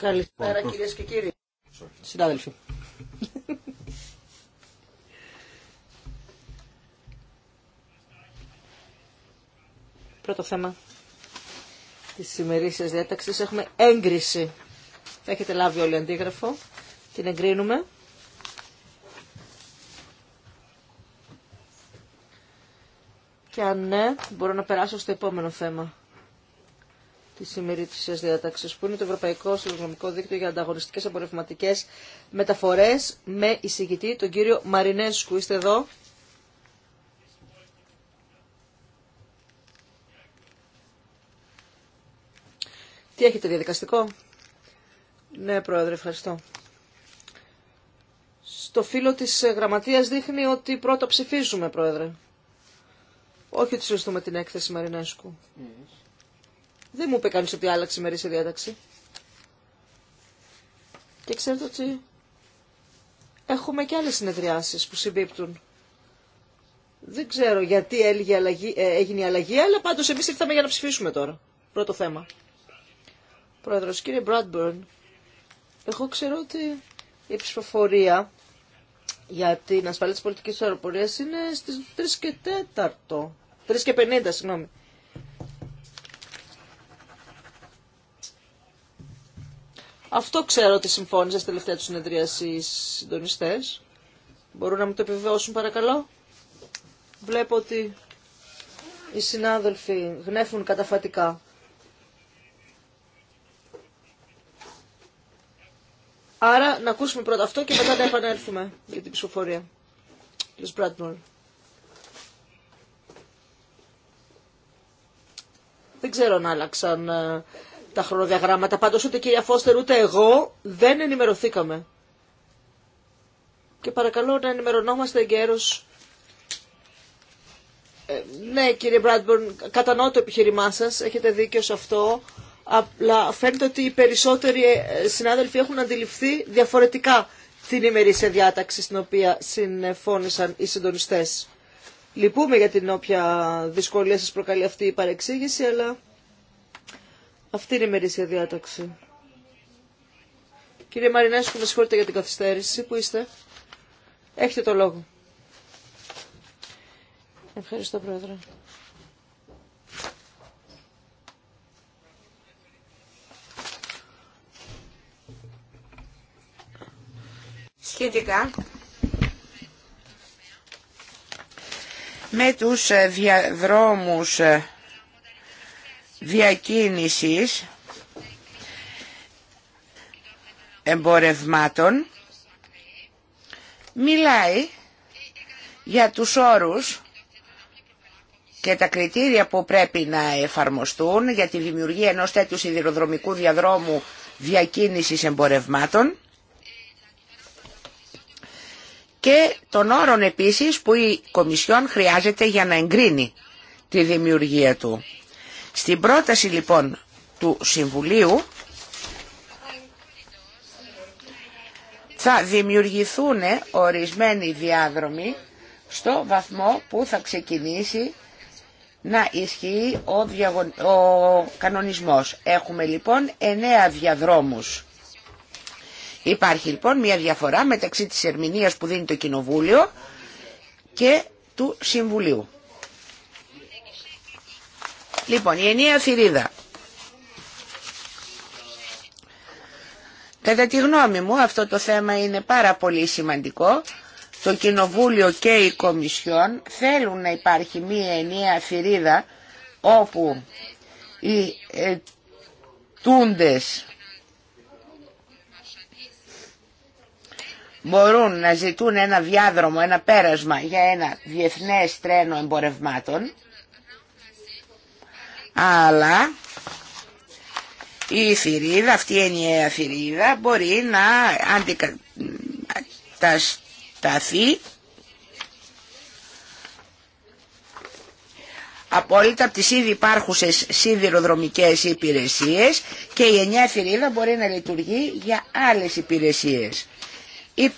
Καλησπέρα κυρίες και κύριοι. Συνάδελφοι. Πρώτο θέμα της ημερήσιας διέταξης έχουμε έγκριση. έχετε λάβει όλοι αντίγραφο. Την εγκρίνουμε. Και αν ναι, μπορώ να περάσω στο επόμενο θέμα τη τη διάταξη, που είναι το Ευρωπαϊκό Συνδρομικό Δίκτυο για Ανταγωνιστικέ Απορρευματικέ Μεταφορέ, με εισηγητή τον κύριο Μαρινέσκου. Είστε εδώ. Τι έχετε διαδικαστικό. Ναι, Πρόεδρε, ευχαριστώ. Στο φύλλο της γραμματείας δείχνει ότι πρώτα ψηφίζουμε, Πρόεδρε. Όχι ότι συζητούμε την έκθεση Μαρινέσκου. Δεν μου είπε κανείς ότι άλλαξε η μερίσια διάταξη. Και ξέρετε ότι έχουμε και άλλες συνεδριάσεις που συμπίπτουν. Δεν ξέρω γιατί ε, έγινε η αλλαγή, αλλά πάντως εμείς ήρθαμε για να ψηφίσουμε τώρα. Πρώτο θέμα. Πρόεδρος, κύριε Μπράντμπερν, εγώ ξέρω ότι η ψηφοφορία για την ασφαλή της πολιτικής αεροπορίας είναι στις 3 και 4. 3 και 50, συγγνώμη. Αυτό ξέρω ότι συμφώνησε στη τελευταία του συνεδρία οι συντονιστέ. Μπορούν να μου το επιβεβαιώσουν παρακαλώ. Βλέπω ότι οι συνάδελφοι γνέφουν καταφατικά. Άρα να ακούσουμε πρώτα αυτό και μετά να επανέλθουμε για την ψηφοφορία. Κύριος Μπράτμορ. Δεν ξέρω αν άλλαξαν ε, τα χρονοδιαγράμματα. Πάντως ούτε η κυρία Φώστερ ούτε εγώ δεν ενημερωθήκαμε. Και παρακαλώ να ενημερωνόμαστε εγκαίρως. Ε, ναι κύριε Μπράντμπορν, κατανοώ το επιχείρημά σας, έχετε δίκιο σε αυτό. Απλά φαίνεται ότι οι περισσότεροι ε, συνάδελφοι έχουν αντιληφθεί διαφορετικά την ημερήσια διάταξη στην οποία συνεφώνησαν οι συντονιστές. Λυπούμε για την όποια δυσκολία σας προκαλεί αυτή η παρεξήγηση, αλλά αυτή είναι η μερίσια διάταξη. Κύριε Μαρινέσκου, με συγχωρείτε για την καθυστέρηση. Πού είστε? Έχετε το λόγο. Ευχαριστώ, Πρόεδρε. Σχετικά με τους ε, διαδρόμους ε, διακίνησης εμπορευμάτων μιλάει για τους όρους και τα κριτήρια που πρέπει να εφαρμοστούν για τη δημιουργία ενός τέτοιου σιδηροδρομικού διαδρόμου διακίνησης εμπορευμάτων και των όρων επίσης που η Κομισιόν χρειάζεται για να εγκρίνει τη δημιουργία του. Στην πρόταση λοιπόν του Συμβουλίου θα δημιουργηθούν ορισμένοι διάδρομοι στο βαθμό που θα ξεκινήσει να ισχύει ο, κανονισμός. Έχουμε λοιπόν εννέα διαδρόμους. Υπάρχει λοιπόν μια διαφορά μεταξύ της ερμηνείας που δίνει το Κοινοβούλιο και του Συμβουλίου. Λοιπόν, η ενία θηρίδα. Κατά τη γνώμη μου αυτό το θέμα είναι πάρα πολύ σημαντικό. Το Κοινοβούλιο και η Κομισιόν θέλουν να υπάρχει μία ενιαία θηρίδα όπου οι ε, τούντες μπορούν να ζητούν ένα διάδρομο, ένα πέρασμα για ένα διεθνές τρένο εμπορευμάτων αλλά η θηρίδα, αυτή η ενιαία θηρίδα μπορεί να αντικατασταθεί απόλυτα από τις ήδη υπάρχουσες σιδηροδρομικές υπηρεσίες και η ενιαία θηρίδα μπορεί να λειτουργεί για άλλες υπηρεσίες.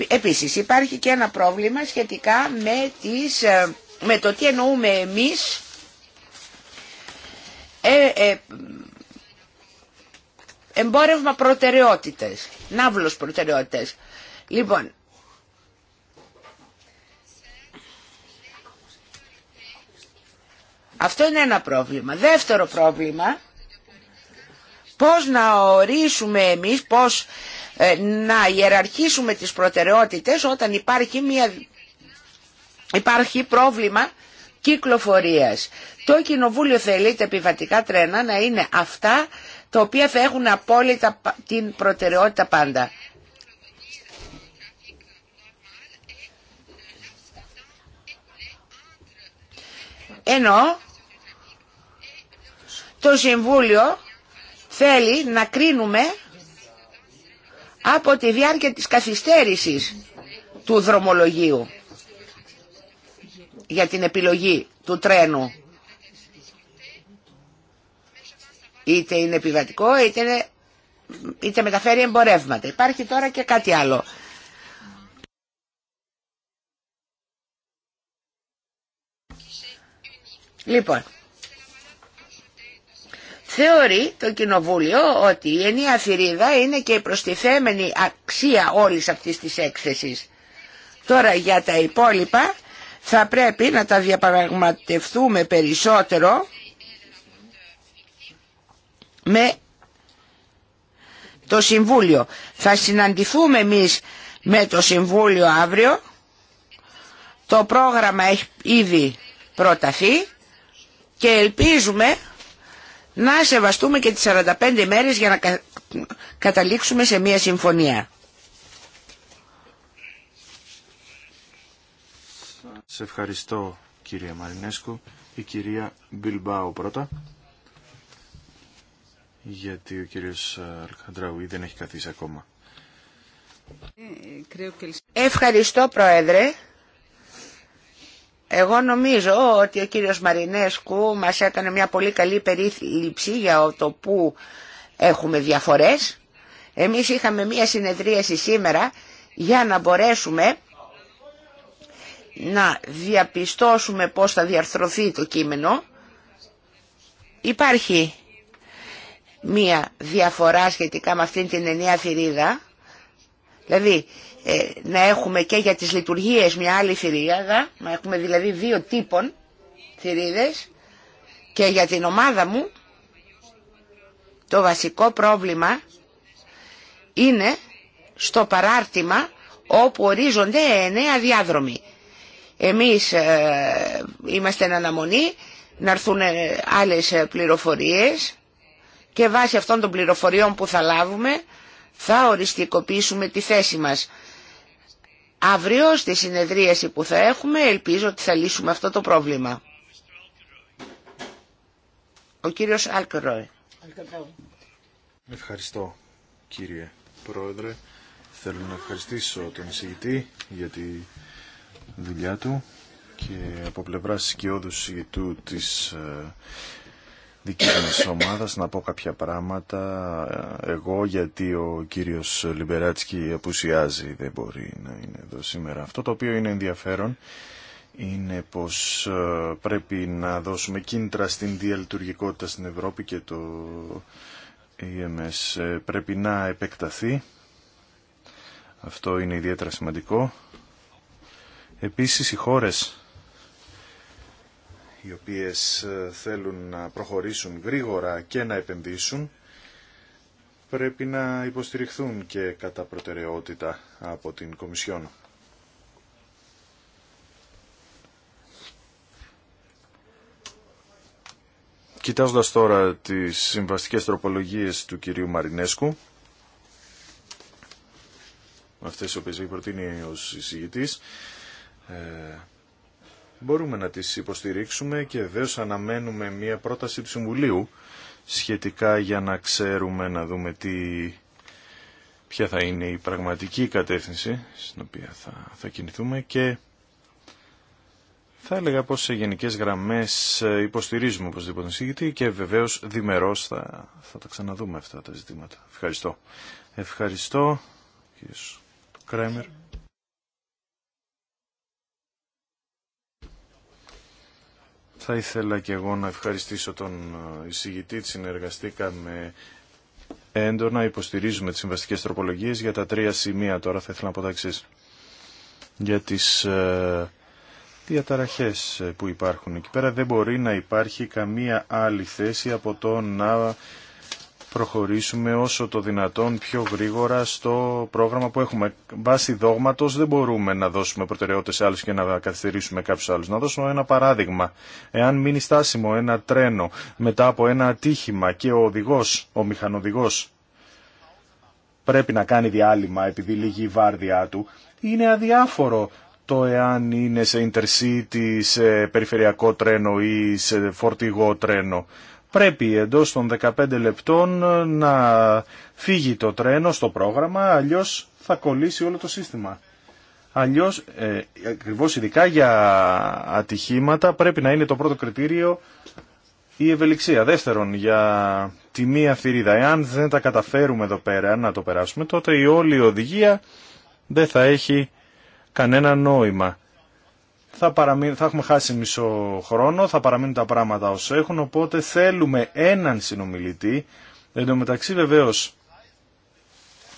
Επίσης υπάρχει και ένα πρόβλημα σχετικά με, τις, ε, με το τι εννοούμε εμείς ε, ε, εμπόρευμα προτεραιότητες, ναύλος προτεραιότητες. Λοιπόν, αυτό είναι ένα πρόβλημα. Δεύτερο πρόβλημα, πώς να ορίσουμε εμείς, πώς ε, να ιεραρχήσουμε τις προτεραιότητες όταν υπάρχει, μια, υπάρχει πρόβλημα κυκλοφορίας. Το κοινοβούλιο θέλει τα επιβατικά τρένα να είναι αυτά τα οποία θα έχουν απόλυτα την προτεραιότητα πάντα. Ενώ το Συμβούλιο θέλει να κρίνουμε από τη διάρκεια της καθυστέρησης του δρομολογίου για την επιλογή του τρένου. είτε είναι επιβατικό είτε, είτε μεταφέρει εμπορεύματα. Υπάρχει τώρα και κάτι άλλο. Λοιπόν, θεωρεί το Κοινοβούλιο ότι η ενία θηρίδα είναι και η προστιθέμενη αξία όλης αυτής της έκθεσης. Τώρα για τα υπόλοιπα θα πρέπει να τα διαπραγματευτούμε περισσότερο με το Συμβούλιο. Θα συναντηθούμε εμείς με το Συμβούλιο αύριο. Το πρόγραμμα έχει ήδη προταθεί και ελπίζουμε να σεβαστούμε και τις 45 μέρες για να καταλήξουμε σε μια συμφωνία. Σε ευχαριστώ κυρία Μαρινέσκου. Η κυρία Μπιλμπάου πρώτα γιατί ο κύριος Αλχαντράουι δεν έχει καθίσει ακόμα. Ευχαριστώ Πρόεδρε. Εγώ νομίζω ότι ο κύριος Μαρινέσκου μας έκανε μια πολύ καλή περίληψη για το που έχουμε διαφορές. Εμείς είχαμε μια συνεδρίαση σήμερα για να μπορέσουμε να διαπιστώσουμε πώς θα διαρθρωθεί το κείμενο. Υπάρχει μία διαφορά σχετικά με αυτήν την εννέα θηρίδα, δηλαδή ε, να έχουμε και για τις λειτουργίες μια άλλη θηρίδα, να έχουμε δηλαδή δύο τύπων θηρίδες και για την ομάδα μου το βασικό πρόβλημα είναι στο παράρτημα όπου ορίζονται εννέα διάδρομοι. Εμείς ε, είμαστε εν αναμονή να έρθουν ε, άλλες πληροφορίες και βάσει αυτών των πληροφοριών που θα λάβουμε θα οριστικοποιήσουμε τη θέση μας. Αύριο στη συνεδρίαση που θα έχουμε ελπίζω ότι θα λύσουμε αυτό το πρόβλημα. Ο κύριος Αλκρόε. Ευχαριστώ κύριε Πρόεδρε. Θέλω να ευχαριστήσω τον εισηγητή για τη δουλειά του και από πλευρά σκιώδου του της ε, Δική μα ομάδα να πω κάποια πράγματα εγώ γιατί ο κύριος Λιμπεράτσκι απουσιάζει δεν μπορεί να είναι εδώ σήμερα αυτό το οποίο είναι ενδιαφέρον είναι πως ε, πρέπει να δώσουμε κίνητρα στην διαλειτουργικότητα στην Ευρώπη και το EMS ε, πρέπει να επεκταθεί αυτό είναι ιδιαίτερα σημαντικό επίσης οι χώρες οι οποίες ε, θέλουν να προχωρήσουν γρήγορα και να επενδύσουν πρέπει να υποστηριχθούν και κατά προτεραιότητα από την Κομισιόν. Κοιτάζοντας τώρα τις συμβαστικές τροπολογίες του κυρίου Μαρινέσκου, αυτές οι οποίες έχει προτείνει ο συζητητής, ε, μπορούμε να τις υποστηρίξουμε και βεβαίω αναμένουμε μια πρόταση του Συμβουλίου σχετικά για να ξέρουμε να δούμε τι, ποια θα είναι η πραγματική κατεύθυνση στην οποία θα, θα κινηθούμε και θα έλεγα πως σε γενικές γραμμές υποστηρίζουμε οπωσδήποτε τον συγκητή και βεβαίως διμερώς θα, θα τα ξαναδούμε αυτά τα ζητήματα. Ευχαριστώ. Ευχαριστώ Κρέμερ. Θα ήθελα και εγώ να ευχαριστήσω τον ε, εισηγητή. Συνεργαστήκαμε έντονα, υποστηρίζουμε τις συμβαστικές τροπολογίες για τα τρία σημεία. Τώρα θα ήθελα να πω τα Για τις ε, διαταραχές ε, που υπάρχουν εκεί πέρα δεν μπορεί να υπάρχει καμία άλλη θέση από το να προχωρήσουμε όσο το δυνατόν πιο γρήγορα στο πρόγραμμα που έχουμε. Βάσει δόγματος δεν μπορούμε να δώσουμε προτεραιότητες σε άλλους και να καθυστερήσουμε κάποιους άλλους. Να δώσουμε ένα παράδειγμα. Εάν μείνει στάσιμο ένα τρένο μετά από ένα ατύχημα και ο οδηγός, ο μηχανοδηγός πρέπει να κάνει διάλειμμα επειδή λύγει η βάρδιά του, είναι αδιάφορο το εάν είναι σε intercity, σε περιφερειακό τρένο ή σε φορτηγό τρένο πρέπει εντός των 15 λεπτών να φύγει το τρένο στο πρόγραμμα, αλλιώς θα κολλήσει όλο το σύστημα. Αλλιώς, ε, ακριβώς ειδικά για ατυχήματα, πρέπει να είναι το πρώτο κριτήριο η ευελιξία. Δεύτερον, για τη μία θηρίδα. Εάν δεν τα καταφέρουμε εδώ πέρα να το περάσουμε, τότε η όλη οδηγία δεν θα έχει κανένα νόημα θα, θα έχουμε χάσει μισό χρόνο, θα παραμείνουν τα πράγματα όσο έχουν, οπότε θέλουμε έναν συνομιλητή. Εν τω μεταξύ βεβαίως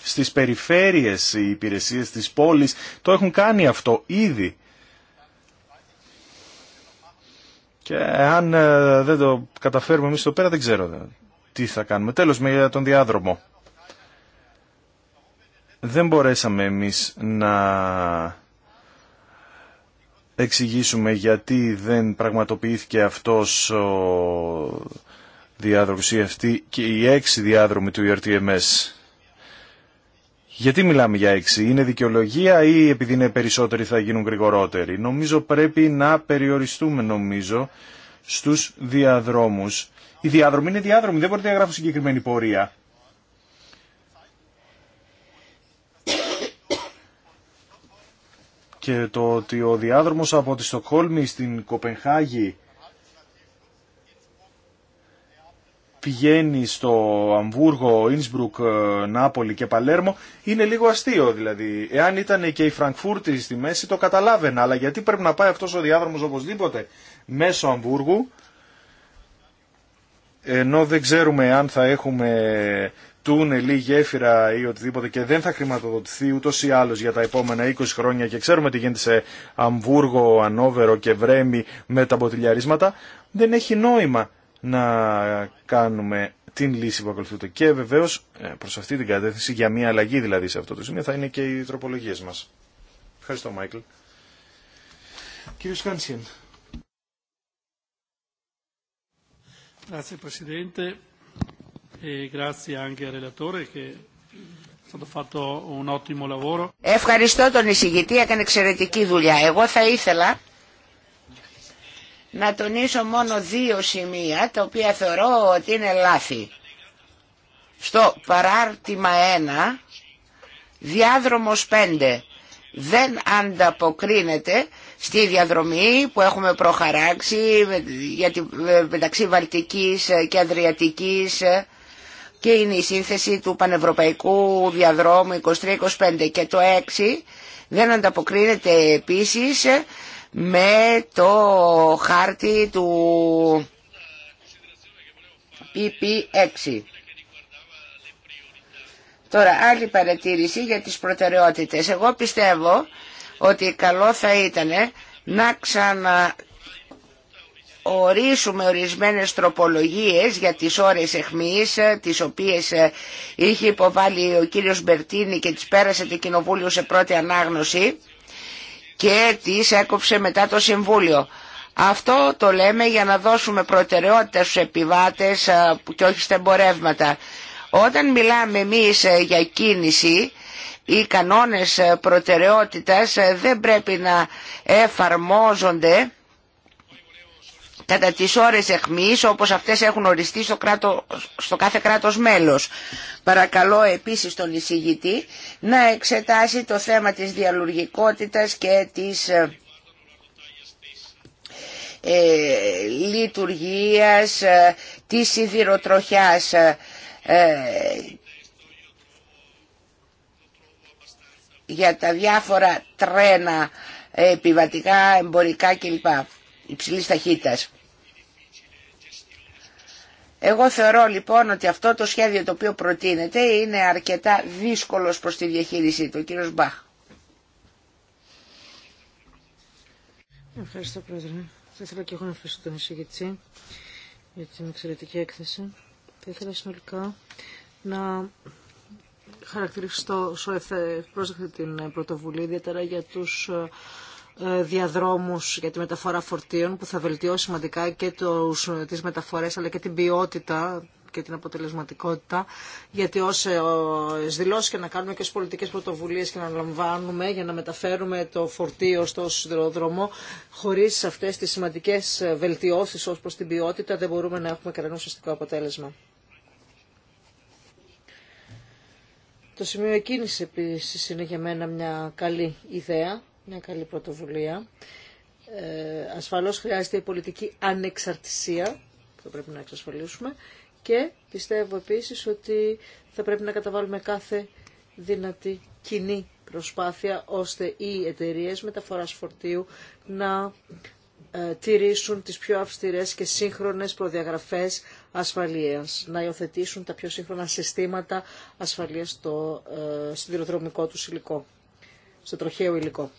στις περιφέρειες οι υπηρεσίες της πόλης το έχουν κάνει αυτό ήδη. Και αν ε, δεν το καταφέρουμε εμείς εδώ πέρα δεν ξέρω ε, τι θα κάνουμε. Τέλος με τον διάδρομο. Δεν μπορέσαμε εμείς να εξηγήσουμε γιατί δεν πραγματοποιήθηκε αυτός ο διάδρομος ή αυτή και οι έξι διάδρομοι του ERTMS. Γιατί μιλάμε για έξι, είναι δικαιολογία ή επειδή είναι περισσότεροι θα γίνουν γρηγορότεροι. Νομίζω πρέπει να περιοριστούμε νομίζω στους διαδρόμους. Οι διάδρομοι είναι διάδρομοι, δεν μπορείτε να γράφω συγκεκριμένη πορεία. και το ότι ο διάδρομος από τη Στοκχόλμη στην Κοπενχάγη πηγαίνει στο Αμβούργο, Ινσμπρουκ, ε, Νάπολη και Παλέρμο είναι λίγο αστείο δηλαδή. Εάν ήταν και η Φραγκφούρτη στη μέση το καταλάβαινα, αλλά γιατί πρέπει να πάει αυτός ο διάδρομος οπωσδήποτε μέσω Αμβούργου ενώ δεν ξέρουμε αν θα έχουμε τούνελ ή γέφυρα ή οτιδήποτε και δεν θα χρηματοδοτηθεί ούτω ή άλλω για τα επόμενα 20 χρόνια και ξέρουμε τι γίνεται σε Αμβούργο, Ανόβερο και Βρέμι με τα μποτιλιαρίσματα, δεν έχει νόημα να κάνουμε την λύση που ακολουθούνται. Και βεβαίω ε, προ αυτή την κατεύθυνση, για μια αλλαγή δηλαδή σε αυτό το σημείο, θα είναι και οι τροπολογίε μα. Ευχαριστώ, Μάικλ. Grazie Presidente. Ευχαριστώ τον εισηγητή, έκανε εξαιρετική δουλειά. Εγώ θα ήθελα να τονίσω μόνο δύο σημεία, τα οποία θεωρώ ότι είναι λάθη. Στο παράρτημα 1, διάδρομος 5 δεν ανταποκρίνεται στη διαδρομή που έχουμε προχαράξει μεταξύ Βαλτικής και Αδριατικής και είναι η σύνθεση του Πανευρωπαϊκού Διαδρόμου 23-25 και το 6 δεν ανταποκρίνεται επίσης με το χάρτη του PP6. Τώρα άλλη παρατήρηση για τις προτεραιότητες. Εγώ πιστεύω ότι καλό θα ήταν να ξανα ορίσουμε ορισμένες τροπολογίες για τις ώρες εχμής, ε, τις οποίες ε, είχε υποβάλει ο κύριος Μπερτίνη και τις πέρασε το Κοινοβούλιο σε πρώτη ανάγνωση και τις έκοψε μετά το Συμβούλιο. Αυτό το λέμε για να δώσουμε προτεραιότητα στους επιβάτες ε, και όχι στα εμπορεύματα. Όταν μιλάμε εμείς για κίνηση, οι κανόνες προτεραιότητας δεν πρέπει να εφαρμόζονται κατά τις ώρες εχμής όπως αυτές έχουν οριστεί στο, κάθε κράτος μέλος. Παρακαλώ επίσης τον εισηγητή να εξετάσει το θέμα της διαλουργικότητας και της ε, ε λειτουργίας ε, της σιδηροτροχιάς ε, για τα διάφορα τρένα επιβατικά, εμπορικά κλπ υψηλή ταχύτητας. Εγώ θεωρώ λοιπόν ότι αυτό το σχέδιο το οποίο προτείνεται είναι αρκετά δύσκολος προς τη διαχείρισή του. Κύριο Μπαχ. Ευχαριστώ πρόεδρε. Θα ήθελα και εγώ να ευχαριστώ τον εισηγητή για την εξαιρετική έκθεση. Θα ήθελα συνολικά να στο όσο ευπρόσδεκτη την πρωτοβουλία, ιδιαίτερα για τους ε, ε, διαδρόμους για τη μεταφορά φορτίων που θα βελτιώσει σημαντικά και τους, τις μεταφορές αλλά και την ποιότητα και την αποτελεσματικότητα, γιατί όσε δηλώσει και να κάνουμε και στι πολιτικέ πρωτοβουλίε και να λαμβάνουμε για να μεταφέρουμε το φορτίο στο σιδηροδρόμο, χωρί αυτέ τι σημαντικέ ε, βελτιώσει ω προ την ποιότητα, δεν μπορούμε να έχουμε κανένα ουσιαστικό αποτέλεσμα. Το σημείο εκκίνηση επίση είναι για μένα μια καλή ιδέα μια καλή πρωτοβουλία. Ε, ασφαλώς χρειάζεται η πολιτική ανεξαρτησία, που πρέπει να εξασφαλίσουμε, και πιστεύω επίσης ότι θα πρέπει να καταβάλουμε κάθε δυνατή κοινή προσπάθεια, ώστε οι εταιρείες μεταφοράς φορτίου να ε, τηρήσουν τις πιο αυστηρές και σύγχρονες προδιαγραφές ασφαλείας, να υιοθετήσουν τα πιο σύγχρονα συστήματα ασφαλείας στο ε, σιδηροδρομικό του υλικό, στο τροχαίο υλικό.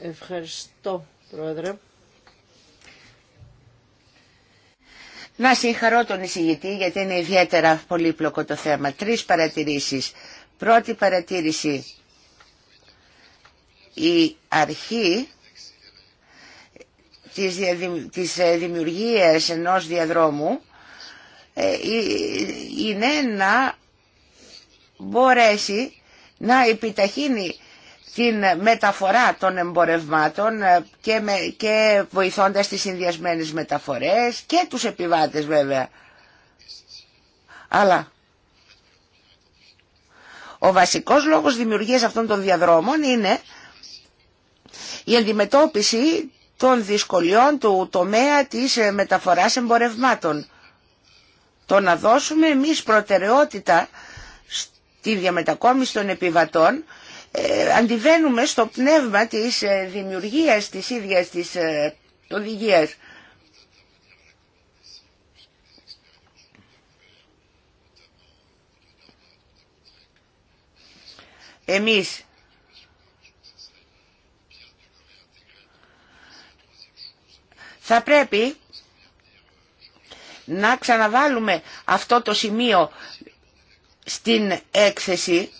Ευχαριστώ, Πρόεδρε. Να συγχαρώ τον εισηγητή γιατί είναι ιδιαίτερα πολύπλοκο το θέμα. Τρεις παρατηρήσεις. Πρώτη παρατήρηση. Η αρχή της, της δημιουργίας ενός διαδρόμου ε, είναι να μπορέσει να επιταχύνει την μεταφορά των εμπορευμάτων ε, και, με, και βοηθώντας τις συνδυασμένες μεταφορές και τους επιβάτες βέβαια. Αλλά ο βασικός λόγος δημιουργίας αυτών των διαδρόμων είναι η αντιμετώπιση των δυσκολιών του τομέα της ε, μεταφοράς εμπορευμάτων. Το να δώσουμε εμείς προτεραιότητα στη διαμετακόμιση των επιβατών ε, αντιβαίνουμε στο πνεύμα της ε, δημιουργίας της ίδιας της ε, οδηγίας. Εμείς θα πρέπει να ξαναβάλουμε αυτό το σημείο στην έκθεση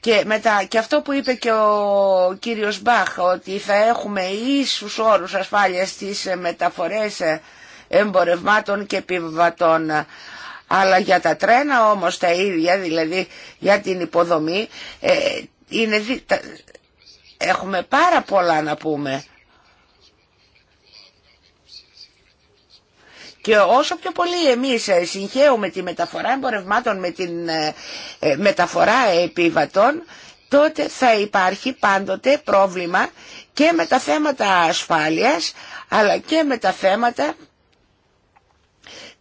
και, μετά, και αυτό που είπε και ο κύριος Μπάχ, ότι θα έχουμε ίσους όρους ασφάλειας στις ε, μεταφορές ε, εμπορευμάτων και επιβατών. Αλλά για τα τρένα όμως τα ίδια, δηλαδή για την υποδομή, ε, είναι έχουμε πάρα πολλά να πούμε. Και όσο πιο πολύ εμείς ε, συγχαίουμε τη μεταφορά εμπορευμάτων με την ε, ε, μεταφορά επιβατών, τότε θα υπάρχει πάντοτε πρόβλημα και με τα θέματα ασφάλειας, αλλά και με τα θέματα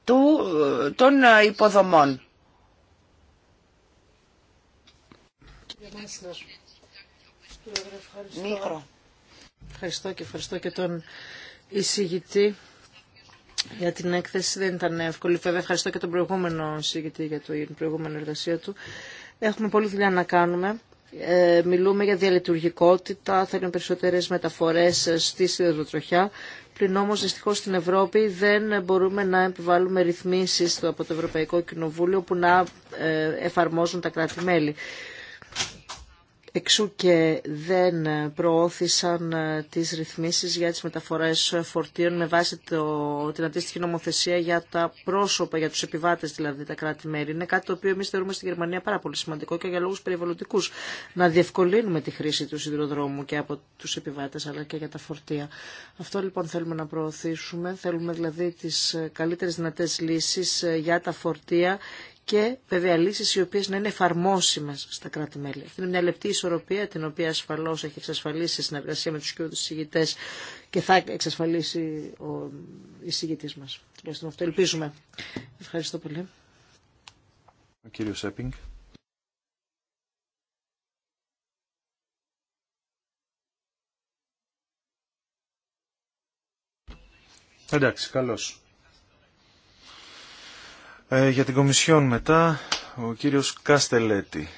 του, των υποδομών. Ευχαριστώ. Ευχαριστώ και ευχαριστώ και τον εισηγητή για την έκθεση. Δεν ήταν εύκολη. Βέβαια, ευχαριστώ και τον προηγούμενο συγκεκριτή για την προηγούμενη εργασία του. Έχουμε πολλή δουλειά να κάνουμε. Ε, μιλούμε για διαλειτουργικότητα, θέλουν περισσότερες μεταφορές ε, στη σιδηροτροχιά. Πλην όμως δυστυχώς στην Ευρώπη δεν μπορούμε να επιβάλλουμε ρυθμίσεις από το Ευρωπαϊκό Κοινοβούλιο που να ε, εφαρμόζουν τα κράτη-μέλη εξού και δεν προώθησαν ε, τις ρυθμίσεις για τις μεταφορές φορτίων με βάση το, την αντίστοιχη νομοθεσία για τα πρόσωπα, για τους επιβάτες δηλαδή τα κράτη-μέρη. Είναι κάτι το οποίο εμείς θεωρούμε στη Γερμανία πάρα πολύ σημαντικό και για λόγους περιβαλλοντικούς. Να διευκολύνουμε τη χρήση του σιδηροδρόμου και από τους επιβάτες αλλά και για τα φορτία. Αυτό λοιπόν θέλουμε να προωθήσουμε. Θέλουμε δηλαδή τις ε, καλύτερες δυνατές λύσεις ε, για τα φορτία και βέβαια λύσεις οι οποίες να είναι εφαρμόσιμες στα κράτη-μέλη. Αυτή είναι μια λεπτή ισορροπία την οποία ασφαλώς έχει εξασφαλίσει η συνεργασία με τους κοινούς και θα εξασφαλίσει ο εισηγητής μας. Τουλάχιστον αυτό ελπίζουμε. Ευχαριστώ πολύ. κύριος Σέπινγκ. Εντάξει, καλώς. Ε, για την Κομισιόν μετά, ο κύριος Καστελέτη.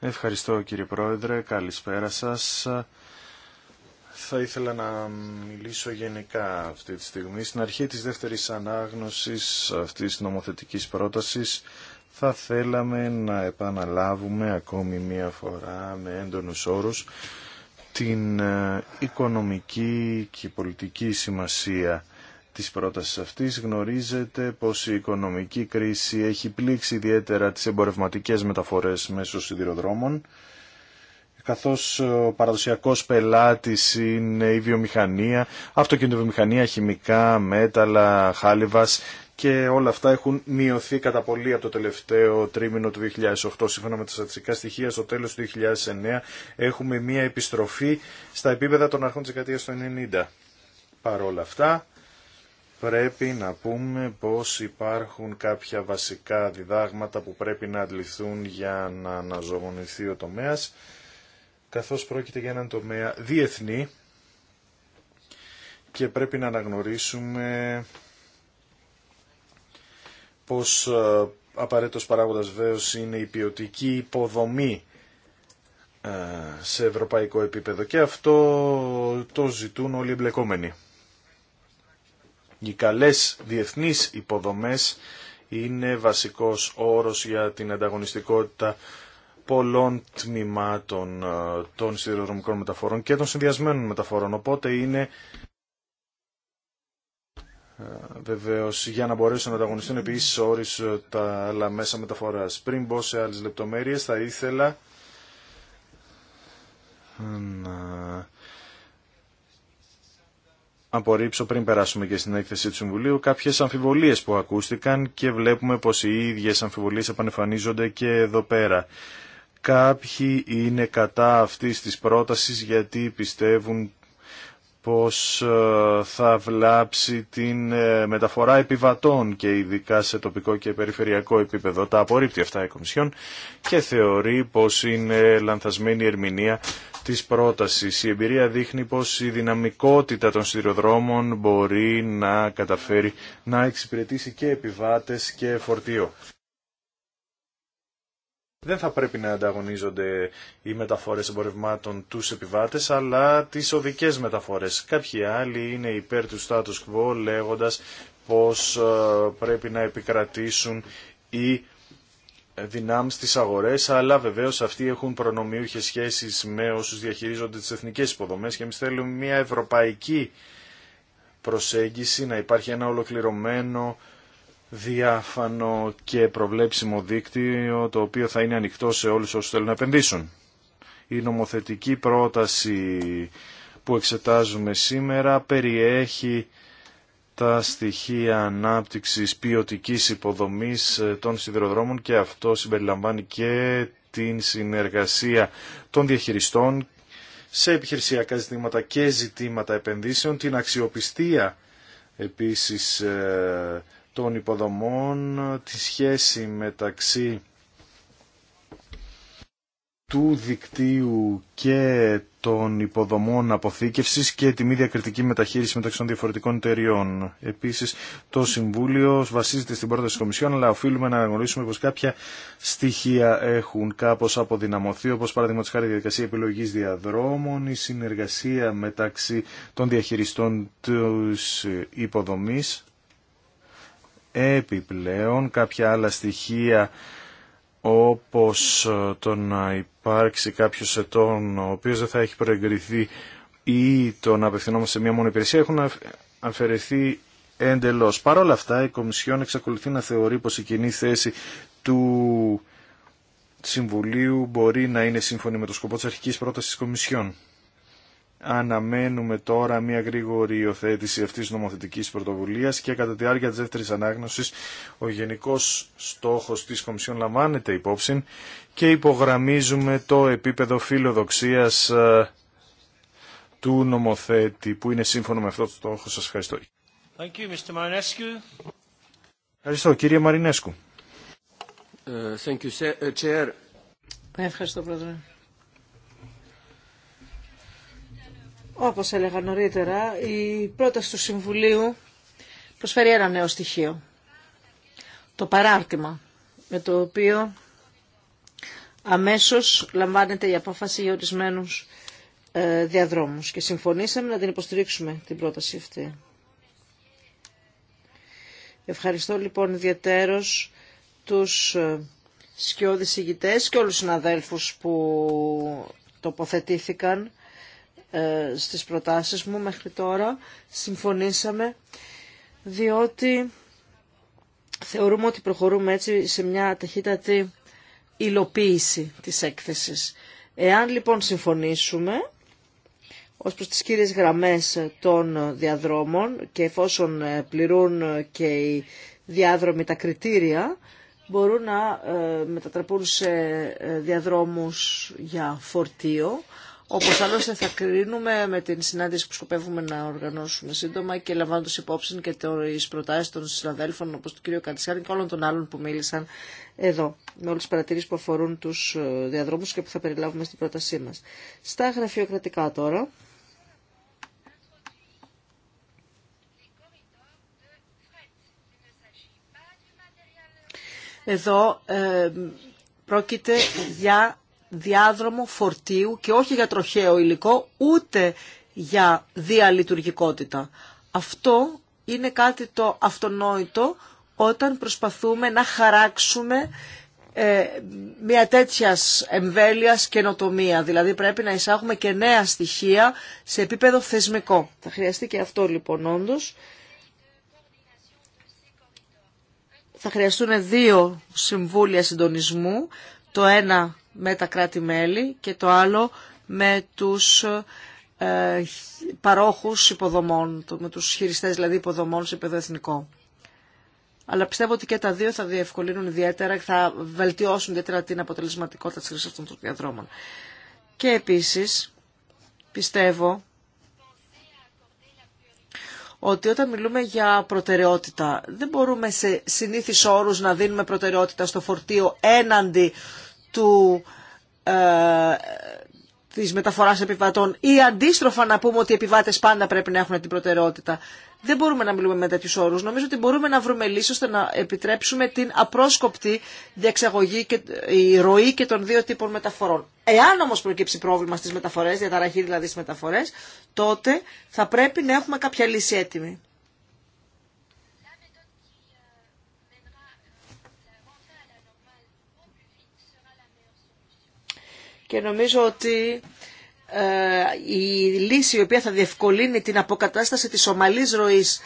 Ευχαριστώ κύριε Πρόεδρε, καλησπέρα σας. Θα ήθελα να μιλήσω γενικά αυτή τη στιγμή. Στην αρχή της δεύτερης ανάγνωσης αυτής της νομοθετικής πρότασης θα θέλαμε να επαναλάβουμε ακόμη μία φορά με έντονους όρους την ε, οικονομική και πολιτική σημασία της πρότασης αυτής γνωρίζετε πως η οικονομική κρίση έχει πλήξει ιδιαίτερα τις εμπορευματικές μεταφορές μέσω σιδηροδρόμων καθώς ο παραδοσιακός πελάτης είναι η βιομηχανία, αυτοκινητοβιομηχανία, χημικά, μέταλλα, χάλιβας και όλα αυτά έχουν μειωθεί κατά πολύ από το τελευταίο τρίμηνο του 2008. Σύμφωνα με τα στατιστικά στοιχεία, στο τέλος του 2009 έχουμε μία επιστροφή στα επίπεδα των αρχών της δεκαετίας του 90. Παρ' όλα αυτά, πρέπει να πούμε πως υπάρχουν κάποια βασικά διδάγματα που πρέπει να αντληθούν για να αναζωογονηθεί ο τομέας, καθώς πρόκειται για έναν τομέα διεθνή και πρέπει να αναγνωρίσουμε πως ε, απαραίτητος παράγοντας βέω είναι η ποιοτική υποδομή ε, σε ευρωπαϊκό επίπεδο και αυτό το ζητούν όλοι οι εμπλεκόμενοι. Οι καλές διεθνείς υποδομές είναι βασικός όρος για την ανταγωνιστικότητα πολλών τμήματων ε, των σιδηροδρομικών μεταφορών και των συνδυασμένων μεταφορών. Οπότε είναι ε, Βεβαίω, για να μπορέσουν να ανταγωνιστούν επίση όρει τα άλλα μέσα μεταφορά. Πριν μπω σε άλλε λεπτομέρειε, θα ήθελα να απορρίψω πριν περάσουμε και στην έκθεση του Συμβουλίου κάποιες αμφιβολίες που ακούστηκαν και βλέπουμε πως οι ίδιε αμφιβολίες επανεφανίζονται και εδώ πέρα. Κάποιοι είναι κατά αυτής της πρότασης γιατί πιστεύουν πως ε, θα βλάψει την ε, μεταφορά επιβατών και ειδικά σε τοπικό και περιφερειακό επίπεδο. Τα απορρίπτει αυτά η Κομισιόν και θεωρεί πως είναι λανθασμένη η ερμηνεία της πρότασης. Η εμπειρία δείχνει πως η δυναμικότητα των σιδηροδρόμων μπορεί να καταφέρει να εξυπηρετήσει και επιβάτες και φορτίο. Δεν θα πρέπει να ανταγωνίζονται οι μεταφορές εμπορευμάτων τους επιβάτες, αλλά τις οδικές μεταφορές. Κάποιοι άλλοι είναι υπέρ του status quo λέγοντας πως ε, πρέπει να επικρατήσουν οι δυνάμεις στις αγορές, αλλά βεβαίως αυτοί έχουν προνομιούχες σχέσεις με όσους διαχειρίζονται τις εθνικές υποδομές και εμείς θέλουμε μια ευρωπαϊκή προσέγγιση, να υπάρχει ένα ολοκληρωμένο, διάφανο και προβλέψιμο δίκτυο, το οποίο θα είναι ανοιχτό σε όλους όσους θέλουν να επενδύσουν. Η νομοθετική πρόταση που εξετάζουμε σήμερα περιέχει τα στοιχεία ανάπτυξης ποιοτικής υποδομής ε, των σιδηροδρόμων και αυτό συμπεριλαμβάνει και την συνεργασία των διαχειριστών σε επιχειρησιακά ζητήματα και ζητήματα επενδύσεων, την αξιοπιστία επίσης ε, των υποδομών, τη σχέση μεταξύ του δικτύου και των υποδομών αποθήκευσης και τη μη διακριτική μεταχείριση μεταξύ των διαφορετικών εταιριών. Επίσης, το Συμβούλιο βασίζεται στην πρόταση της Κομισιόν, αλλά οφείλουμε να αναγνωρίσουμε πως κάποια στοιχεία έχουν κάπως αποδυναμωθεί, όπως παραδείγματο χάρη διαδικασία επιλογής διαδρόμων, η συνεργασία μεταξύ των διαχειριστών της υποδομή Επιπλέον, κάποια άλλα στοιχεία όπως ε, το να υπάρξει κάποιος ετών ο οποίος δεν θα έχει προεγκριθεί ή το να απευθυνόμαστε σε μία μόνη υπηρεσία έχουν αφαιρεθεί εντελώς. Παρ' όλα αυτά η Κομισιόν εξακολουθεί να θεωρεί πως η κοινή θέση του Συμβουλίου μπορεί να είναι σύμφωνη με το σκοπό της αρχικής πρότασης της Κομισιόν αναμένουμε τώρα μια γρήγορη υιοθέτηση αυτής τη νομοθετικής πρωτοβουλίας και κατά τη διάρκεια της δεύτερη ανάγνωσης ο γενικός στόχος της Κομισιόν λαμβάνεται υπόψη και υπογραμμίζουμε το επίπεδο φιλοδοξίας ε, του νομοθέτη που είναι σύμφωνο με αυτό το στόχο. Σας ευχαριστώ. Thank you, Mr. Marinescu. Ευχαριστώ κύριε Μαρινέσκου. Ε, thank you, ε, Ευχαριστώ πρόεδρε. Όπως έλεγα νωρίτερα, η πρόταση του Συμβουλίου προσφέρει ένα νέο στοιχείο. Το παράρτημα με το οποίο αμέσως λαμβάνεται η απόφαση για ορισμένους ε, διαδρόμους και συμφωνήσαμε να την υποστηρίξουμε την πρόταση αυτή. Ευχαριστώ λοιπόν ιδιαίτερος τους ε, σκιώδης ηγητές και όλους τους συναδέλφους που τοποθετήθηκαν ε, στις προτάσεις μου μέχρι τώρα. Συμφωνήσαμε διότι θεωρούμε ότι προχωρούμε έτσι σε μια ταχύτατη υλοποίηση της έκθεσης. Εάν λοιπόν συμφωνήσουμε ως προς τις κύριες γραμμές των διαδρόμων και εφόσον ε, πληρούν και οι διάδρομοι τα κριτήρια, μπορούν να ε, μετατραπούν σε διαδρόμους για φορτίο, όπως άλλωστε θα κρίνουμε με την συνάντηση που σκοπεύουμε να οργανώσουμε σύντομα και λαμβάνοντας υπόψη και τις προτάσεις των συναδέλφων όπως του κ. Κατησιάνη και όλων των άλλων που μίλησαν εδώ με όλες τις παρατηρήσεις που αφορούν τους ε, διαδρόμους και που θα περιλάβουμε στην πρότασή μας. Στα γραφειοκρατικά τώρα. Εδώ ε, πρόκειται για διάδρομο φορτίου και όχι για τροχαίο υλικό, ούτε για διαλειτουργικότητα. Αυτό είναι κάτι το αυτονόητο όταν προσπαθούμε να χαράξουμε ε, μια τέτοια εμβέλεια καινοτομία. Δηλαδή πρέπει να εισάγουμε και νέα στοιχεία σε επίπεδο θεσμικό. Θα χρειαστεί και αυτό λοιπόν όντω. Θα χρειαστούν δύο συμβούλια συντονισμού. Το ένα με τα κράτη-μέλη και το άλλο με τους ε, παρόχους υποδομών, με τους χειριστές δηλαδή υποδομών σε επίπεδο εθνικό. Αλλά πιστεύω ότι και τα δύο θα διευκολύνουν ιδιαίτερα και θα βελτιώσουν ιδιαίτερα την αποτελεσματικότητα της χρήσης αυτών των διαδρόμων. Και επίσης πιστεύω ότι όταν μιλούμε για προτεραιότητα δεν μπορούμε σε συνήθεις όρους να δίνουμε προτεραιότητα στο φορτίο έναντι του, ε, της μεταφοράς επιβατών ή αντίστροφα να πούμε ότι οι επιβάτες πάντα πρέπει να έχουν την προτεραιότητα. Δεν μπορούμε να μιλούμε με τέτοιου όρου. Νομίζω ότι μπορούμε να βρούμε λύσει ώστε να επιτρέψουμε την απρόσκοπτη διεξαγωγή και ε, η ροή και των δύο τύπων μεταφορών. Εάν όμω προκύψει πρόβλημα στι μεταφορέ, διαταραχή δηλαδή στι μεταφορέ, τότε θα πρέπει να έχουμε κάποια λύση έτοιμη. και νομίζω ότι ε, η λύση η οποία θα διευκολύνει την αποκατάσταση της ομαλής ροής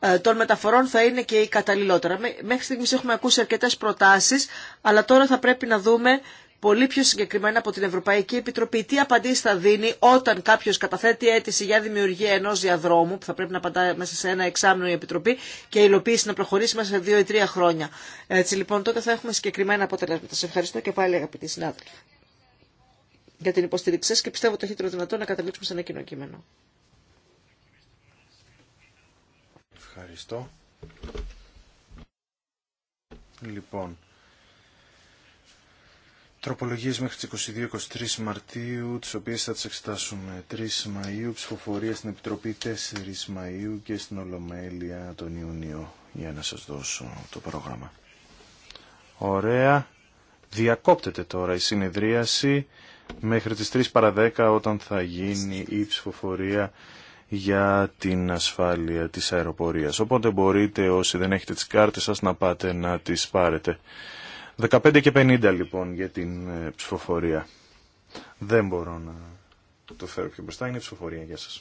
ε, των μεταφορών θα είναι και η καταλληλότερα. Μέχρι στιγμής έχουμε ακούσει αρκετές προτάσεις, αλλά τώρα θα πρέπει να δούμε πολύ πιο συγκεκριμένα από την Ευρωπαϊκή Επιτροπή τι απαντήσει θα δίνει όταν κάποιο καταθέτει αίτηση για δημιουργία ενό διαδρόμου, που θα πρέπει να απαντά μέσα σε ένα εξάμεινο η Επιτροπή και η υλοποίηση να προχωρήσει μέσα σε δύο ή τρία χρόνια. Έτσι λοιπόν τότε θα έχουμε συγκεκριμένα αποτελέσματα. Σε ευχαριστώ και πάλι αγαπητοί συνάδελφοι για την υποστήριξή σας και πιστεύω ότι έχετε δυνατό... να καταλήξουμε σε ένα κοινό κείμενο. Ευχαριστώ. Λοιπόν, τροπολογίες μέχρι τις 22-23 Μαρτίου, τις οποίες θα τις εξετάσουμε 3 Μαΐου, ψηφοφορία στην Επιτροπή 4 Μαΐου και στην Ολομέλεια τον Ιούνιο, για να σας δώσω το πρόγραμμα. Ωραία. Διακόπτεται τώρα η συνεδρίαση μέχρι τις 3 παρα 10 όταν θα γίνει η ψηφοφορία για την ασφάλεια της αεροπορίας. Οπότε μπορείτε όσοι δεν έχετε τις κάρτες σας να πάτε να τις πάρετε. 15 και 50 λοιπόν για την ε, ψηφοφορία. Δεν μπορώ να το φέρω πιο μπροστά, είναι ψηφοφορία για σας.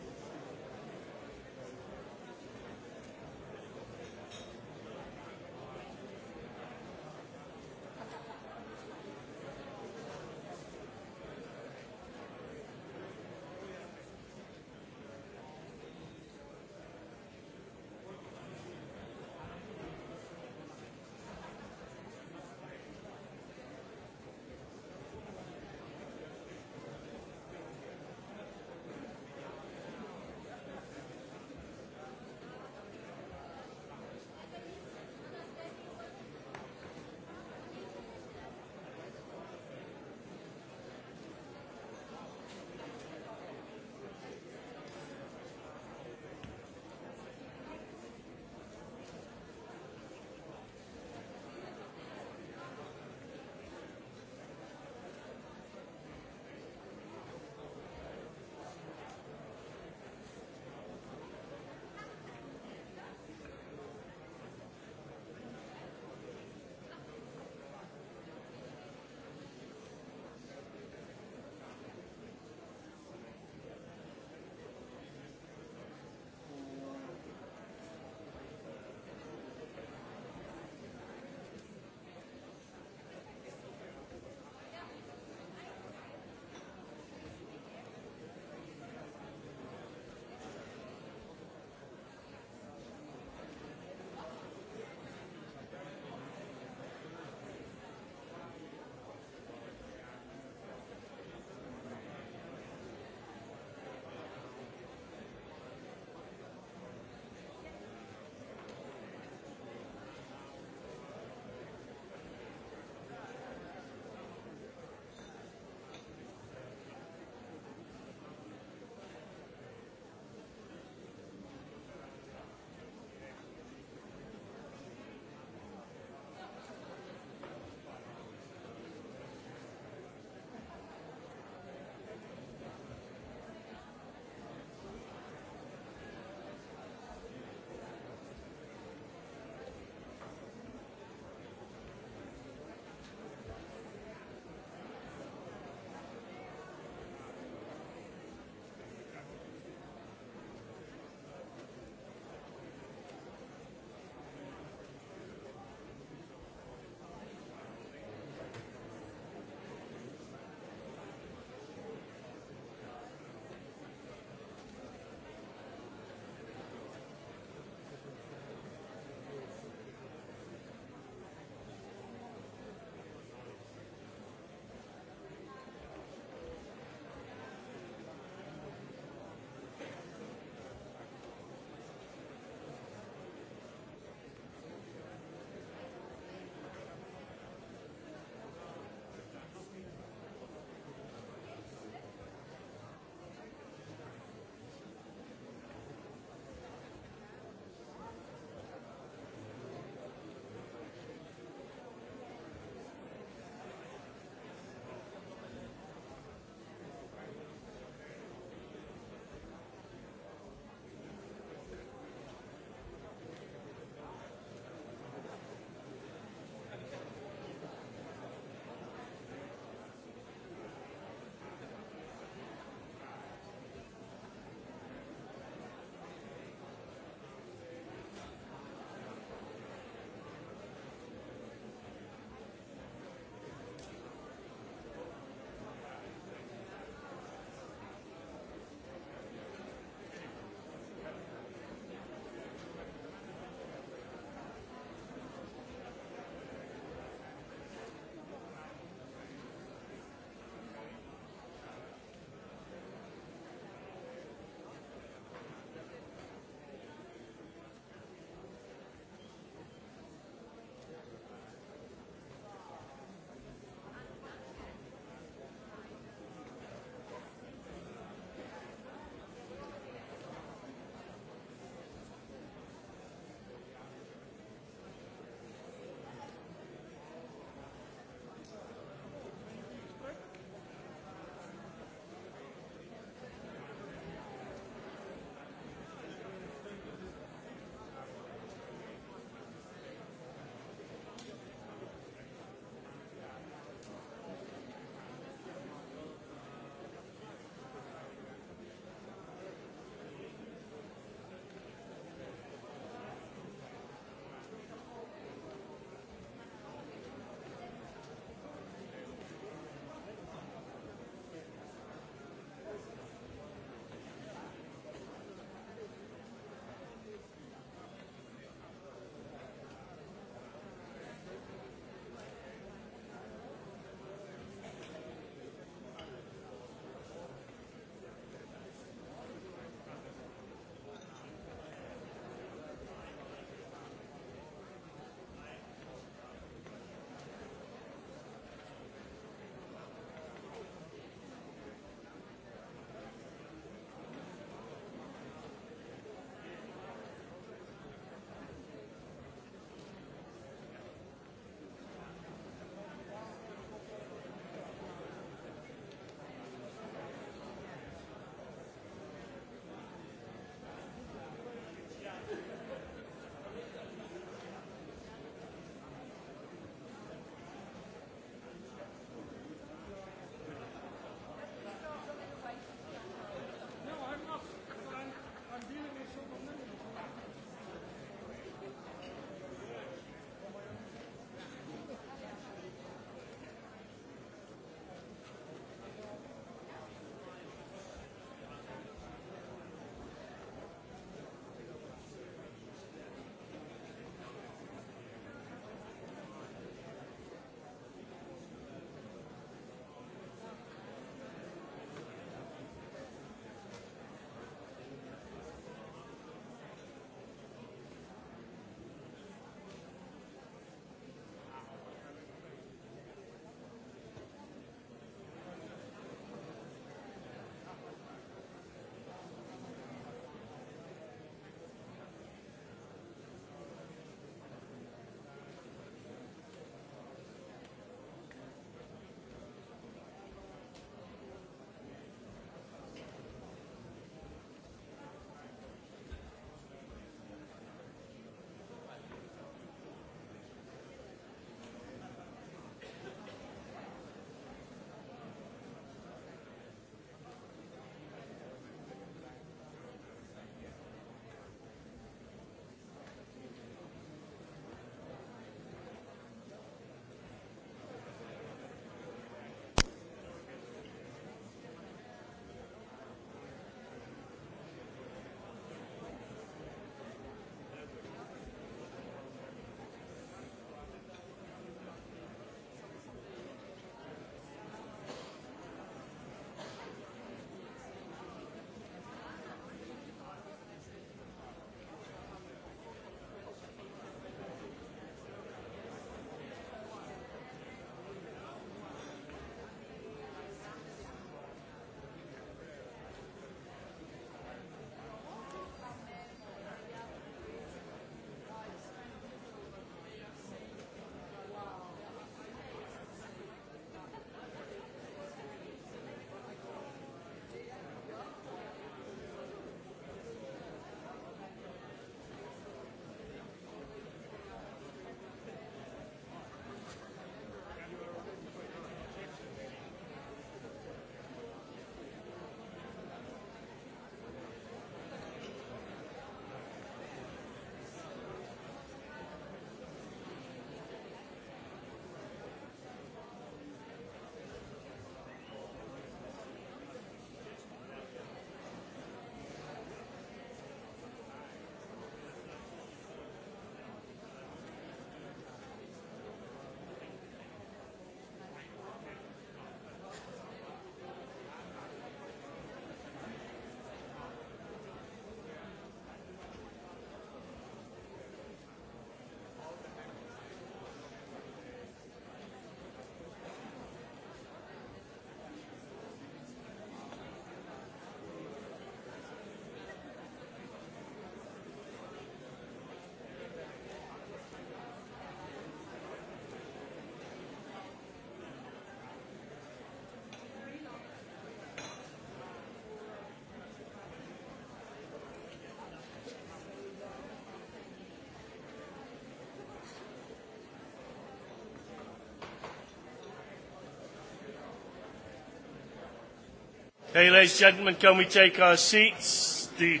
Hey, ladies and gentlemen, can we take our seats? The...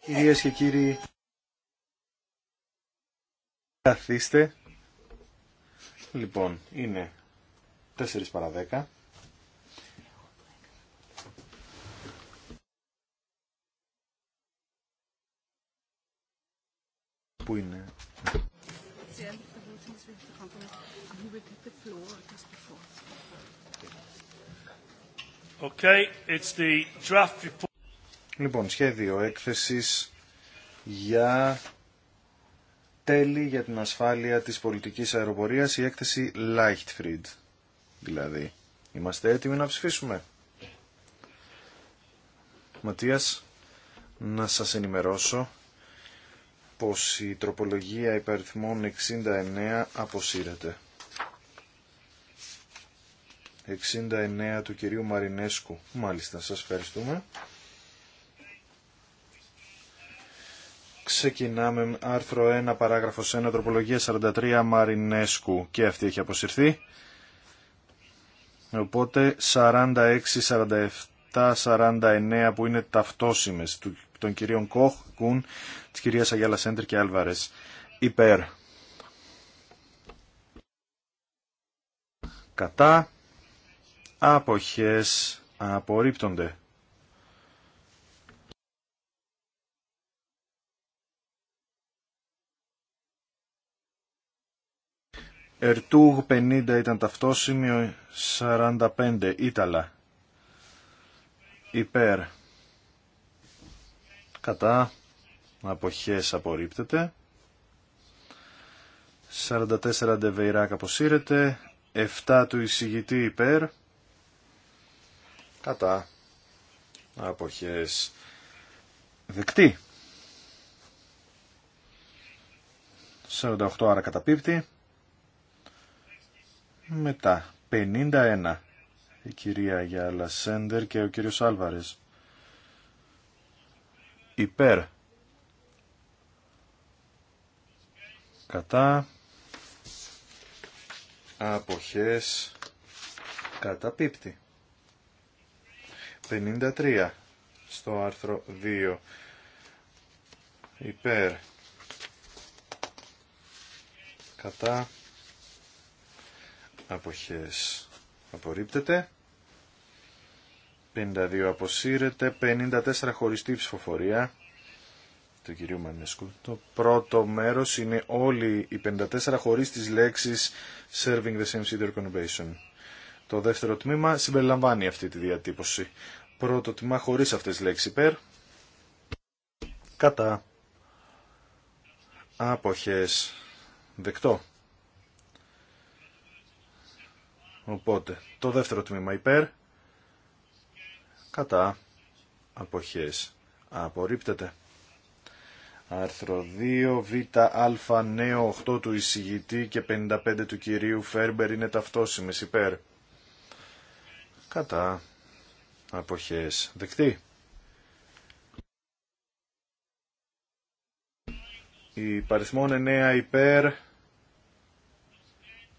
Κυρίες και κύριοι, καθίστε. Λοιπόν, είναι 4 παρα 10. Λοιπόν, σχέδιο έκθεσης για τέλη για την ασφάλεια της πολιτικής αεροπορίας, η έκθεση Lightfried. Δηλαδή, είμαστε έτοιμοι να ψηφίσουμε. Ματίας, να σας ενημερώσω πως η τροπολογία υπαριθμών 69 αποσύρεται. 69 του κυρίου Μαρινέσκου. Μάλιστα, σας ευχαριστούμε. Ξεκινάμε άρθρο 1, παράγραφος 1, τροπολογία 43 Μαρινέσκου και αυτή έχει αποσυρθεί. Οπότε 46, 47, 49 που είναι ταυτόσιμες των κυρίων Κοχ, Κουν, της κυρίας Αγιάλα Σέντερ και Άλβαρες. Υπέρ. Κατά Αποχές απορρίπτονται. Ερτούγ 50 ήταν ταυτόσημιο, 45 Ήταλα. Υπέρ. Κατά. Αποχές απορρίπτεται. 44 Ντεβεϊράκ αποσύρεται. 7 του εισηγητή υπέρ κατά αποχές δεκτή. 48 άρα καταπίπτει. Μετά 51 η κυρία Γιάλα Σέντερ και ο κύριος Άλβαρες. Υπέρ. Κατά. Αποχές. Καταπίπτει. 53 στο άρθρο 2 υπέρ κατά αποχές απορρίπτεται 52 αποσύρεται 54 χωριστή ψηφοφορία του κυρίου Μανέσκου το πρώτο μέρος είναι όλοι οι 54 χωρί τις λέξεις serving the same city conurbation το δεύτερο τμήμα συμπεριλαμβάνει αυτή τη διατύπωση Πρώτο τιμά χωρίς αυτές λέξεις υπέρ. Κατά. Άποχες. Δεκτό. Οπότε, το δεύτερο τμήμα υπέρ. Κατά. Αποχές. Απορρίπτεται. Άρθρο 2, Β, Α, νέο 8 του εισηγητή και 55 του κυρίου Φέρμπερ είναι ταυτόσιμες υπέρ. Κατά αποχές δεκτή. Η παριθμόν 9 υπέρ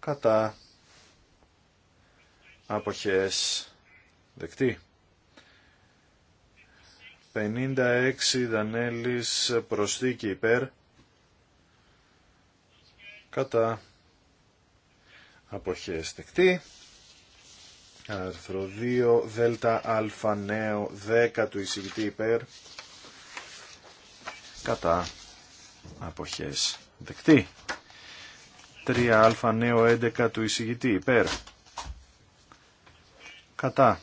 κατά αποχές δεκτή. 56 Δανέλης προσθήκη υπέρ κατά αποχές δεκτή. Άρθρο 2, δέλτα άλφα νέο 10 του εισηγητή υπέρ. Κατά αποχές δεκτή. 3α νέο 11 του εισηγητή υπέρ. Κατά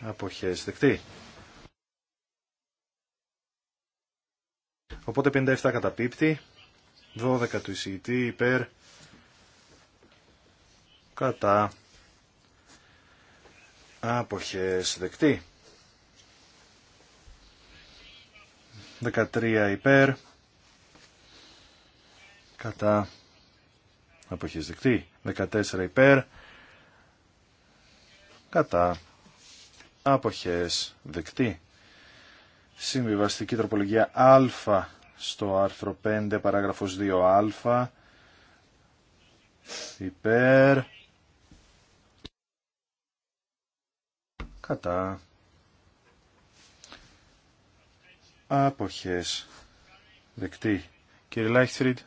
αποχές δεκτή. Οπότε 57 καταπίπτει. 12 του εισηγητή υπέρ κατά άποχες δεκτή 13 υπέρ κατά άποχες δεκτή 14 υπέρ κατά άποχες δεκτή συμβιβαστική τροπολογία α στο άρθρο 5 παράγραφος 2α υπέρ κατά αποχές δεκτή. Κύριε Λάιχτφριντ,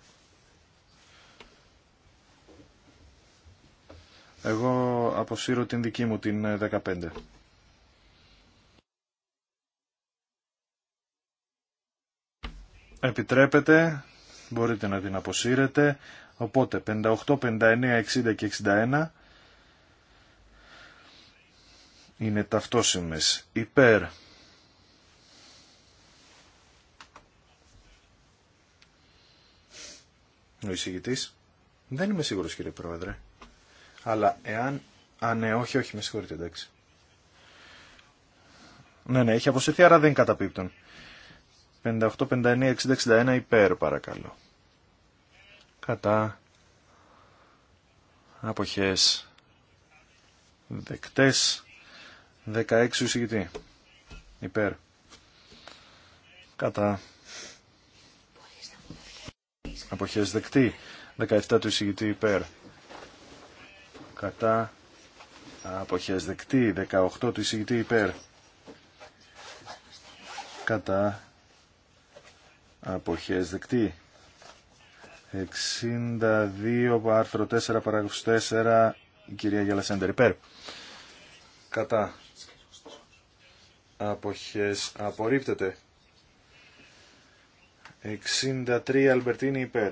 εγώ αποσύρω την δική μου την 15. Ε, Επιτρέπετε, μπορείτε να την αποσύρετε, οπότε 58, 59, 60 και 61 είναι ταυτόσιμες υπέρ ο εισηγητής δεν είμαι σίγουρος κύριε πρόεδρε αλλά εάν α ναι όχι όχι με συγχωρείτε εντάξει ναι ναι έχει αποσυρθεί άρα δεν καταπίπτουν 58, 59, 60, 61 υπέρ παρακαλώ κατά αποχές δεκτές 16 εισηγητή. Υπέρ. Κατά. Αποχές δεκτή. 17 του εισηγητή υπέρ. Κατά. Αποχές δεκτή. 18 του εισηγητή υπέρ. Κατά. Αποχές δεκτή. 62 άρθρο 4 παράγραφος 4 η κυρία Γιαλασέντερ υπέρ. Κατά αποχές απορρίπτεται. 63 Αλμπερτίνη υπέρ.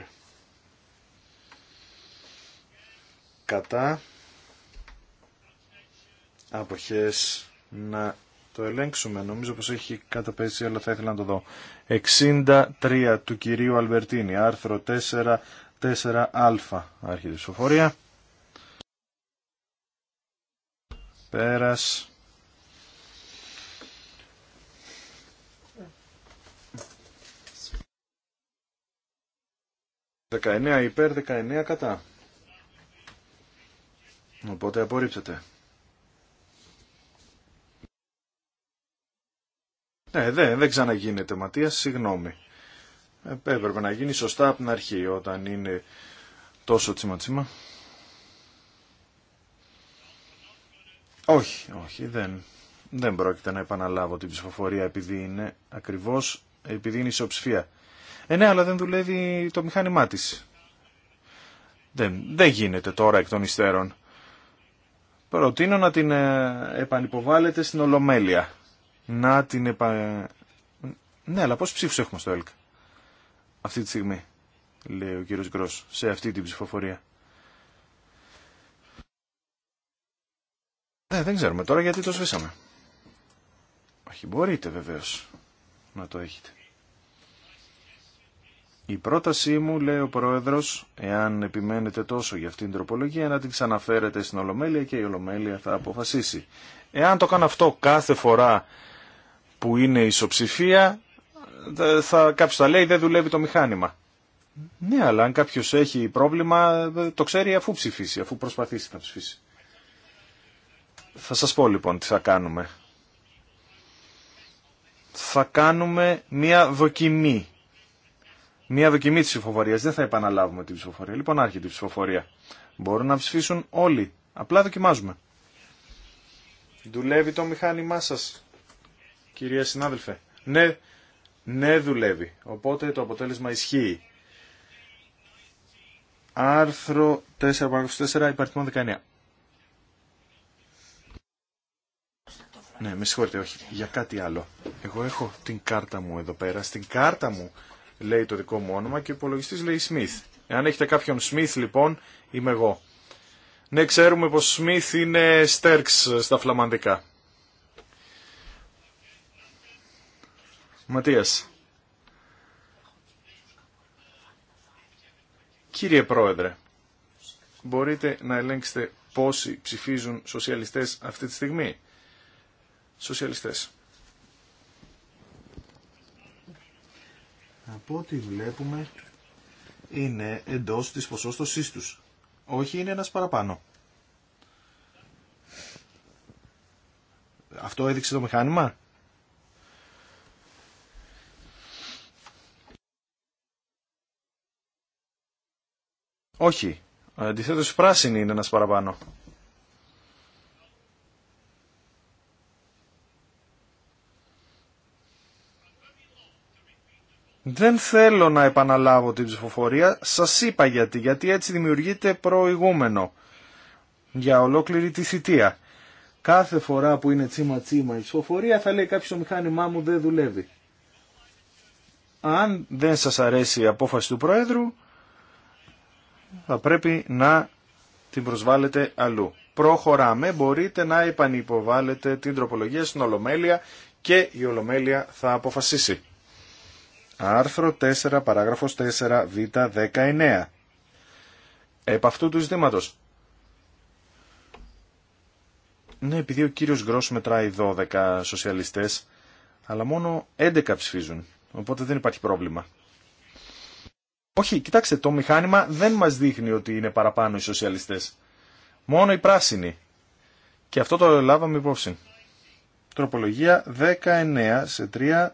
Κατά αποχές να το ελέγξουμε. Νομίζω πως έχει καταπέσει αλλά θα ήθελα να το δω. 63 του κυρίου Αλμπερτίνη. Άρθρο 4, 4α. Άρχιδη σοφορία. Πέρας. 19 υπέρ, 19 κατά. Οπότε απορρίψετε. Ναι, δεν, δεν ξαναγίνεται Ματίας, συγγνώμη. Έπρεπε να γίνει σωστά από την αρχή όταν είναι τόσο τσιματσίμα. Όχι, όχι, δεν, δεν πρόκειται να επαναλάβω την ψηφοφορία επειδή είναι ακριβώς, επειδή είναι ισοψηφία. Ε, ναι, αλλά δεν δουλεύει το μηχάνημά της. Δεν, δεν γίνεται τώρα εκ των υστέρων. Προτείνω να την ε, επανυποβάλλετε στην Ολομέλεια. Να την επα... Ναι, αλλά πώς ψήφους έχουμε στο ΕΛΚ αυτή τη στιγμή, λέει ο κύριος Γκρός, σε αυτή την ψηφοφορία. Ε, δεν ξέρουμε τώρα γιατί το σβήσαμε. Όχι, μπορείτε βεβαίως να το έχετε. Η πρότασή μου, λέει ο πρόεδρο, εάν επιμένετε τόσο για αυτήν την τροπολογία, να την ξαναφέρετε στην Ολομέλεια και η Ολομέλεια θα αποφασίσει. Εάν το κάνω αυτό κάθε φορά που είναι ισοψηφία, θα, κάποιος θα λέει δεν δουλεύει το μηχάνημα. Ναι, αλλά αν κάποιο έχει πρόβλημα, το ξέρει αφού ψηφίσει, αφού προσπαθήσει να ψηφίσει. Θα σας πω λοιπόν τι θα κάνουμε. Θα κάνουμε μία δοκιμή Μία δοκιμή τη ψηφοφορία. Δεν θα επαναλάβουμε την ψηφοφορία. Λοιπόν, άρχεται η ψηφοφορία. Μπορούν να ψηφίσουν όλοι. Απλά δοκιμάζουμε. Δουλεύει το μηχάνημά σας, κυρία συνάδελφε. Ναι, ναι δουλεύει. Οπότε το αποτέλεσμα ισχύει. Άρθρο 4, υπαριθμό 19. Ναι, με συγχωρείτε, όχι. Για κάτι άλλο. Εγώ έχω την κάρτα μου εδώ πέρα. Στην κάρτα μου λέει το δικό μου όνομα και ο υπολογιστή λέει Smith. Εάν έχετε κάποιον Smith λοιπόν είμαι εγώ. Ναι ξέρουμε πως Smith είναι Στέρξ στα φλαμανδικά. Ματίας. Κύριε Πρόεδρε, μπορείτε να ελέγξετε πόσοι ψηφίζουν σοσιαλιστές αυτή τη στιγμή. Σοσιαλιστές. από ό,τι βλέπουμε είναι εντός της ποσόστοσής τους. Όχι είναι ένας παραπάνω. Αυτό έδειξε το μηχάνημα. Όχι. Αντιθέτως πράσινη είναι ένας παραπάνω. Δεν θέλω να επαναλάβω την ψηφοφορία, σας είπα γιατί, γιατί έτσι δημιουργείται προηγούμενο για ολόκληρη τη θητεία. Κάθε φορά που είναι τσίμα τσίμα η ψηφοφορία θα λέει κάποιος το μηχάνημά μου δεν δουλεύει. Αν δεν σας αρέσει η απόφαση του Προέδρου θα πρέπει να την προσβάλλετε αλλού. Προχωράμε, μπορείτε να επανυποβάλλετε την τροπολογία στην Ολομέλεια και η Ολομέλεια θα αποφασίσει. Άρθρο 4, παράγραφος 4, β, 19. Επ' αυτού του ζητήματος. Ναι, επειδή ο κύριος Γκρός μετράει 12 σοσιαλιστές, αλλά μόνο 11 ψηφίζουν, οπότε δεν υπάρχει πρόβλημα. Όχι, κοιτάξτε, το μηχάνημα δεν μας δείχνει ότι είναι παραπάνω οι σοσιαλιστές. Μόνο οι πράσινοι. Και αυτό το λάβαμε υπόψη. Τροπολογία 19 σε 3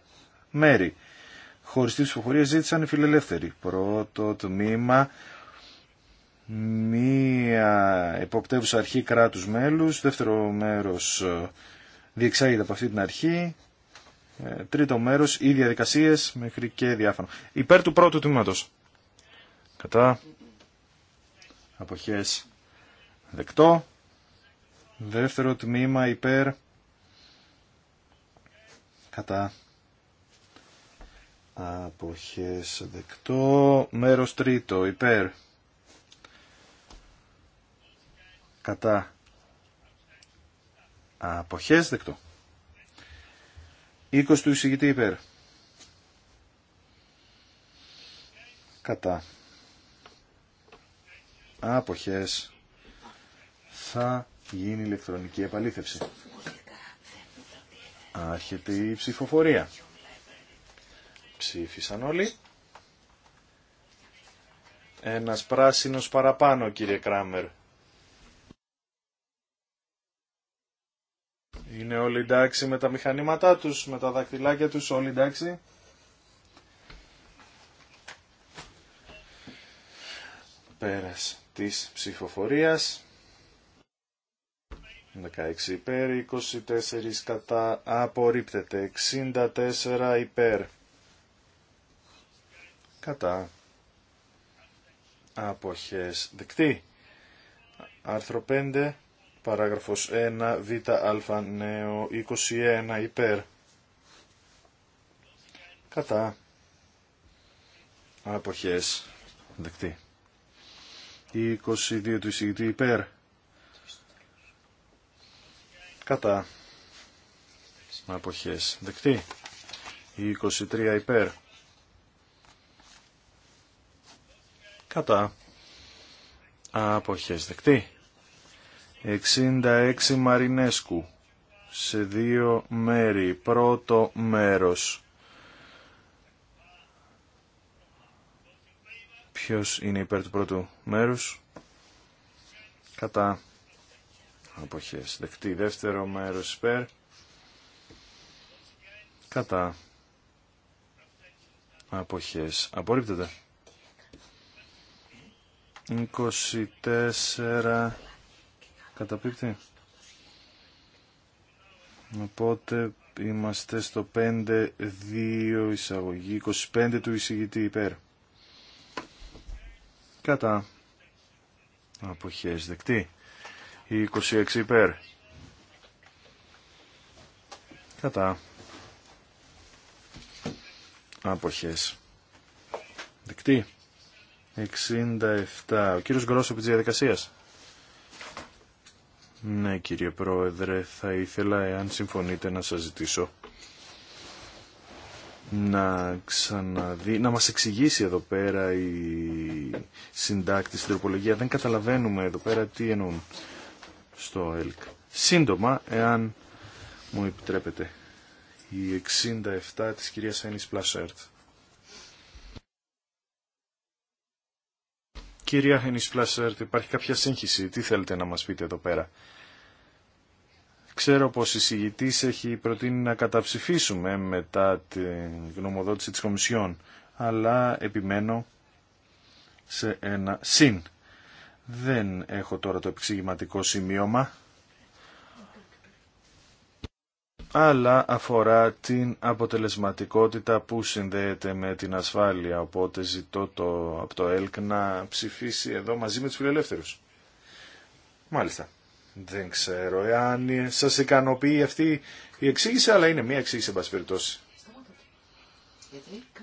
μέρη χωριστή ψηφοφορία ζήτησαν οι φιλελεύθεροι. Πρώτο τμήμα, μία εποπτεύουσα αρχή κράτους μέλους, δεύτερο μέρος ε, διεξάγεται από αυτή την αρχή, ε, τρίτο μέρος οι διαδικασίες μέχρι και διάφανο. Υπέρ του πρώτου τμήματος. Κατά. Αποχές. Δεκτό. Δεύτερο τμήμα υπέρ. Κατά αποχές δεκτό μέρος τρίτο υπέρ κατά αποχές δεκτό 20 του εισηγητή υπέρ κατά αποχές θα γίνει ηλεκτρονική επαλήθευση. Άρχεται η ψηφοφορία. Ψήφισαν όλοι. Ένας πράσινος παραπάνω, κύριε Κράμερ. Είναι όλοι εντάξει με τα μηχανήματά τους, με τα δακτυλάκια τους, όλοι εντάξει. Πέρας της ψηφοφορίας. 16 υπέρ, 24 κατά, απορρίπτεται, 64 υπέρ κατά αποχές δεκτή. Άρθρο 5, παράγραφος 1, β, α, νέο, 21, υπέρ. Κατά. Αποχές δεκτή. 22 του εισηγητή υπέρ. Κατά. Αποχές δεκτή. 23 υπέρ. κατά αποχές δεκτή. 66 Μαρινέσκου σε δύο μέρη. Πρώτο μέρος. Ποιος είναι υπέρ του πρώτου μέρους. Κατά αποχές δεκτή. Δεύτερο μέρος υπέρ. Κατά αποχές απορρίπτεται. 24 καταπίπτει. Οπότε είμαστε στο 5-2 εισαγωγή, 25 του εισηγητή υπέρ. Κατά. Αποχές δεκτή. 26 υπέρ. Κατά. Αποχές. Δεκτή. 67. Ο κύριος Γκρόσο επί της Ναι κύριε Πρόεδρε, θα ήθελα εάν συμφωνείτε να σας ζητήσω να ξαναδεί, να μας εξηγήσει εδώ πέρα η συντάκτη στην τροπολογία. Δεν καταλαβαίνουμε εδώ πέρα τι εννοούν στο ΕΛΚ. Σύντομα, εάν μου επιτρέπετε, η 67 της κυρίας Ένης Πλασέρτ. Κυρία Χένις Πλάσσερτ, υπάρχει κάποια σύγχυση. Τι θέλετε να μας πείτε εδώ πέρα. Ξέρω πως η συγητής έχει προτείνει να καταψηφίσουμε μετά την γνωμοδότηση της Κομισιόν, αλλά επιμένω σε ένα συν. Δεν έχω τώρα το επεξηγηματικό σημείωμα αλλά αφορά την αποτελεσματικότητα που συνδέεται με την ασφάλεια. Οπότε ζητώ το, από το ΕΛΚ να ψηφίσει εδώ μαζί με τους φιλελεύθερους. Μάλιστα. Δεν ξέρω εάν σας ικανοποιεί αυτή η εξήγηση, αλλά είναι μία εξήγηση εν πάση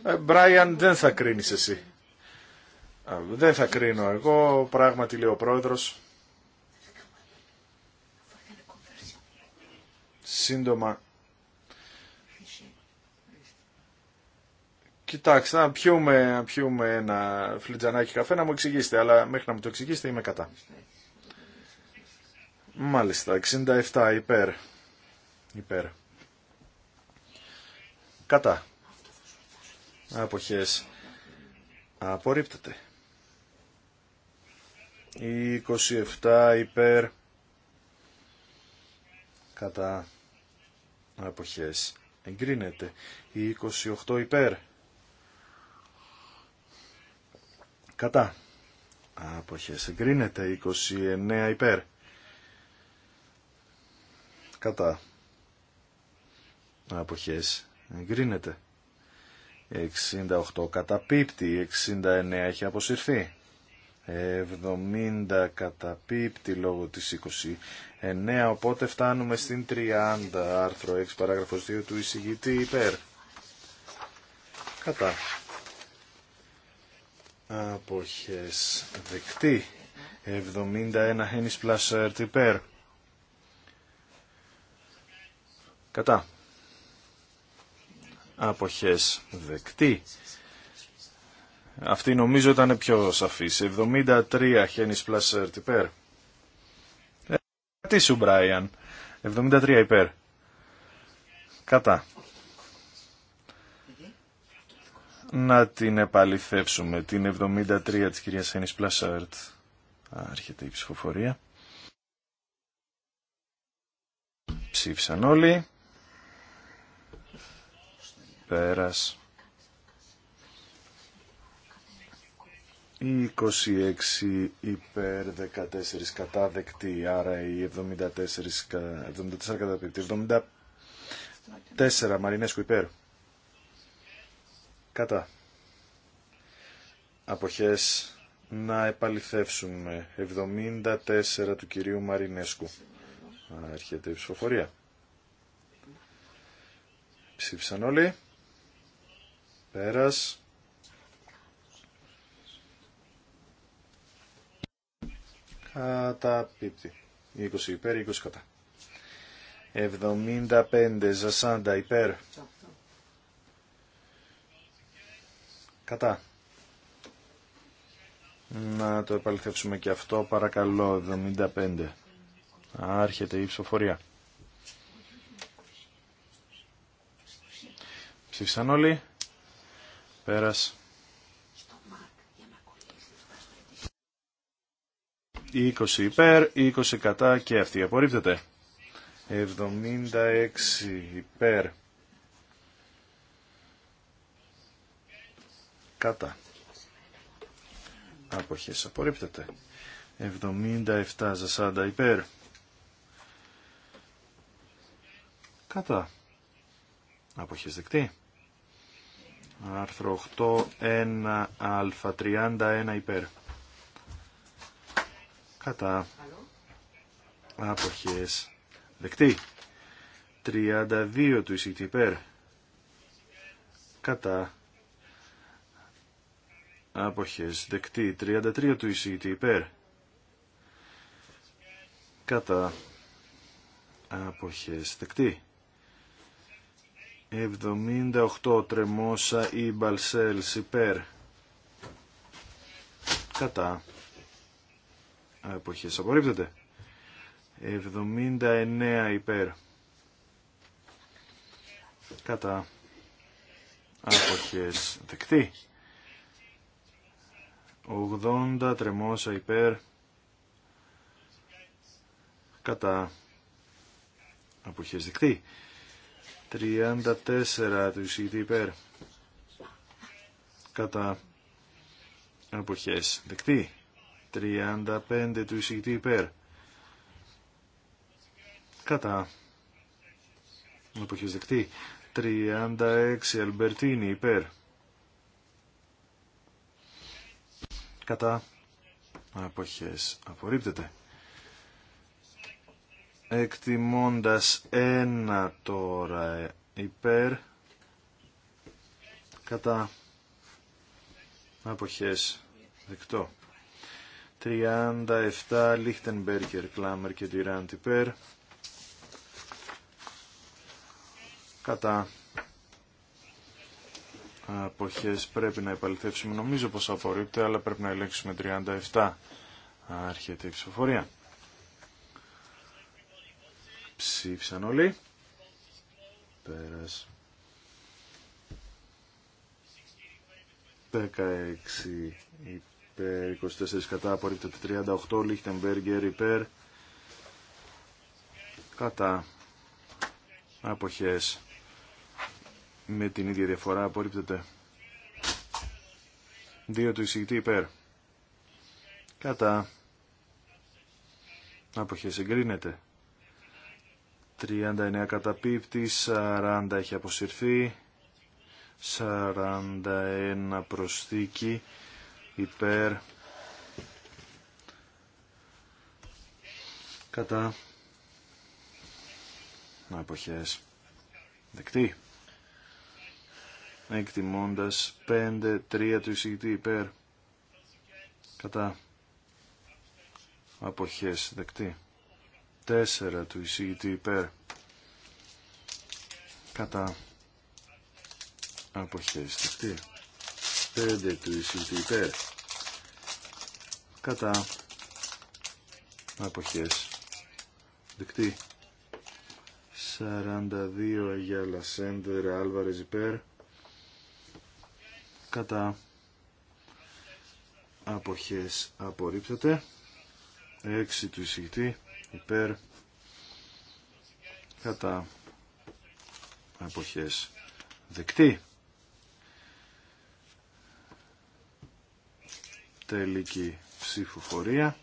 ε, Μπράιαν, δεν θα κρίνεις εσύ. Δεν θα κρίνω εγώ, πράγματι λέει ο πρόεδρος. σύντομα. Κοιτάξτε, να πιούμε, να πιούμε ένα φλιτζανάκι καφέ, να μου εξηγήσετε, αλλά μέχρι να μου το εξηγήσετε είμαι κατά. Μάλιστα, 67 υπέρ. Υπέρ. Κατά. Αποχές. Απορρίπτεται. 27 υπέρ. Κατά αποχές εγκρίνεται. Η 28 υπέρ κατά αποχές εγκρίνεται. Η 29 υπέρ κατά αποχές εγκρίνεται. 68 καταπίπτει, 69 έχει αποσυρθεί. 70 καταπίπτει λόγω της 29, οπότε φτάνουμε στην 30, άρθρο 6, παράγραφος 2 του εισηγητή υπέρ. Κατά. Αποχές δεκτή. 71 Hennis Πλάσσερτ υπέρ. Κατά. Αποχές δεκτή. Αυτή νομίζω ήταν πιο Σε 73 χένι Πλασέρτ υπέρ. Ε, τι σου Μπράιαν. 73 υπέρ. Κατά. Να την επαληθεύσουμε. Την 73 της κυρίας Χένις Πλασέρτ. Άρχεται η ψηφοφορία. Ψήφισαν όλοι. Πέρας. 26 υπέρ 14 κατά δεκτή, άρα η 74, 74 74 Μαρινέσκου υπέρ. Κατά. Αποχές να επαληθεύσουμε 74 του κυρίου Μαρινέσκου. Έρχεται η ψηφοφορία. Ψήφισαν όλοι. Πέρας. τα πίπτη. 20 υπέρ, 20 κατά. 75 Ζασάντα υπέρ. Κατά. Να το επαληθεύσουμε και αυτό, παρακαλώ, 75. Άρχεται η ψηφοφορία. Ψήφισαν όλοι. Πέρας. 20 υπέρ, 20 κατά και αυτή απορρίπτεται. 76 υπέρ. Κατά. Αποχές απορρίπτεται. 77 ζασάντα υπέρ. Κατά. Αποχές δεκτή. Άρθρο 8, 1α31 υπέρ κατά αποχές δεκτή 32 του εισηγητή υπέρ κατά αποχές δεκτή 33 του εισηγητή υπέρ κατά αποχές δεκτή 78 τρεμόσα ή μπαλσέλς υπέρ κατά Εποχές απορρίπτεται 79 υπέρ κατά αποχές δεκτή 80 τρεμόσα υπέρ κατά αποχές δεκτή 34 του εισηγητή υπέρ κατά αποχές δεκτή 35 του εισηγητή υπέρ. Κατά. Εποχές δεκτεί. 36 Αλμπερτίνη υπέρ. Κατά. αποχές απορρίπτεται. Εκτιμώντας ένα τώρα ε, υπέρ. Κατά. Αποχές δεκτό. 37 Λίχτενμπέργκερ, Κλάμερ και Τιράντ υπέρ. Κατά αποχές πρέπει να υπαλληθεύσουμε, Νομίζω πως απορρίπτεται, αλλά πρέπει να ελέγξουμε 37. Άρχεται η ψηφοφορία. Ψήφισαν όλοι. Πέρας. 16 υπέρ 24 κατά απορρίπτεται 38 Λίχτεμπεργκερ υπέρ κατά αποχές με την ίδια διαφορά απορρίπτεται 2 του εισηγητή υπέρ κατά αποχές εγκρίνεται 39 πίπτη 40 έχει αποσυρθεί 41 προσθήκη υπέρ κατά αποχές δεκτή εκτιμώντας 5-3 του εισηγητή υπέρ κατά αποχές δεκτή 4 του εισηγητή υπέρ κατά αποχές δεκτή 5 του εισηγητή υπέρ. Κατά αποχές. Δεκτή. 42 για Λασέντερ Άλβαρες υπέρ. Κατά αποχές απορρίπτεται. 6 του εισηγητή υπέρ. Κατά αποχές δεκτή. τελική ψηφοφορία.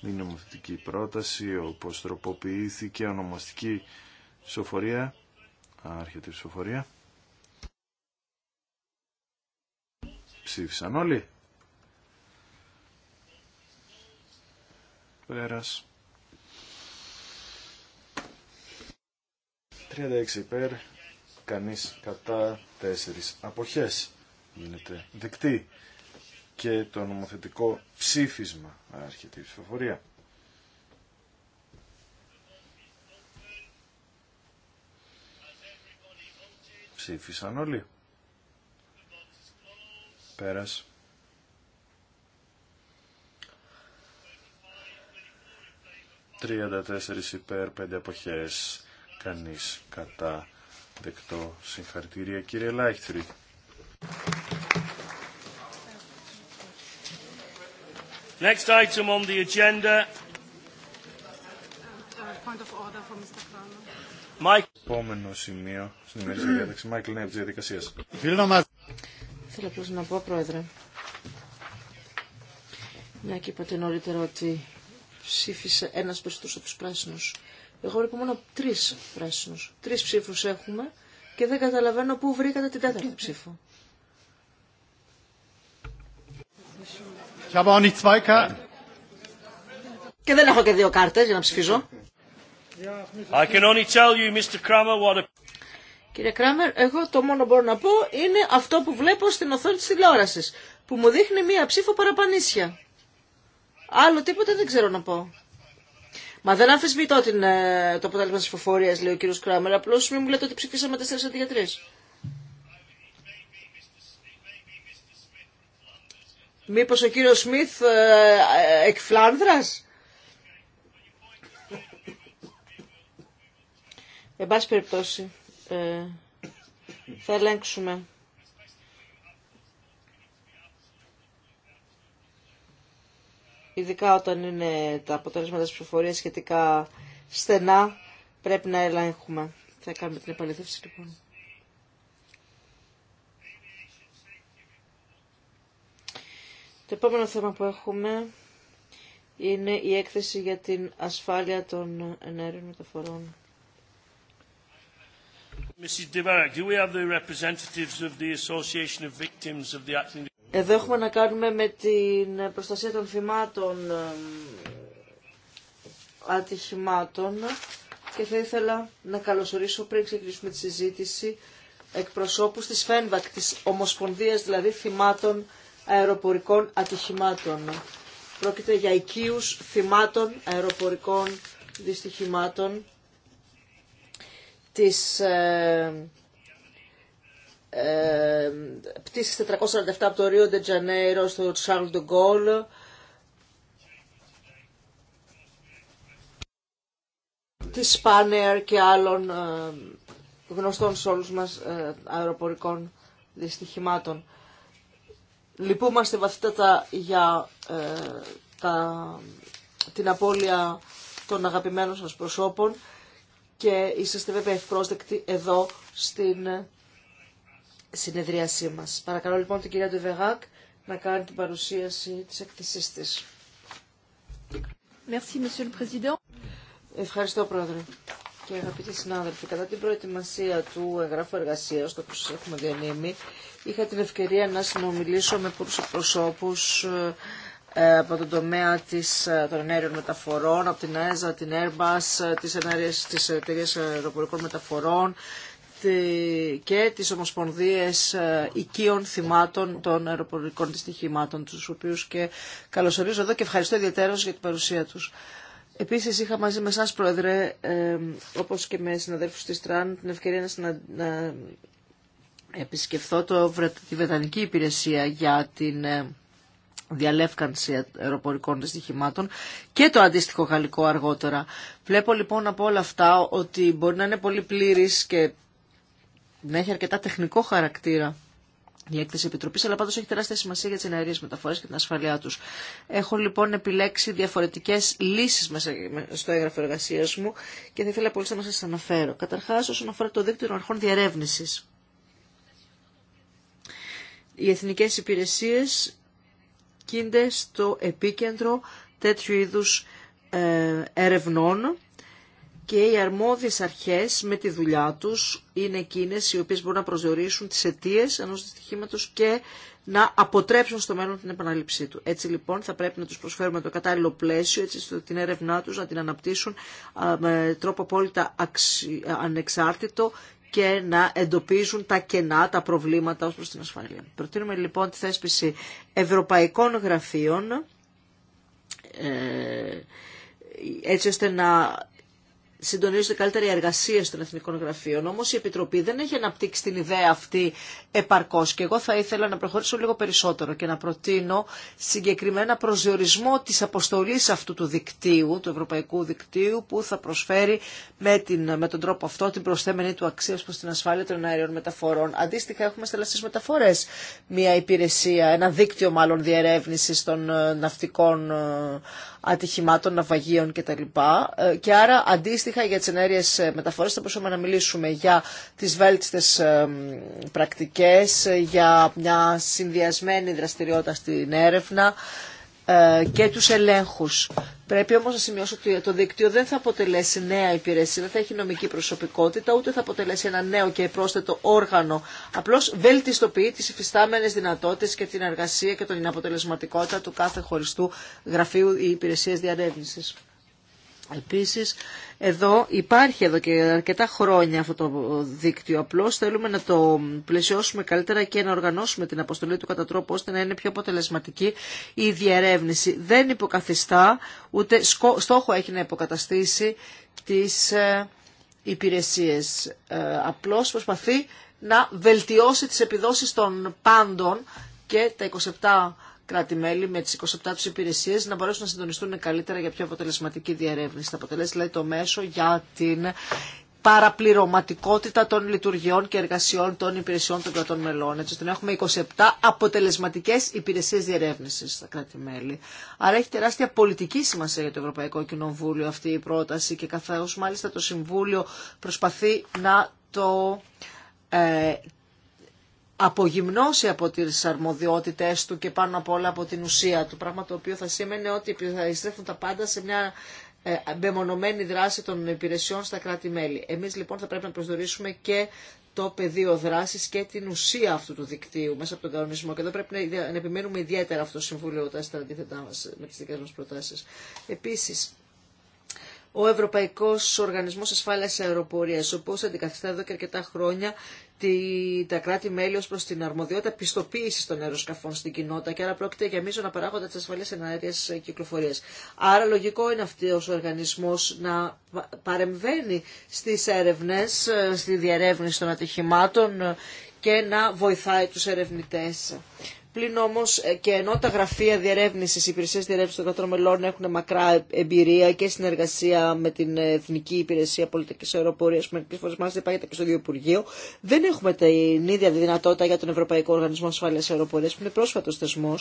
Η νομοθετική πρόταση, όπως τροποποιήθηκε, ονομαστική ψηφοφορία, άρχεται η ψηφοφορία. Ψήφισαν όλοι. Πέρας. 36 υπέρ, κανείς κατά 4 αποχές γίνεται δεκτή και το νομοθετικό ψήφισμα άρχεται η ψηφοφορία. Ψήφισαν όλοι. Πέρας. 34 υπέρ, 5 αποχές, κανείς κατά δεκτό. Συγχαρητήρια κύριε Λάιχτρη. Next item on the agenda. Επόμενο σημείο στην ημερήσια διάταξη. Μάικλ Θέλω απλώ να πω, Πρόεδρε, μια και είπατε νωρίτερα ότι ψήφισε ένα περισσότερο από του πράσινου. Εγώ βρήκα μόνο λοιπόν τρει πράσινου. Τρει ψήφου έχουμε και δεν καταλαβαίνω πού βρήκατε την τέταρτη ψήφο. Και δεν έχω και δύο κάρτες για να ψηφίζω. I can only tell you, Mr. Kramer, what a... Κύριε Κράμερ, εγώ το μόνο μπορώ να πω είναι αυτό που βλέπω στην οθόνη της τηλεόρασης, που μου δείχνει μία ψήφο παραπανίσια. Άλλο τίποτα δεν ξέρω να πω. Μα δεν αμφισβητώ την, ε, το αποτέλεσμα τη ψηφοφορία, λέει ο κύριο Κράμερ. Απλώ μην μου λέτε ότι ψηφίσαμε 4 αντί για 3. Μήπως ο κύριος Σμιθ ε, ε, εκ Φλάνδρας. Εν πάση περιπτώσει, ε, θα ελέγξουμε. Ειδικά όταν είναι τα αποτελέσματα της ψηφοφορίας σχετικά στενά, πρέπει να ελέγχουμε. Θα κάνουμε την επαλήθευση λοιπόν. Το επόμενο θέμα που έχουμε είναι η έκθεση για την ασφάλεια των ενέργειων μεταφορών. Εδώ έχουμε να κάνουμε με την προστασία των θυμάτων ατυχημάτων και θα ήθελα να καλωσορίσω πριν ξεκινήσουμε τη συζήτηση εκπροσώπους της ΦΕΝΒΑΚ, της Ομοσπονδίας δηλαδή θυμάτων αεροπορικών ατυχημάτων. Πρόκειται για οικείους θυμάτων αεροπορικών δυστυχημάτων της ε, ε, πτήσης 447 από το Ρίο Ντετζανέιρο στο Charles de Gaulle της Spanair και άλλων ε, γνωστών σε όλους μας ε, αεροπορικών δυστυχημάτων. Λυπούμαστε βαθύτατα για ε, τα, την απώλεια των αγαπημένων σας προσώπων και είσαστε βέβαια ευπρόσδεκτοι εδώ στην συνεδρίασή μας. Παρακαλώ λοιπόν την κυρία Ντεβεγάκ να κάνει την παρουσίαση της εκθεσής της. Merci, Ευχαριστώ, Πρόεδρε και αγαπητοί συνάδελφοι, κατά την προετοιμασία του εγγράφου εργασία, το οποίο έχουμε διανύμει, είχα την ευκαιρία να συνομιλήσω με πολλούς εκπροσώπους ε, από τον τομέα της, ε, των ενέργειων μεταφορών, από την ΕΖΑ, την Airbus, ε, τις, εταιρεία αεροπορικών μεταφορών και τις Ομοσπονδίες Οικείων Θυμάτων των Αεροπορικών Δυστυχημάτων, τους οποίους και καλωσορίζω εδώ και ευχαριστώ ιδιαίτερω για την παρουσία τους. Επίσης είχα μαζί με εσάς, Πρόεδρε, ε, όπως και με συναδέλφους της ΤΡΑΝ, την ευκαιρία να, να επισκεφθώ το, τη Βρετανική Υπηρεσία για την ε, διαλεύκανση αεροπορικών δυστυχημάτων και το αντίστοιχο γαλλικό αργότερα. Βλέπω λοιπόν από όλα αυτά ότι μπορεί να είναι πολύ πλήρης και να έχει αρκετά τεχνικό χαρακτήρα η έκθεση επιτροπή, αλλά πάντω έχει τεράστια σημασία για τι εναερίε μεταφορέ και την ασφαλειά του. Έχω λοιπόν επιλέξει διαφορετικέ λύσει μέσα στο έγγραφο εργασία μου και θα ήθελα πολύ να σα αναφέρω. Καταρχά, όσον αφορά το δίκτυο των αρχών διερεύνηση. Οι εθνικέ υπηρεσίε κίνδε στο επίκεντρο τέτοιου είδου ε, ερευνών και οι αρμόδιες αρχές με τη δουλειά τους είναι εκείνες οι οποίες μπορούν να προσδιορίσουν τις αιτίε ενός δυστυχήματος και να αποτρέψουν στο μέλλον την επαναλήψή του. Έτσι λοιπόν θα πρέπει να τους προσφέρουμε το κατάλληλο πλαίσιο, έτσι ώστε την έρευνά τους να την αναπτύσσουν με τρόπο απόλυτα ανεξάρτητο και να εντοπίζουν τα κενά, τα προβλήματα ως προς την ασφάλεια. Προτείνουμε λοιπόν τη θέσπιση ευρωπαϊκών γραφείων, ε, έτσι ώστε να συντονίζονται καλύτερα οι εργασίε των εθνικών γραφείων. Όμω η Επιτροπή δεν έχει αναπτύξει την ιδέα αυτή επαρκώ. Και εγώ θα ήθελα να προχωρήσω λίγο περισσότερο και να προτείνω συγκεκριμένα προσδιορισμό τη αποστολή αυτού του δικτύου, του ευρωπαϊκού δικτύου, που θα προσφέρει με, την, με τον τρόπο αυτό την προσθέμενη του αξία προ την ασφάλεια των αέριων μεταφορών. Αντίστοιχα, έχουμε στελεστέ μεταφορέ μια υπηρεσία, ένα δίκτυο μάλλον διερεύνηση των ε, ναυτικών ε, ατυχημάτων, ναυαγίων κτλ. Ε, και άρα αντίστοιχα για τις ενέργειες ε, μεταφορές θα μπορούσαμε να μιλήσουμε για τις βέλτιστες ε, πρακτικές, για μια συνδυασμένη δραστηριότητα στην έρευνα, ε, και τους ελέγχους. Πρέπει όμως να σημειώσω ότι το δίκτυο δεν θα αποτελέσει νέα υπηρεσία, δεν θα έχει νομική προσωπικότητα, ούτε θα αποτελέσει ένα νέο και πρόσθετο όργανο. Απλώς βελτιστοποιεί τις υφιστάμενες δυνατότητες και την εργασία και την αποτελεσματικότητα του κάθε χωριστού γραφείου ή υπηρεσίας Επίσης, εδώ υπάρχει εδώ και αρκετά χρόνια αυτό το δίκτυο. Απλώ θέλουμε να το πλαισιώσουμε καλύτερα και να οργανώσουμε την αποστολή του κατά τρόπο ώστε να είναι πιο αποτελεσματική η διερεύνηση. Δεν υποκαθιστά, ούτε στόχο έχει να υποκαταστήσει τις ε, υπηρεσίες. Ε, απλώς προσπαθεί να βελτιώσει τις επιδόσεις των πάντων και τα 27 κρατη με τι 27 του υπηρεσίε, να μπορέσουν να συντονιστούν καλύτερα για πιο αποτελεσματική διερεύνηση. Θα αποτελέσει δηλαδή το μέσο για την παραπληρωματικότητα των λειτουργιών και εργασιών των υπηρεσιών των κρατών μελών. Έτσι ώστε να έχουμε 27 αποτελεσματικέ υπηρεσίε διερεύνηση στα κράτη-μέλη. Άρα έχει τεράστια πολιτική σημασία για το Ευρωπαϊκό Κοινοβούλιο αυτή η πρόταση και καθώ μάλιστα το Συμβούλιο προσπαθεί να το ε, απογυμνώσει από τις αρμοδιότητες του και πάνω απ' όλα από την ουσία του, πράγμα το οποίο θα σήμαινε ότι θα ειστρέφουν τα πάντα σε μια ε, μπεμονωμένη δράση των υπηρεσιών στα κράτη-μέλη. Εμείς λοιπόν θα πρέπει να προσδορίσουμε και το πεδίο δράση και την ουσία αυτού του δικτύου μέσα από τον κανονισμό. Και εδώ πρέπει να επιμένουμε ιδιαίτερα αυτό το Συμβούλιο όταν είστε αντίθετα με τι δικέ μα προτάσει. Επίση, ο Ευρωπαϊκό Οργανισμό Ασφάλεια Αεροπορία, ο οποίο αντικαθιστά εδώ και αρκετά χρόνια τα κράτη-μέλη ω προ την αρμοδιότητα πιστοποίηση των αεροσκαφών στην κοινότητα και άρα πρόκειται για μείζωνα παράγοντα τη ασφαλή εναέρεια κυκλοφορία. Άρα λογικό είναι αυτό ο οργανισμό να παρεμβαίνει στι έρευνε, ε, στη διερεύνηση των ατυχημάτων και να βοηθάει τους ερευνητέ. Πλην όμω ε, και ενώ τα γραφεία διερεύνηση, οι υπηρεσίε διερεύνηση των κρατών μελών έχουν μακρά εμπειρία και συνεργασία με την Εθνική Υπηρεσία Πολιτική Αεροπορία, που μερικέ φορέ δεν πάγεται και στο Διοπουργείο, δεν έχουμε την ίδια δυνατότητα για τον Ευρωπαϊκό Οργανισμό Ασφάλεια Αεροπορία, που είναι πρόσφατο θεσμό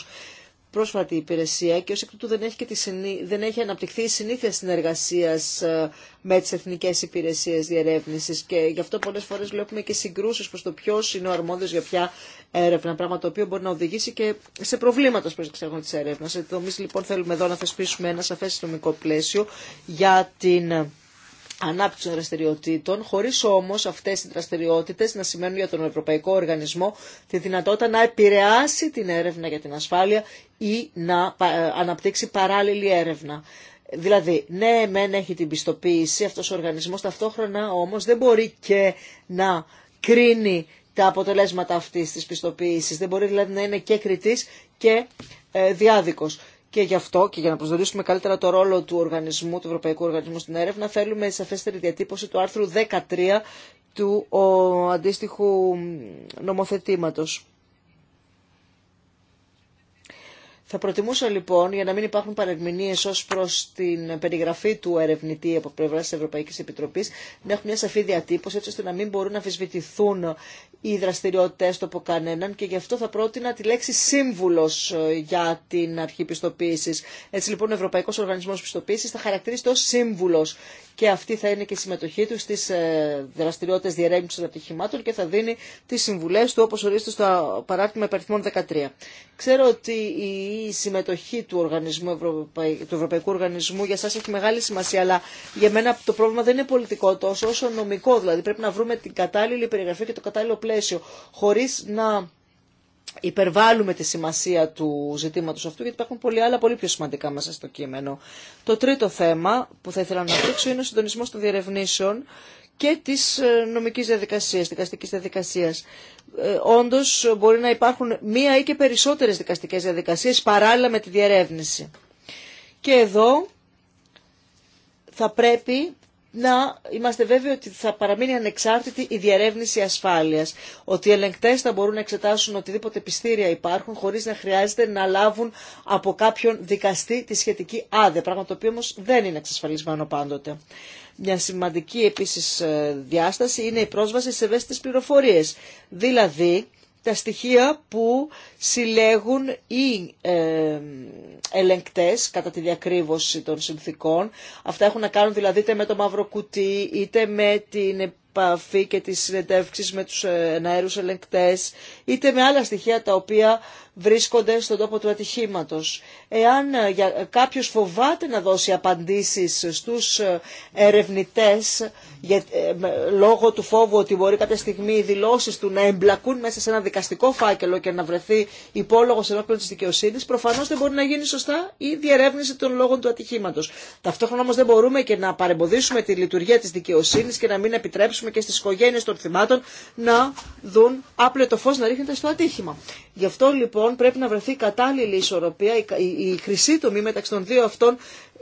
πρόσφατη υπηρεσία και ως εκ τούτου δεν έχει, δεν έχει αναπτυχθεί η συνήθεια συνεργασίας ε, με τις εθνικές υπηρεσίες διερεύνησης και γι' αυτό πολλές φορές βλέπουμε και συγκρούσεις προς το ποιο είναι ο αρμόδιος για ποια έρευνα, πράγμα το οποίο μπορεί να οδηγήσει και σε προβλήματα προς εξέγον της έρευνας. Εμεί λοιπόν θέλουμε εδώ να θεσπίσουμε ένα σαφές νομικό πλαίσιο για την ανάπτυξη των δραστηριοτήτων, χωρί όμω αυτέ οι δραστηριότητε να σημαίνουν για τον Ευρωπαϊκό Οργανισμό τη δυνατότητα να επηρεάσει την έρευνα για την ασφάλεια ή να ε, αναπτύξει παράλληλη έρευνα. Δηλαδή, ναι, μεν έχει την πιστοποίηση Αυτό ο οργανισμό, ταυτόχρονα όμω δεν μπορεί και να κρίνει τα αποτελέσματα αυτή τη πιστοποίηση, Δεν μπορεί δηλαδή να είναι και κριτή και ε, διάδικος. Και γι' αυτό και για να προσδιορίσουμε καλύτερα το ρόλο του οργανισμού, του Ευρωπαϊκού Οργανισμού στην έρευνα, θέλουμε σαφέστερη διατύπωση του άρθρου 13 του αντίστοιχου νομοθετήματος. Θα προτιμούσα λοιπόν, για να μην υπάρχουν παρεμηνίε ω προ την περιγραφή του ερευνητή από πλευρά τη Ευρωπαϊκή Επιτροπή, να έχουν μια σαφή διατύπωση, έτσι ώστε να μην μπορούν να αμφισβητηθούν οι δραστηριότητε του από κανέναν και γι' αυτό θα πρότεινα τη λέξη σύμβουλο ε, για την αρχή πιστοποίηση. Έτσι λοιπόν ο Ευρωπαϊκό Οργανισμό Πιστοποίηση θα χαρακτηρίζεται ω σύμβουλο και αυτή θα είναι και η συμμετοχή του στι ε, δραστηριότητε διερεύνηση των ατυχημάτων και θα δίνει τι συμβουλέ του όπω ορίζεται στο παράρτημα υπερθυμών 13. Ξέρω ότι η η συμμετοχή του, οργανισμού του Ευρωπαϊκού Οργανισμού για σας έχει μεγάλη σημασία, αλλά για μένα το πρόβλημα δεν είναι πολιτικό τόσο όσο νομικό, δηλαδή πρέπει να βρούμε την κατάλληλη περιγραφή και το κατάλληλο πλαίσιο, χωρίς να υπερβάλλουμε τη σημασία του ζητήματος αυτού, γιατί υπάρχουν πολλοί άλλα πολύ πιο σημαντικά μέσα στο κείμενο. Το τρίτο θέμα που θα ήθελα να δείξω είναι ο συντονισμός των διερευνήσεων και της ε, νομικής διαδικασίας, δικαστικής διαδικασίας. Ε, όντως μπορεί να υπάρχουν μία ή και περισσότερες δικαστικές διαδικασίες παράλληλα με τη διερεύνηση. Και εδώ θα πρέπει να είμαστε βέβαιοι ότι θα παραμείνει ανεξάρτητη η διερεύνηση ασφάλειας. Ότι οι ελεγκτές θα μπορούν να εξετάσουν οτιδήποτε πιστήρια υπάρχουν χωρίς να χρειάζεται να λάβουν από κάποιον δικαστή τη σχετική άδεια. Πράγμα το οποίο όμως δεν είναι εξασφαλισμένο πάντοτε. Μια σημαντική επίσης ε, διάσταση είναι η πρόσβαση σε ευαίσθητες πληροφορίες, δηλαδή τα στοιχεία που συλλέγουν οι ε, ελεγκτές κατά τη διακρύβωση των συνθήκων. Αυτά έχουν να κάνουν δηλαδή είτε με το μαύρο κουτί, είτε με την επαφή και τις συνεντεύξεις με τους ε, εναέρους ελεγκτές, είτε με άλλα στοιχεία τα οποία βρίσκονται στον τόπο του ατυχήματος. Εάν ε, ε, κάποιος φοβάται να δώσει απαντήσεις στους ε, ερευνητές για, λόγω του φόβου ότι μπορεί κάποια στιγμή οι δηλώσεις του να εμπλακούν μέσα σε ένα δικαστικό φάκελο και να βρεθεί υπόλογος ενώπιον της δικαιοσύνης, προφανώς δεν μπορεί να γίνει σωστά η διερεύνηση των λόγων του ατυχήματος. Ταυτόχρονα όμως δεν μπορούμε και να παρεμποδίσουμε τη λειτουργία της δικαιοσύνης και να μην επιτρέψουμε και στις οικογένειες των θυμάτων να δουν άπλετο φως να ρίχνεται στο ατύχημα. Γι' αυτό λοιπόν πρέπει να βρεθεί κατάλληλη ισορροπία, η χρυσή τομή μεταξύ των δύο αυτών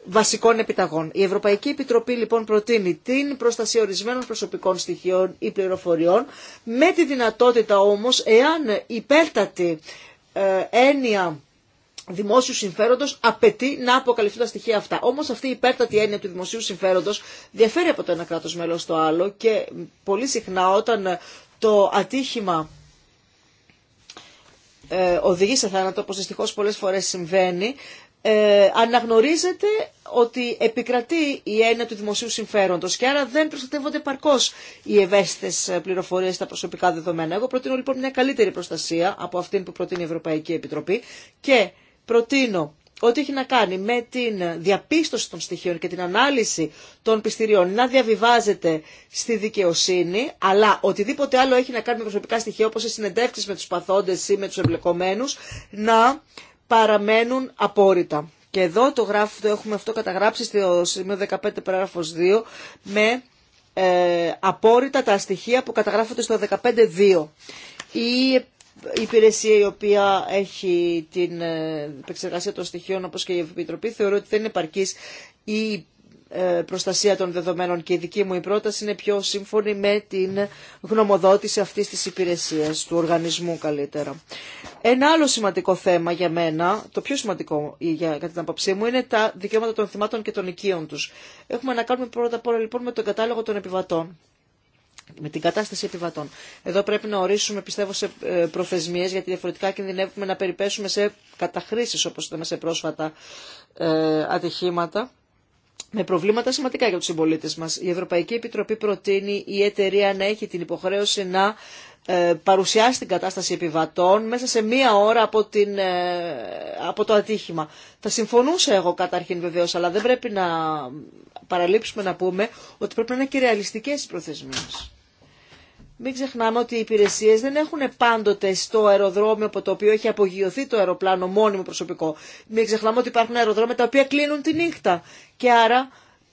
βασικών επιταγών. Η Ευρωπαϊκή Επιτροπή λοιπόν προτείνει την προστασία ορισμένων προσωπικών στοιχείων ή πληροφοριών με τη δυνατότητα όμως εάν υπέρτατη ε, έννοια δημόσιου συμφέροντο απαιτεί να αποκαλυφθούν τα στοιχεία αυτά. Όμω αυτή η υπέρτατη έννοια του δημοσίου συμφέροντο διαφέρει από το ένα κράτο μέλο στο άλλο και πολύ συχνά όταν το ατύχημα ε, οδηγεί σε θάνατο, όπως δυστυχώς πολλές φορές συμβαίνει, ε, αναγνωρίζεται ότι επικρατεί η έννοια του δημοσίου συμφέροντος και άρα δεν προστατεύονται παρκώς οι ευαίσθητες πληροφορίες στα προσωπικά δεδομένα. Εγώ προτείνω λοιπόν μια καλύτερη προστασία από αυτήν που προτείνει η Ευρωπαϊκή Επιτροπή και προτείνω ό,τι έχει να κάνει με την διαπίστωση των στοιχείων και την ανάλυση των πιστηριών να διαβιβάζεται στη δικαιοσύνη, αλλά οτιδήποτε άλλο έχει να κάνει με προσωπικά στοιχεία όπως οι συνεντεύξεις με τους παθόντες ή με τους εμπλεκομένους να παραμένουν απόρριτα. Και εδώ το, γράφω, έχουμε αυτό καταγράψει στο σημείο 15 παράγραφος 2 με ε, απόρριτα τα στοιχεία που καταγράφονται στο 15.2. Η η υπηρεσία η οποία έχει την ε, επεξεργασία των στοιχείων όπως και η Επιτροπή θεωρώ ότι δεν είναι παρκής η ε, προστασία των δεδομένων και η δική μου η πρόταση είναι πιο σύμφωνη με την γνωμοδότηση αυτής της υπηρεσίας, του οργανισμού καλύτερα. Ένα άλλο σημαντικό θέμα για μένα, το πιο σημαντικό για, κατά την απόψή μου, είναι τα δικαιώματα των θυμάτων και των οικείων τους. Έχουμε να κάνουμε πρώτα απ' όλα λοιπόν με τον κατάλογο των επιβατών με την κατάσταση επιβατών. Εδώ πρέπει να ορίσουμε, πιστεύω, σε ε, προθεσμίε, γιατί διαφορετικά κινδυνεύουμε να περιπέσουμε σε καταχρήσει, όπω ήταν σε πρόσφατα ε, ατυχήματα με προβλήματα σημαντικά για τους συμπολίτε μας. Η Ευρωπαϊκή Επιτροπή προτείνει η εταιρεία να έχει την υποχρέωση να ε, παρουσιάσει την κατάσταση επιβατών μέσα σε μία ώρα από, την, ε, από το ατύχημα. Θα συμφωνούσα εγώ καταρχήν βεβαίω, αλλά δεν πρέπει να παραλείψουμε να πούμε ότι πρέπει να είναι και ρεαλιστικές οι προθεσμίες. Μην ξεχνάμε ότι οι υπηρεσίε δεν έχουν πάντοτε στο αεροδρόμιο από το οποίο έχει απογειωθεί το αεροπλάνο μόνιμο προσωπικό. Μην ξεχνάμε ότι υπάρχουν αεροδρόμια τα οποία κλείνουν τη νύχτα. Και άρα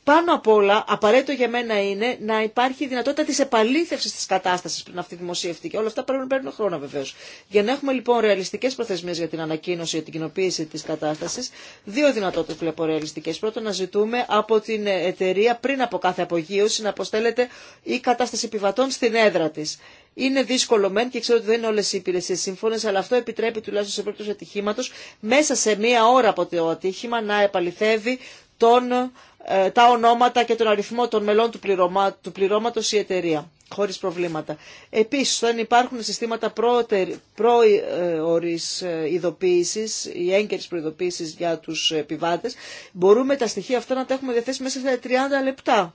πάνω απ' όλα, απαραίτητο για μένα είναι να υπάρχει δυνατότητα τη επαλήθευση τη κατάσταση πριν αυτή δημοσιευτεί. Και όλα αυτά πρέπει να παίρνουν χρόνο βεβαίω. Για να έχουμε λοιπόν ρεαλιστικέ προθεσμίε για την ανακοίνωση, για την κοινοποίηση τη κατάσταση, δύο δυνατότητε βλέπω ρεαλιστικέ. Πρώτον, να ζητούμε από την εταιρεία πριν από κάθε απογείωση να αποστέλλεται η κατάσταση επιβατών στην έδρα τη. Είναι δύσκολο μεν και ξέρω ότι δεν είναι όλε οι υπηρεσίε σύμφωνε, αλλά αυτό επιτρέπει τουλάχιστον σε ατυχήματο μέσα σε μία ώρα από το ατύχημα να επαληθεύει τον ε, τα ονόματα και τον αριθμό των μελών του, πληρωμά, πληρώματος η εταιρεία, χωρίς προβλήματα. Επίσης, όταν υπάρχουν συστήματα πρόορης ε, ειδοποίησης ή έγκαιρης προειδοποίησης για τους επιβάτες, μπορούμε τα στοιχεία αυτά να τα έχουμε διαθέσει μέσα σε 30 λεπτά.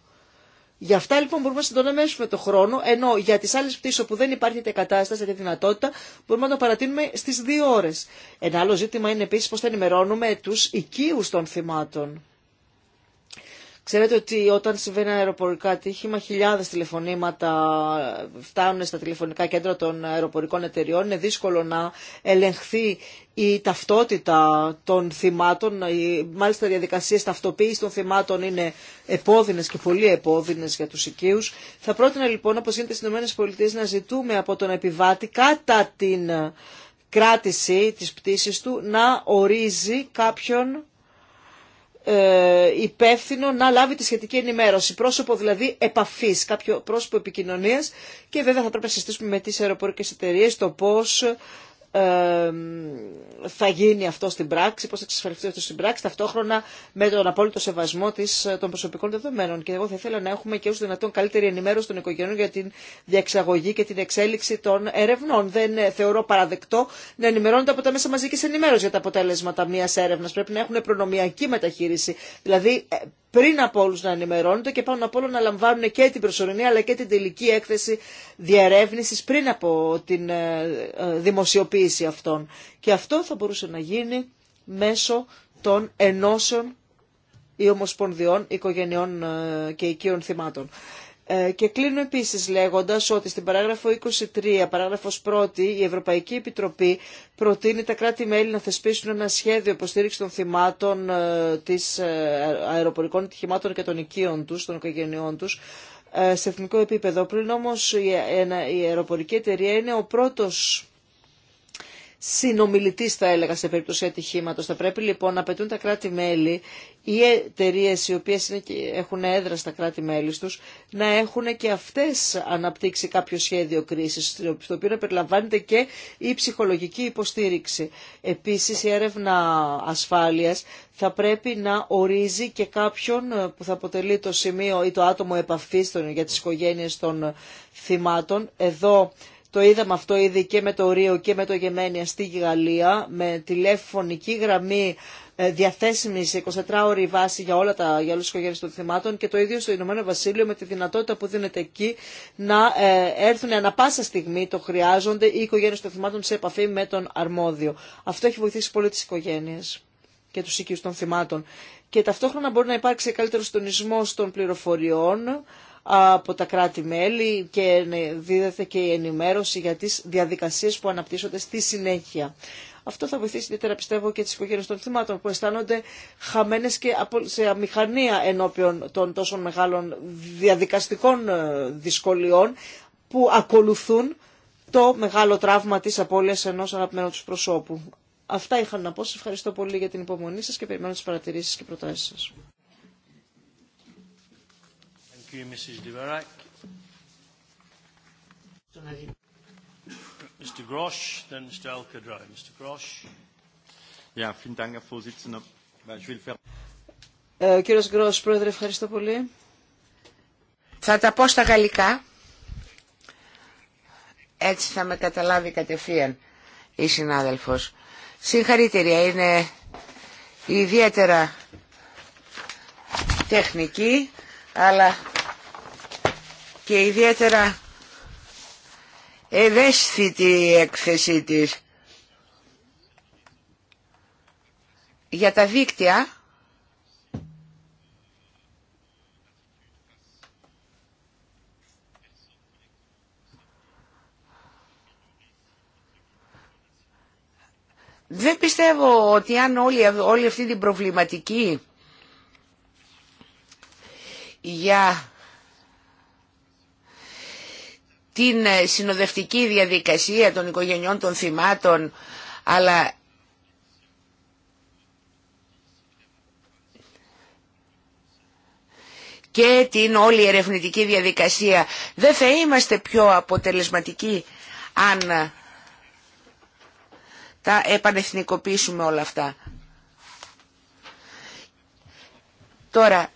Γι' αυτά λοιπόν μπορούμε να συντονίσουμε το χρόνο, ενώ για τι άλλε πτήσει όπου δεν υπάρχει κατάσταση και δυνατότητα, μπορούμε να το παρατείνουμε στι δύο ώρε. Ένα άλλο ζήτημα είναι επίση πώ θα ενημερώνουμε του οικείου των θυμάτων. Ξέρετε ότι όταν συμβαίνει ένα αεροπορικό ατύχημα, χιλιάδε τηλεφωνήματα φτάνουν στα τηλεφωνικά κέντρα των αεροπορικών εταιριών. Είναι δύσκολο να ελεγχθεί η ταυτότητα των θυμάτων, μάλιστα οι διαδικασίε ταυτοποίηση των θυμάτων είναι επώδυνε και πολύ επώδυνε για του οικείου. Θα πρότεινα λοιπόν, όπω γίνεται στι ΗΠΑ, να ζητούμε από τον επιβάτη κατά την κράτηση της πτήσης του να ορίζει κάποιον ε, υπεύθυνο να λάβει τη σχετική ενημέρωση. Πρόσωπο δηλαδή επαφή, κάποιο πρόσωπο επικοινωνία και βέβαια θα πρέπει να συζητήσουμε με τι αεροπορικέ εταιρείε το πώ θα γίνει αυτό στην πράξη, πώς θα εξασφαλιστεί αυτό στην πράξη, ταυτόχρονα με τον απόλυτο σεβασμό της, ε, των προσωπικών δεδομένων. Και εγώ θα ήθελα να έχουμε και ως δυνατόν καλύτερη ενημέρωση των οικογενών για την διαξαγωγή και την εξέλιξη των ερευνών. Δεν ε, θεωρώ παραδεκτό να ενημερώνονται από τα μέσα μαζικής ενημέρωσης για τα αποτέλεσματα μιας έρευνας. Πρέπει να έχουν προνομιακή μεταχείριση, δηλαδή ε, πριν από όλου να ενημερώνονται και πάνω από όλο να λαμβάνουν και την προσωρινή αλλά και την τελική έκθεση διερεύνησης πριν από την δημοσιοποίηση και αυτό θα μπορούσε να γίνει μέσω των ενώσεων ή ομοσπονδιών οικογενειών ε, και οικείων θυμάτων. Ε, και κλείνω επίσης λέγοντας ότι στην παράγραφο 23, παράγραφος 1, η Ευρωπαϊκή Επιτροπή προτείνει τα κράτη-μέλη να θεσπίσουν ένα σχέδιο υποστήριξη των θυμάτων ε, της αεροπορικών ατυχημάτων και των οικείων τους, των οικογενειών τους, σε εθνικό επίπεδο. Πριν όμως η αεροπορική εταιρεία είναι ο πρώτος συνομιλητή, θα έλεγα, σε περίπτωση ατυχήματο. Θα πρέπει λοιπόν να πετούν τα κράτη-μέλη οι εταιρείε οι οποίε έχουν έδρα στα κράτη-μέλη του να έχουν και αυτέ αναπτύξει κάποιο σχέδιο κρίση, στο οποίο να περιλαμβάνεται και η ψυχολογική υποστήριξη. Επίση, η έρευνα ασφάλεια θα πρέπει να ορίζει και κάποιον ε, που θα αποτελεί το σημείο ή το άτομο επαφή για τι οικογένειε των θυμάτων. Εδώ το είδαμε αυτό ήδη και με το Ρίο και με το Γεμένια στη Γαλλία, με τηλεφωνική γραμμή ε, διαθέσιμη σε 24 ώρη βάση για, όλα τα, για όλες τις οικογένειες των θυμάτων και το ίδιο στο Ηνωμένο Βασίλειο με τη δυνατότητα που δίνεται εκεί να ε, έρθουν ανα πάσα στιγμή, το χρειάζονται, οι οικογένειες των θυμάτων σε επαφή με τον αρμόδιο. Αυτό έχει βοηθήσει πολύ τις οικογένειες και τους οικείους των θυμάτων. Και ταυτόχρονα μπορεί να υπάρξει καλύτερο τονισμός των πληροφοριών, από τα κράτη-μέλη και ναι, δίδεται και η ενημέρωση για τις διαδικασίες που αναπτύσσονται στη συνέχεια. Αυτό θα βοηθήσει ιδιαίτερα πιστεύω και τις οικογένειες των θυμάτων που αισθάνονται χαμένες και σε αμηχανία ενώπιον των τόσων μεγάλων διαδικαστικών ε, δυσκολιών που ακολουθούν το μεγάλο τραύμα της απώλειας ενός αγαπημένου του προσώπου. Αυτά είχα να πω. Σας ευχαριστώ πολύ για την υπομονή σας και περιμένω τις παρατηρήσεις και προτάσεις σας you, Mrs. κύριος Γκρός, Πρόεδρε, ευχαριστώ πολύ. Θα τα πω στα γαλλικά. Έτσι θα με καταλάβει κατευθείαν η συνάδελφος. Συγχαρητήρια, είναι ιδιαίτερα τεχνική, αλλά και ιδιαίτερα ευαίσθητη η έκθεσή της. Για τα δίκτυα Δεν πιστεύω ότι αν όλη, όλη αυτή την προβληματική για την ε, συνοδευτική διαδικασία των οικογενειών των θυμάτων, αλλά και την όλη ερευνητική διαδικασία. Δεν θα είμαστε πιο αποτελεσματικοί αν τα επανεθνικοποιήσουμε όλα αυτά. Τώρα,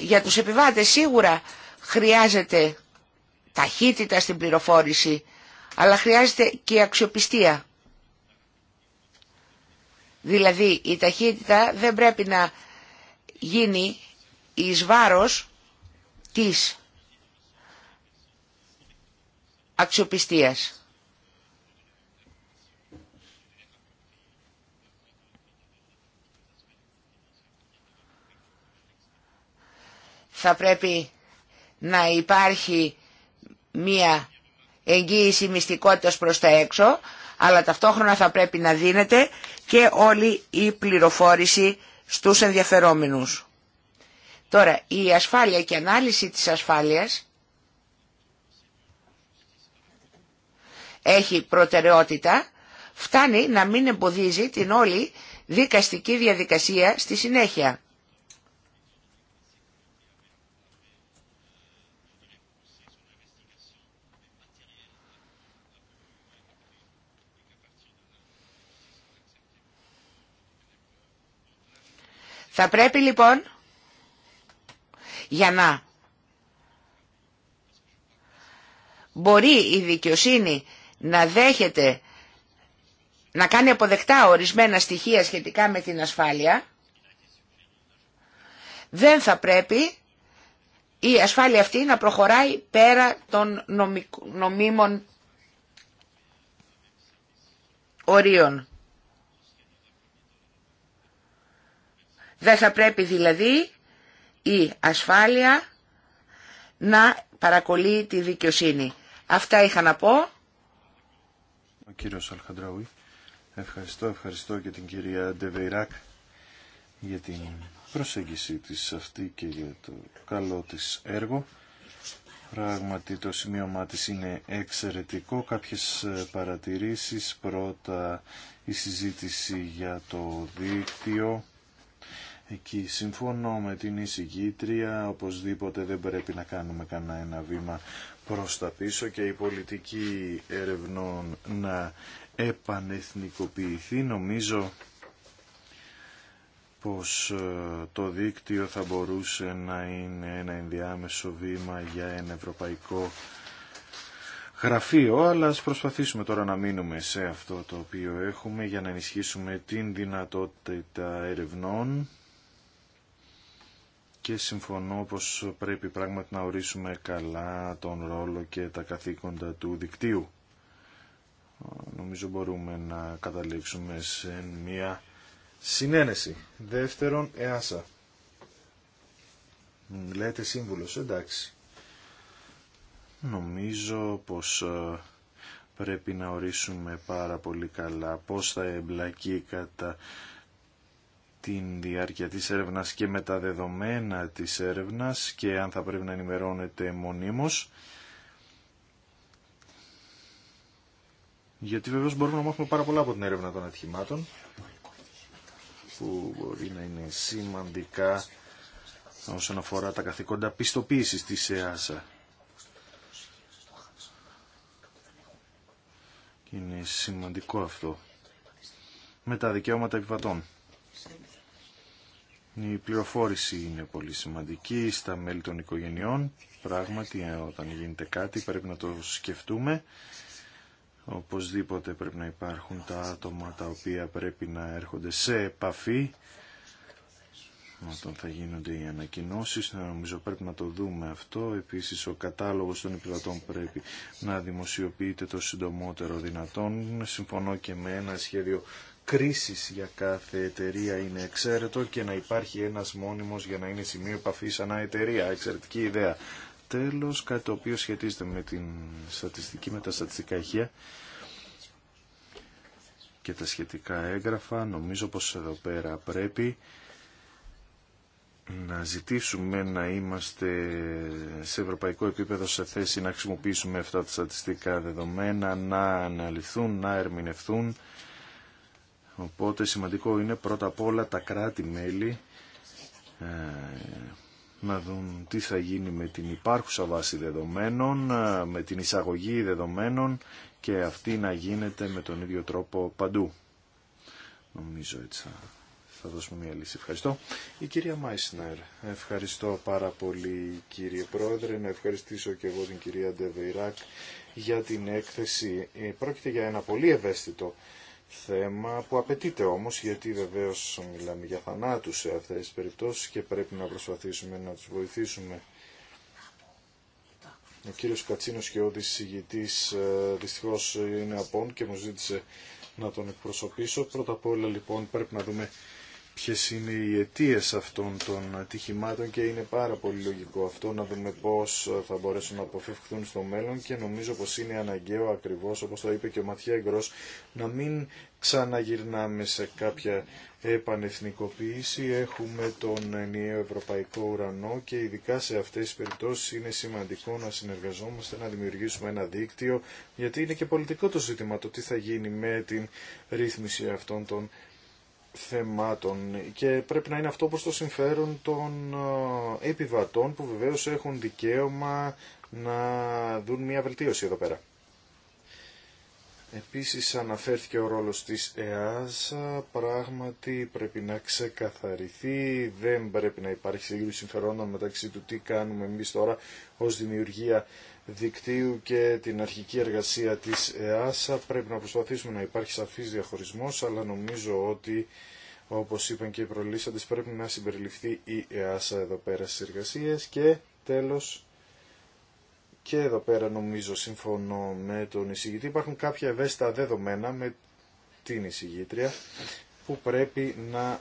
για τους επιβάτες σίγουρα χρειάζεται ταχύτητα στην πληροφόρηση, αλλά χρειάζεται και αξιοπιστία. Δηλαδή η ταχύτητα δεν πρέπει να γίνει εις βάρος της αξιοπιστίας. Θα πρέπει να υπάρχει μία εγγύηση μυστικότητας προς τα έξω, αλλά ταυτόχρονα θα πρέπει να δίνεται και όλη η πληροφόρηση στους ενδιαφερόμενους. Τώρα, η ασφάλεια και η ανάλυση της ασφάλειας έχει προτεραιότητα, φτάνει να μην εμποδίζει την όλη δικαστική διαδικασία στη συνέχεια. Θα πρέπει λοιπόν για να μπορεί η δικαιοσύνη να δέχεται, να κάνει αποδεκτά ορισμένα στοιχεία σχετικά με την ασφάλεια, δεν θα πρέπει η ασφάλεια αυτή να προχωράει πέρα των νομίμων ορίων. Δεν θα πρέπει δηλαδή η ασφάλεια να παρακολεί τη δικαιοσύνη. Αυτά είχα να πω. Ο κύριος Αλχαντραούι, ευχαριστώ, ευχαριστώ και την κυρία Ντεβεϊράκ για την προσέγγιση της αυτή και για το καλό της έργο. Πράγματι το σημείωμά της είναι εξαιρετικό. Κάποιες ε, παρατηρήσεις. Πρώτα η συζήτηση για το δίκτυο εκεί. Συμφωνώ με την εισηγήτρια, οπωσδήποτε δεν πρέπει να κάνουμε κανένα ένα βήμα προς τα πίσω και η πολιτική ερευνών να επανεθνικοποιηθεί. Νομίζω πως ε, το δίκτυο θα μπορούσε να είναι ένα ενδιάμεσο βήμα για ένα ευρωπαϊκό γραφείο, αλλά ας προσπαθήσουμε τώρα να μείνουμε σε αυτό το οποίο έχουμε για να ενισχύσουμε την δυνατότητα ερευνών και συμφωνώ πως πρέπει πράγματι να ορίσουμε καλά τον ρόλο και τα καθήκοντα του δικτύου. Νομίζω μπορούμε να καταλήξουμε σε μια συνένεση. Δεύτερον, ΕΑΣΑ. Λέτε σύμβουλος, εντάξει. Νομίζω πως ε, πρέπει να ορίσουμε πάρα πολύ καλά πώς θα εμπλακεί κατά την διάρκεια της έρευνας και με τα δεδομένα της έρευνας και αν θα πρέπει να ενημερώνετε μονίμως. Γιατί βεβαίως μπορούμε να μάθουμε πάρα πολλά από την έρευνα των ατυχημάτων που μπορεί να είναι σημαντικά όσον αφορά τα καθηκόντα πιστοποίησης της ΕΑΣΑ. Και είναι σημαντικό αυτό. Με τα δικαιώματα επιβατών. Η πληροφόρηση είναι πολύ σημαντική στα μέλη των οικογενειών. Πράγματι, ε, όταν γίνεται κάτι πρέπει να το σκεφτούμε. Οπωσδήποτε πρέπει να υπάρχουν τα άτομα τα οποία πρέπει να έρχονται σε επαφή όταν θα γίνονται οι ανακοινώσει. Ε, νομίζω πρέπει να το δούμε αυτό. Επίσης ο κατάλογος των υπηρετών πρέπει να δημοσιοποιείται το συντομότερο δυνατόν. Συμφωνώ και με ένα σχέδιο κρίσης για κάθε εταιρεία είναι εξαίρετο και να υπάρχει ένας μόνιμος για να είναι σημείο επαφής ανά εταιρεία. Εξαιρετική ιδέα. Τέλος, κάτι το οποίο σχετίζεται με την στατιστική, με τα στατιστικά ηχεία και τα σχετικά έγγραφα. Νομίζω πως εδώ πέρα πρέπει να ζητήσουμε να είμαστε σε ευρωπαϊκό επίπεδο σε θέση να χρησιμοποιήσουμε αυτά τα στατιστικά δεδομένα, να αναλυθούν, να ερμηνευθούν Οπότε σημαντικό είναι πρώτα απ' όλα τα κράτη-μέλη ε, να δουν τι θα γίνει με την υπάρχουσα βάση δεδομένων, ε, με την εισαγωγή δεδομένων και αυτή να γίνεται με τον ίδιο τρόπο παντού. Νομίζω έτσι θα, δώσουμε μια λύση. Ευχαριστώ. Η κυρία Μάισνερ. Ευχαριστώ πάρα πολύ κύριε Πρόεδρε. Να ευχαριστήσω και εγώ την κυρία Ντεβεϊράκ για την έκθεση. Ε, πρόκειται για ένα πολύ ευαίσθητο θέμα που απαιτείται όμως γιατί βεβαίως μιλάμε για θανάτους σε αυτές τις περιπτώσεις και πρέπει να προσπαθήσουμε να τους βοηθήσουμε. Ο κύριος Κατσίνος και ο δυσηγητής ε, δυστυχώς είναι απόν και μου ζήτησε να τον εκπροσωπήσω. Πρώτα απ' όλα λοιπόν πρέπει να δούμε ποιες είναι οι αιτίες αυτών των ατυχημάτων και είναι πάρα πολύ λογικό αυτό να δούμε πώς θα μπορέσουν να αποφευχθούν στο μέλλον και νομίζω πως είναι αναγκαίο ακριβώς όπως το είπε και ο Ματιά να μην ξαναγυρνάμε σε κάποια επανεθνικοποίηση. Έχουμε τον ενιαίο ευρωπαϊκό ουρανό και ειδικά σε αυτές τις περιπτώσεις είναι σημαντικό να συνεργαζόμαστε, να δημιουργήσουμε ένα δίκτυο γιατί είναι και πολιτικό το ζήτημα το τι θα γίνει με την ρύθμιση αυτών των θεμάτων και πρέπει να είναι αυτό προς το συμφέρον των ε, επιβατών που βεβαίως έχουν δικαίωμα να δουν μια βελτίωση εδώ πέρα. Επίσης αναφέρθηκε ο ρόλος της ΕΑΣΑ, πράγματι πρέπει να ξεκαθαριθεί, δεν πρέπει να υπάρχει σύγκριση συμφερόντων μεταξύ του τι κάνουμε εμείς τώρα ως δημιουργία δικτύου και την αρχική εργασία της ΕΑΣΑ. Πρέπει να προσπαθήσουμε να υπάρχει σαφής διαχωρισμός, αλλά νομίζω ότι, όπως είπαν και οι προλύσαντες, πρέπει να συμπεριληφθεί η ΕΑΣΑ εδώ πέρα στις εργασίες και τέλος... Και εδώ πέρα νομίζω συμφωνώ με τον εισηγητή. Υπάρχουν κάποια ευαίσθητα δεδομένα με την εισηγήτρια που πρέπει να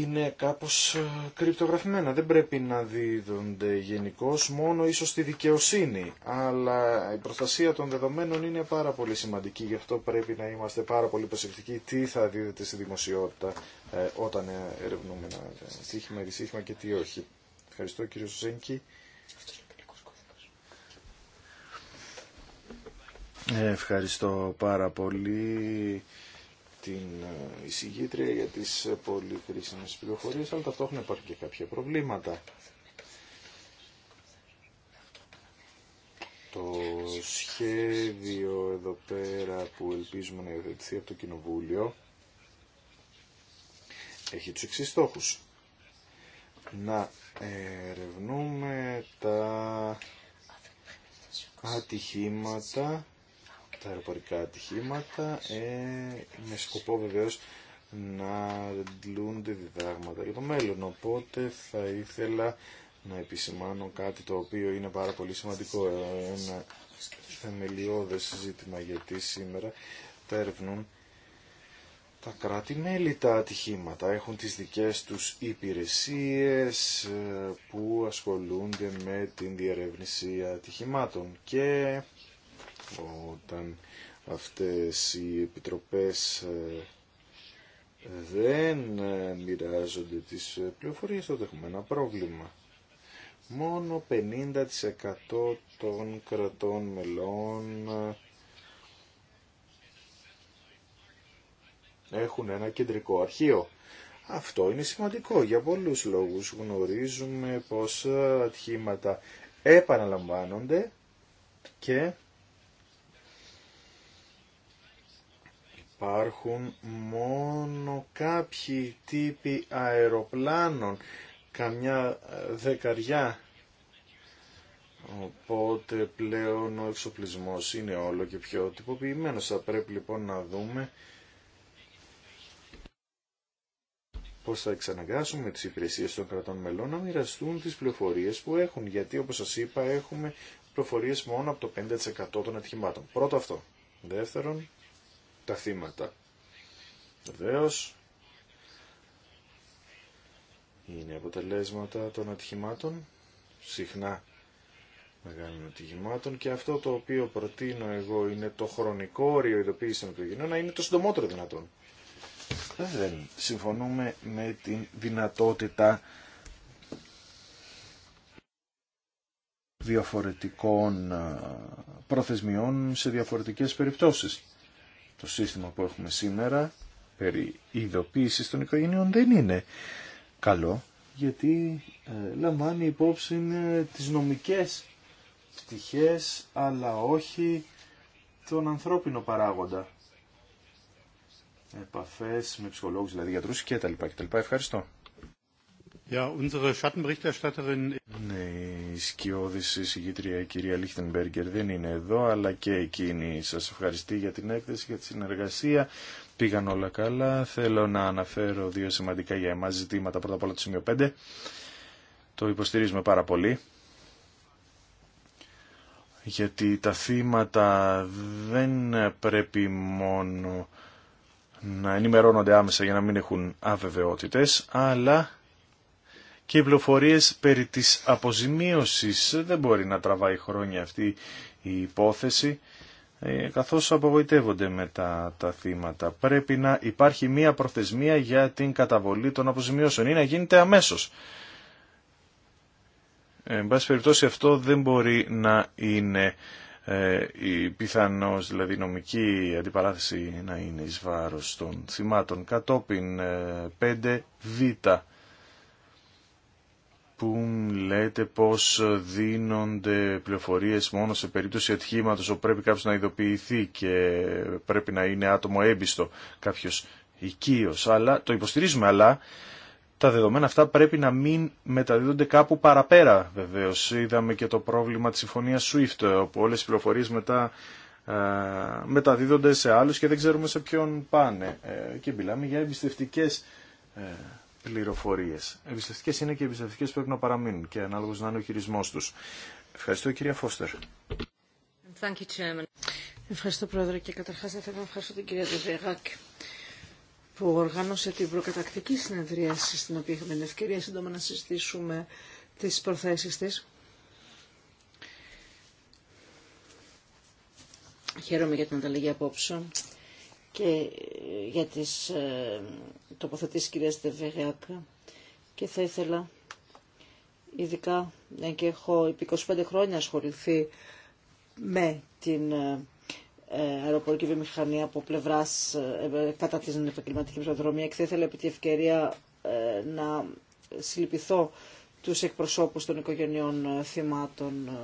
είναι κάπως ε, κρυπτογραφημένα. Δεν πρέπει να δίδονται γενικώ μόνο ίσως στη δικαιοσύνη, αλλά η προστασία των δεδομένων είναι πάρα πολύ σημαντική, γι' αυτό πρέπει να είμαστε πάρα πολύ προσεκτικοί τι θα δίδεται στη δημοσιότητα ε, όταν ε, ερευνούμε ένα στοίχημα ή δυσύχημα και τι όχι. Ευχαριστώ κύριο Ζένκη. Ευχαριστώ πάρα πολύ την ε, εισηγήτρια για τις ε, πολύ χρήσιμε πληροφορίες, αλλά ταυτόχρονα υπάρχουν και κάποια προβλήματα. Το σχέδιο εδώ πέρα που ελπίζουμε να υιοθετηθεί από το Κοινοβούλιο έχει τους εξής στόχους. Να ερευνούμε τα ατυχήματα τα αεροπορικά ατυχήματα ε, με σκοπό βεβαίως να δλούνται διδάγματα για το μέλλον. Οπότε θα ήθελα να επισημάνω κάτι το οποίο είναι πάρα πολύ σημαντικό. Ένα θεμελιώδες ζήτημα γιατί σήμερα τα ερευνούν τα κράτη-μέλη τα ατυχήματα έχουν τις δικές τους υπηρεσίες ε, που ασχολούνται με την διερεύνηση ατυχημάτων και όταν αυτές οι επιτροπές ε, δεν ε, μοιράζονται τις ε, πληροφορίες, τότε έχουμε ένα πρόβλημα. Μόνο 50% των κρατών μελών έχουν ένα κεντρικό αρχείο. Αυτό είναι σημαντικό για πολλούς λόγους. Γνωρίζουμε πόσα ατυχήματα επαναλαμβάνονται και υπάρχουν μόνο κάποιοι τύποι αεροπλάνων, καμιά ε, δεκαριά. Οπότε πλέον ο εξοπλισμός είναι όλο και πιο τυποποιημένος. Θα πρέπει λοιπόν να δούμε πώς θα εξαναγκάσουμε τις υπηρεσίες των κρατών μελών να μοιραστούν τις πληροφορίες που έχουν. Γιατί όπως σας είπα έχουμε πληροφορίες μόνο από το 5% των ατυχημάτων. Πρώτο αυτό. Δεύτερον, τα θύματα. Βεβαίω, είναι αποτελέσματα των ατυχημάτων, συχνά μεγάλων ατυχημάτων και αυτό το οποίο προτείνω εγώ είναι το χρονικό όριο ειδοποίηση των οικογενών να είναι το συντομότερο δυνατόν. Δεν συμφωνούμε με την δυνατότητα διαφορετικών ε, προθεσμιών σε διαφορετικές περιπτώσεις. Το σύστημα που έχουμε σήμερα περί ειδοποίησης των οικογενειών δεν είναι καλό γιατί ε, λαμβάνει υπόψη είναι τις νομικές πτυχές αλλά όχι τον ανθρώπινο παράγοντα. Επαφές με ψυχολόγους, δηλαδή γιατρούς και τα λοιπά. Και τα λοιπά. Ευχαριστώ. Ναι, η σκιώδηση συγγήτρια η κυρία Λίχτενμπέργκερ δεν είναι εδώ, αλλά και εκείνη σας ευχαριστεί για την έκθεση, για τη συνεργασία. Πήγαν όλα καλά. Θέλω να αναφέρω δύο σημαντικά για εμάς ζητήματα. Πρώτα απ' όλα το σημείο 5. Το υποστηρίζουμε πάρα πολύ. Γιατί τα θύματα δεν πρέπει μόνο να ενημερώνονται άμεσα για να μην έχουν αβεβαιότητες, αλλά και οι πληροφορίε περί της αποζημίωσης δεν μπορεί να τραβάει χρόνια αυτή η υπόθεση ε, καθώς απογοητεύονται με τα, τα θύματα. Πρέπει να υπάρχει μία προθεσμία για την καταβολή των αποζημιώσεων ή να γίνεται αμέσως. Ε, εν πάση περιπτώσει αυτό δεν μπορεί να είναι ε, η πιθανώς δηλαδή νομική αντιπαράθεση να είναι εις βάρος των θυμάτων. Κατόπιν 5β ε, λέτε πως δίνονται πληροφορίες μόνο σε περίπτωση ατυχήματος όπου πρέπει κάποιος να ειδοποιηθεί και πρέπει να είναι άτομο έμπιστο κάποιος οικείος. Αλλά το υποστηρίζουμε, αλλά τα δεδομένα αυτά πρέπει να μην μεταδίδονται κάπου παραπέρα βεβαίως. Είδαμε και το πρόβλημα της συμφωνίας SWIFT, όπου όλες οι πληροφορίες μετά μεταδίδονται σε άλλους και δεν ξέρουμε σε ποιον πάνε. Ε, και μιλάμε για εμπιστευτικές ε, πληροφορίε. Εμπιστευτικές είναι και εμπιστευτικέ πρέπει να παραμείνουν και ανάλογος να είναι ο χειρισμός τους. Ευχαριστώ κυρία Φώστερ. Thank you, Chairman. Ευχαριστώ Πρόεδρε και καταρχάς θα να ευχαριστώ την κυρία Τεβεγάκη που οργάνωσε την προκατακτική συνεδρίαση στην οποία είχαμε την ευκαιρία σύντομα να συζητήσουμε τις προθέσεις της. Χαίρομαι για την ανταλλαγή απόψεων και ε, για τις ε, τοποθετήσεις κυρίας Τεβεγιάκ και θα ήθελα ειδικά, ε, και έχω επί 25 χρόνια ασχοληθεί με την ε, ε, αεροπορική βιομηχανία από πλευρά κατά την επαγγελματική πεζοδρομία και θα ήθελα επί τη ευκαιρία να συλληπιθώ τους εκπροσώπους των οικογενειών θυμάτων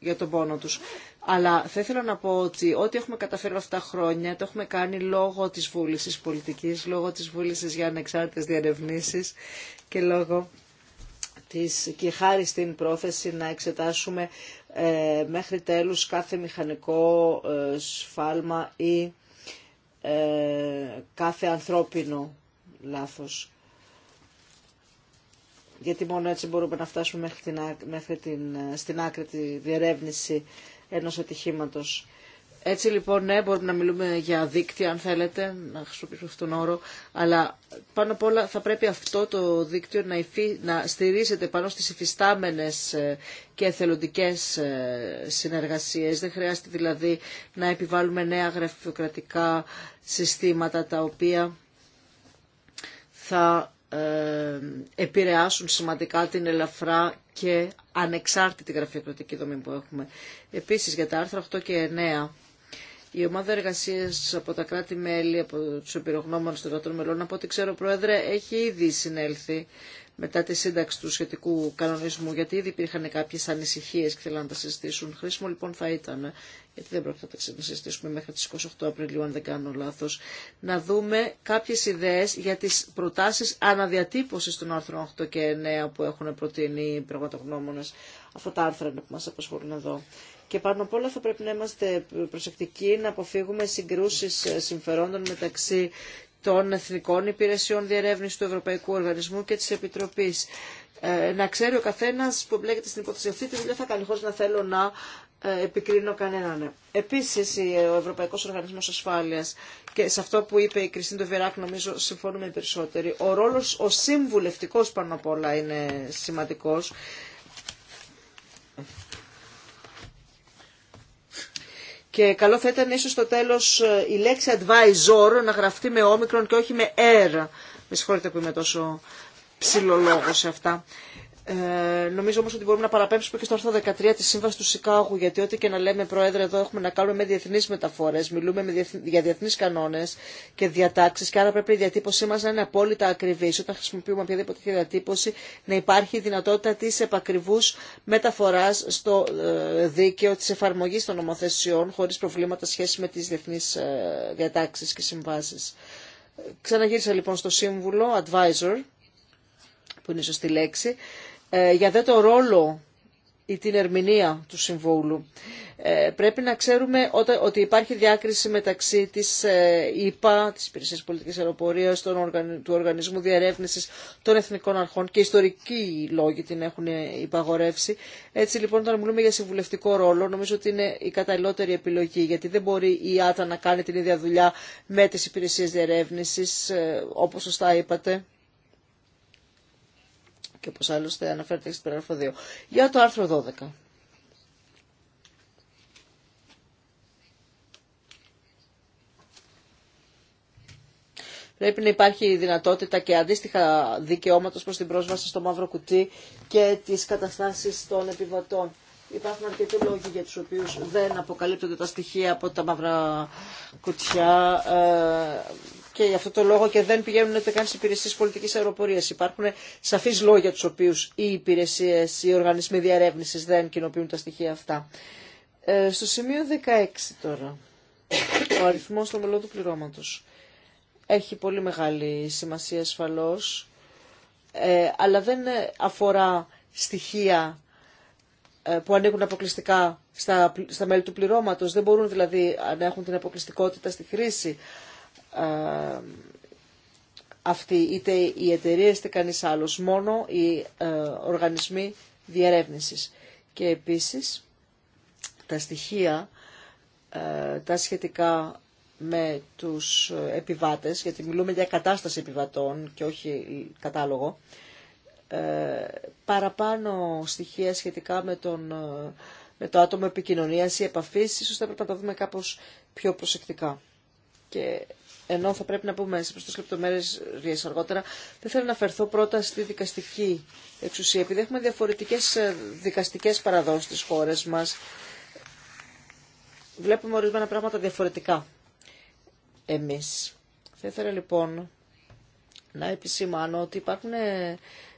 για τον πόνο τους. Αλλά θα ήθελα να πω ότι ό,τι έχουμε καταφέρει αυτά τα χρόνια το έχουμε κάνει λόγω της βούλησης πολιτικής, λόγω της βούλησης για ανεξάρτητες διαρευνήσεις και λόγω της και χάρη στην πρόθεση να εξετάσουμε ε, μέχρι τέλους κάθε μηχανικό ε, σφάλμα ή ε, κάθε ανθρώπινο λάθος. Γιατί μόνο έτσι μπορούμε να φτάσουμε μέχρι την, στην άκρη τη διερεύνηση Ενό ατυχήματο. Έτσι λοιπόν, ναι, μπορούμε να μιλούμε για δίκτυα, αν θέλετε, να χρησιμοποιήσουμε αυτόν τον όρο, αλλά πάνω απ' όλα θα πρέπει αυτό το δίκτυο να, υφί, να στηρίζεται πάνω στις υφιστάμενες ε, και εθελοντικές ε, συνεργασίες. Δεν χρειάζεται δηλαδή να επιβάλλουμε νέα γραφειοκρατικά συστήματα τα οποία θα ε, επηρεάσουν σημαντικά την ελαφρά και ανεξάρτητη γραφειοκρατική δομή που έχουμε. Επίσης για τα άρθρα 8 και 9 η ομάδα εργασία από τα κράτη-μέλη, από του εμπειρογνώμονε των κρατών μελών, από ό,τι ξέρω, Πρόεδρε, έχει ήδη συνέλθει μετά τη σύνταξη του σχετικού κανονισμού, γιατί ήδη υπήρχαν κάποιε ανησυχίε και θέλαν να τα συζητήσουν. Χρήσιμο λοιπόν θα ήταν, γιατί δεν πρόκειται να τα συζητήσουμε μέχρι τι 28 Απριλίου, αν δεν κάνω λάθο, να δούμε κάποιε ιδέε για τι προτάσει αναδιατύπωση των άρθρων 8 και 9 που έχουν προτείνει οι πραγματογνώμονε. Αυτά τα άρθρα που μα απασχολούν εδώ. Και πάνω απ' όλα θα πρέπει να είμαστε προσεκτικοί να αποφύγουμε συγκρούσεις ε, συμφερόντων μεταξύ των Εθνικών Υπηρεσιών Διερεύνησης του Ευρωπαϊκού Οργανισμού και της Επιτροπής. Ε, να ξέρει ο καθένας που εμπλέκεται στην υπόθεση αυτή τη δουλειά θα κάνει χωρίς να θέλω να ε, επικρίνω κανέναν. Επίσης, ο Ευρωπαϊκός Οργανισμός Ασφάλειας και σε αυτό που είπε η Κριστίν Βεράκ, νομίζω συμφωνούμε οι περισσότεροι. Ο ρόλος, ο συμβουλευτικός πάνω απ' όλα είναι σημαντικός Και καλό θα ήταν ίσως στο τέλος ε, η λέξη advisor να γραφτεί με όμικρον και όχι με air. Με συγχωρείτε που είμαι τόσο ψηλολόγος σε αυτά. Ε, νομίζω όμω ότι μπορούμε να παραπέμψουμε και στο άρθρο 13 τη Σύμβαση του Σικάγου, γιατί ό,τι και να λέμε, Πρόεδρε, εδώ έχουμε να κάνουμε με διεθνεί μεταφορέ, μιλούμε με για διεθνεί κανόνε και διατάξει, και άρα πρέπει η διατύπωσή μα να είναι απόλυτα ακριβή. Όταν χρησιμοποιούμε οποιαδήποτε διατύπωση, να υπάρχει η δυνατότητα τη επακριβού μεταφορά στο ε, δίκαιο τη εφαρμογή των νομοθεσιών, χωρί προβλήματα σχέση με τι διεθνεί ε, διατάξει και συμβάσει. Ξαναγύρισα λοιπόν στο σύμβουλο, advisor, που είναι η σωστή λέξη, ε, για δε το ρόλο ή την ερμηνεία του Συμβούλου. Ε, πρέπει να ξέρουμε ότι υπάρχει διάκριση μεταξύ της ε, ΕΠΑ, της Υπηρεσίας Πολιτικής Αεροπορίας, του Οργανισμού Διερεύνησης των Εθνικών Αρχών και ιστορικοί λόγοι την έχουν υπαγορεύσει. Έτσι λοιπόν όταν μιλούμε για συμβουλευτικό ρόλο νομίζω ότι είναι η καταλληλότερη επιλογή γιατί δεν μπορεί η ΆΤΑ να κάνει την ίδια δουλειά με τις υπηρεσίες διερεύνησης όπως σωστά είπατε και όπως άλλωστε αναφέρεται στην παράγραφο 2. Για το άρθρο 12. Πρέπει να υπάρχει δυνατότητα και αντίστοιχα δικαιώματος προς την πρόσβαση στο μαύρο κουτί και τις καταστάσεις των επιβατών. Υπάρχουν αρκετοί λόγοι για τους οποίους δεν αποκαλύπτονται τα στοιχεία από τα μαύρα κουτιά ε, και για αυτό το λόγο και δεν πηγαίνουν ούτε καν στις υπηρεσίες πολιτικής αεροπορίας. Υπάρχουν σαφείς λόγοι για τους οποίους οι υπηρεσίες, οι οργανισμοί διαρεύνησης δεν κοινοποιούν τα στοιχεία αυτά. Ε, στο σημείο 16 τώρα, ο αριθμός των μελών του πληρώματος έχει πολύ μεγάλη σημασία ασφαλώς, ε, αλλά δεν αφορά στοιχεία ε, που ανήκουν αποκλειστικά στα, στα μέλη του πληρώματος, δεν μπορούν δηλαδή να έχουν την αποκλειστικότητα στη χρήση ε, αυτή, είτε οι εταιρείε είτε κανείς άλλος, μόνο οι ε, οργανισμοί διερεύνησης. Και επίσης τα στοιχεία, τα σχετικά με τους επιβάτες, γιατί μιλούμε για κατάσταση επιβατών και όχι κατάλογο, ε, παραπάνω στοιχεία σχετικά με, τον, ε, με το άτομο επικοινωνίας ή επαφής, ίσως θα πρέπει να τα δούμε κάπως πιο προσεκτικά. Και ενώ θα πρέπει να πούμε σε προς λεπτομέρειες αργότερα, δεν θέλω να αφαιρθώ πρώτα στη δικαστική εξουσία, επειδή έχουμε διαφορετικές ε, δικαστικές παραδόσεις στις χώρες μας. Βλέπουμε ορισμένα πράγματα διαφορετικά εμείς. Θα ήθελα λοιπόν να επισημάνω ότι υπάρχουν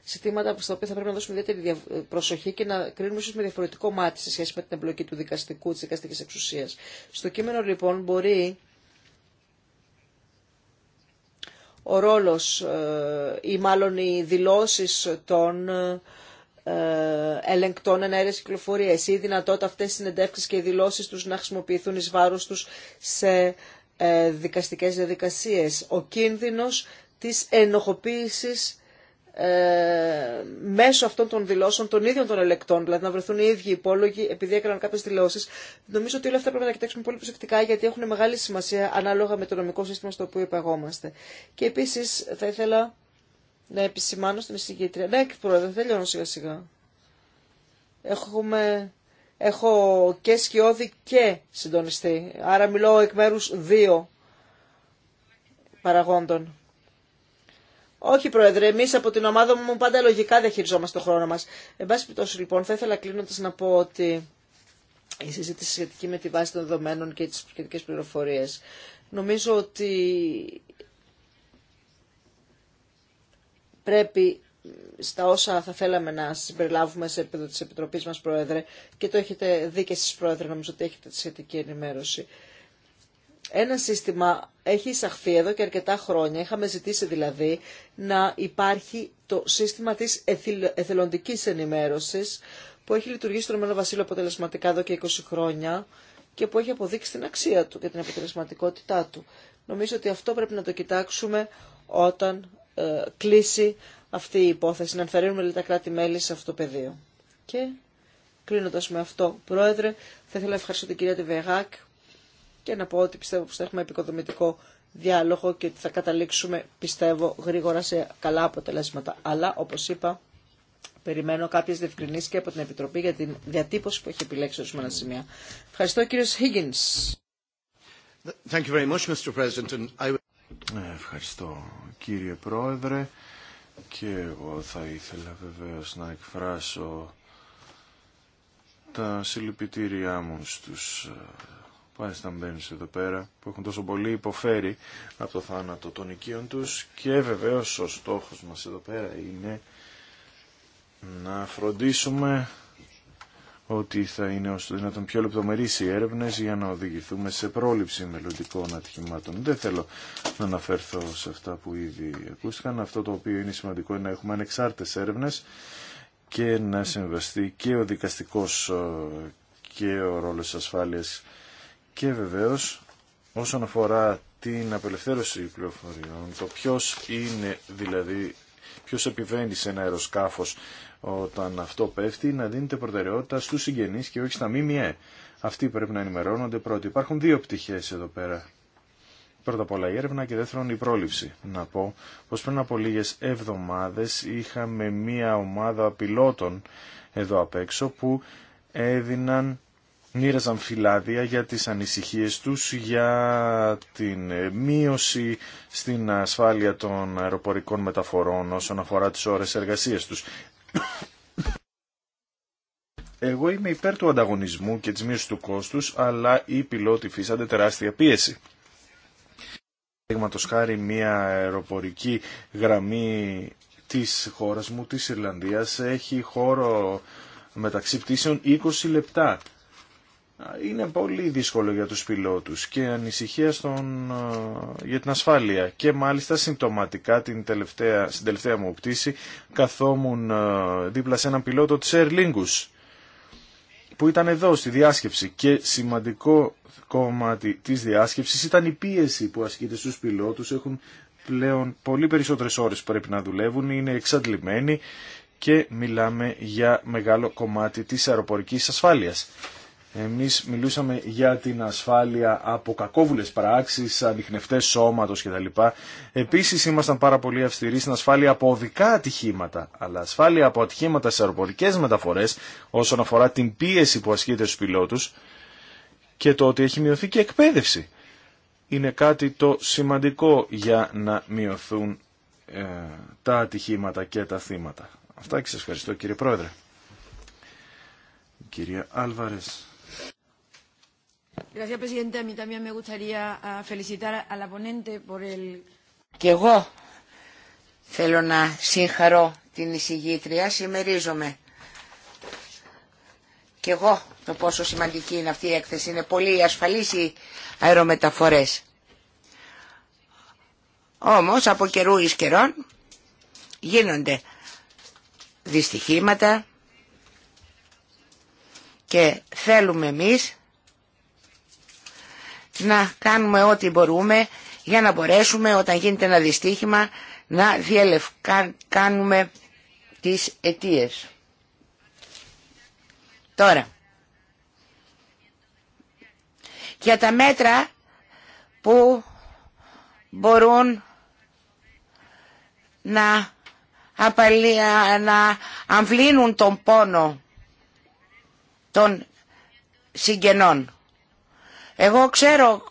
ζητήματα στα οποία θα πρέπει να δώσουμε ιδιαίτερη προσοχή και να κρίνουμε ίσω με διαφορετικό μάτι σε σχέση με την εμπλοκή του δικαστικού, τη δικαστική εξουσία. Στο κείμενο λοιπόν μπορεί ο ρόλος ε, ή μάλλον οι δηλώσεις των ε, ελεγκτών ενέργειας κυκλοφορίας ή η δυνατότητα αυτές οι συνεντεύξεις και οι δηλώσεις τους να χρησιμοποιηθούν εις βάρος τους σε ε, δικαστικές διαδικασίες. Ο κίνδυνος της ενοχοποίησης ε, μέσω αυτών των δηλώσεων των ίδιων των ελεκτών, δηλαδή να βρεθούν οι ίδιοι υπόλογοι επειδή έκαναν κάποιε δηλώσει. Νομίζω ότι όλα αυτά πρέπει να κοιτάξουμε πολύ προσεκτικά γιατί έχουν μεγάλη σημασία ανάλογα με το νομικό σύστημα στο οποίο υπαγόμαστε. Και επίση θα ήθελα να επισημάνω στην εισηγήτρια. Ναι, πρόεδρε, τελειώνω σιγά σιγά. Έχουμε... Έχω και σκιώδη και συντονιστή, άρα μιλώ εκ μέρου δύο παραγόντων. Όχι, Πρόεδρε, εμεί από την ομάδα μου πάντα λογικά διαχειριζόμαστε το χρόνο μα. Εν πάση περιπτώσει, λοιπόν, θα ήθελα κλείνοντα να πω ότι η συζήτηση σχετική με τη βάση των δεδομένων και τι σχετικέ πληροφορίε. Νομίζω ότι πρέπει στα όσα θα θέλαμε να συμπεριλάβουμε σε επίπεδο της Επιτροπής μας, Πρόεδρε, και το έχετε δει και εσείς, Πρόεδρε, νομίζω ότι έχετε τη σχετική ενημέρωση. Ένα σύστημα έχει εισαχθεί εδώ και αρκετά χρόνια. Είχαμε ζητήσει δηλαδή να υπάρχει το σύστημα της εθελοντικής ενημέρωσης που έχει λειτουργήσει στο Ρωμανό Βασίλειο αποτελεσματικά εδώ και 20 χρόνια και που έχει αποδείξει την αξία του και την αποτελεσματικότητά του. Νομίζω ότι αυτό πρέπει να το κοιτάξουμε όταν ε, κλείσει αυτή η υπόθεση, να ενθαρρύνουμε τα κράτη-μέλη σε αυτό το πεδίο. Και κλείνοντας με αυτό, Πρόεδρε, θα ήθελα να ευχαριστώ την κυρία Τεβεγάκ και να πω ότι πιστεύω πως θα έχουμε επικοδομητικό διάλογο και ότι θα καταλήξουμε, πιστεύω, γρήγορα σε καλά αποτελέσματα. Αλλά, όπως είπα, περιμένω κάποιε διευκρινήσει και από την Επιτροπή για την διατύπωση που έχει επιλέξει ορισμένα σημεία. Ευχαριστώ, κύριο Higgins. Thank you very much, Mr. President. I... Ε, ευχαριστώ, κύριε Πρόεδρε. Και εγώ θα ήθελα βεβαίω να εκφράσω τα συλληπιτήριά μου στους ε, Πάει να μπαίνει εδώ πέρα που έχουν τόσο πολύ υποφέρει από το θάνατο των οικείων του και βεβαίω ο στόχο μα εδώ πέρα είναι να φροντίσουμε ότι θα είναι το δυνατόν πιο λεπτομερείς οι έρευνε για να οδηγηθούμε σε πρόληψη μελλοντικών ατυχημάτων. Δεν θέλω να αναφερθώ σε αυτά που ήδη ακούστηκαν. Αυτό το οποίο είναι σημαντικό είναι να έχουμε ανεξάρτητε έρευνε και να συμβαστεί και ο δικαστικό ε, και ο ρόλο ασφάλεια. Και βεβαίως όσον αφορά την απελευθέρωση πληροφοριών, το ποιος είναι δηλαδή, ποιος επιβαίνει σε ένα αεροσκάφος όταν αυτό πέφτει, να δίνεται προτεραιότητα στους συγγενείς και όχι στα ΜΜΕ. Αυτοί πρέπει να ενημερώνονται πρώτοι. Υπάρχουν δύο πτυχές εδώ πέρα. Πρώτα απ' όλα η έρευνα και δεύτερον η πρόληψη. Να πω πως πριν από λίγε εβδομάδες είχαμε μία ομάδα πιλότων εδώ απ' έξω που έδιναν μοίραζαν φυλάδια για τις ανησυχίες τους για την ε, μείωση στην ασφάλεια των αεροπορικών μεταφορών όσον αφορά τις ώρες εργασίας τους. Εγώ είμαι υπέρ του ανταγωνισμού και της μείωσης του κόστους, αλλά οι πιλότοι φύσανται τεράστια πίεση. Παραδείγματος χάρη μια αεροπορική γραμμή της χώρας μου, της Ιρλανδίας, έχει χώρο μεταξύ πτήσεων 20 λεπτά είναι πολύ δύσκολο για τους πιλότους και ανησυχία στον, ε, για την ασφάλεια. Και μάλιστα συμπτωματικά την τελευταία, στην τελευταία μου πτήση καθόμουν ε, δίπλα σε έναν πιλότο της Air Lingus που ήταν εδώ στη διάσκεψη και σημαντικό κομμάτι της διάσκεψης ήταν η πίεση που ασκείται στους πιλότους. Έχουν πλέον πολύ περισσότερες ώρες που πρέπει να δουλεύουν, είναι εξαντλημένοι και μιλάμε για μεγάλο κομμάτι της αεροπορικής ασφάλειας. Εμείς μιλούσαμε για την ασφάλεια από κακόβουλες πράξεις, ανιχνευτές σώματος κτλ. Επίσης ήμασταν πάρα πολύ αυστηροί στην ασφάλεια από οδικά ατυχήματα, αλλά ασφάλεια από ατυχήματα σε αεροπορικές μεταφορές όσον αφορά την πίεση που ασκείται στους πιλότους και το ότι έχει μειωθεί και εκπαίδευση. Είναι κάτι το σημαντικό για να μειωθούν ε, τα ατυχήματα και τα θύματα. Αυτά και σας ευχαριστώ κύριε Πρόεδρε. Κυρία Άλβαρες. Gracias, Και εγώ θέλω να συγχαρώ την εισηγήτρια, συμμερίζομαι. Και εγώ το πόσο σημαντική είναι αυτή η έκθεση. Είναι πολύ ασφαλής οι αερομεταφορές. Όμως από καιρού εις καιρών γίνονται δυστυχήματα και θέλουμε εμείς να κάνουμε ό,τι μπορούμε για να μπορέσουμε όταν γίνεται ένα δυστύχημα να διελευκάνουμε τις αιτίες. Τώρα, για τα μέτρα που μπορούν να, απαλει... να αμβλύνουν τον πόνο των συγγενών. Εγώ ξέρω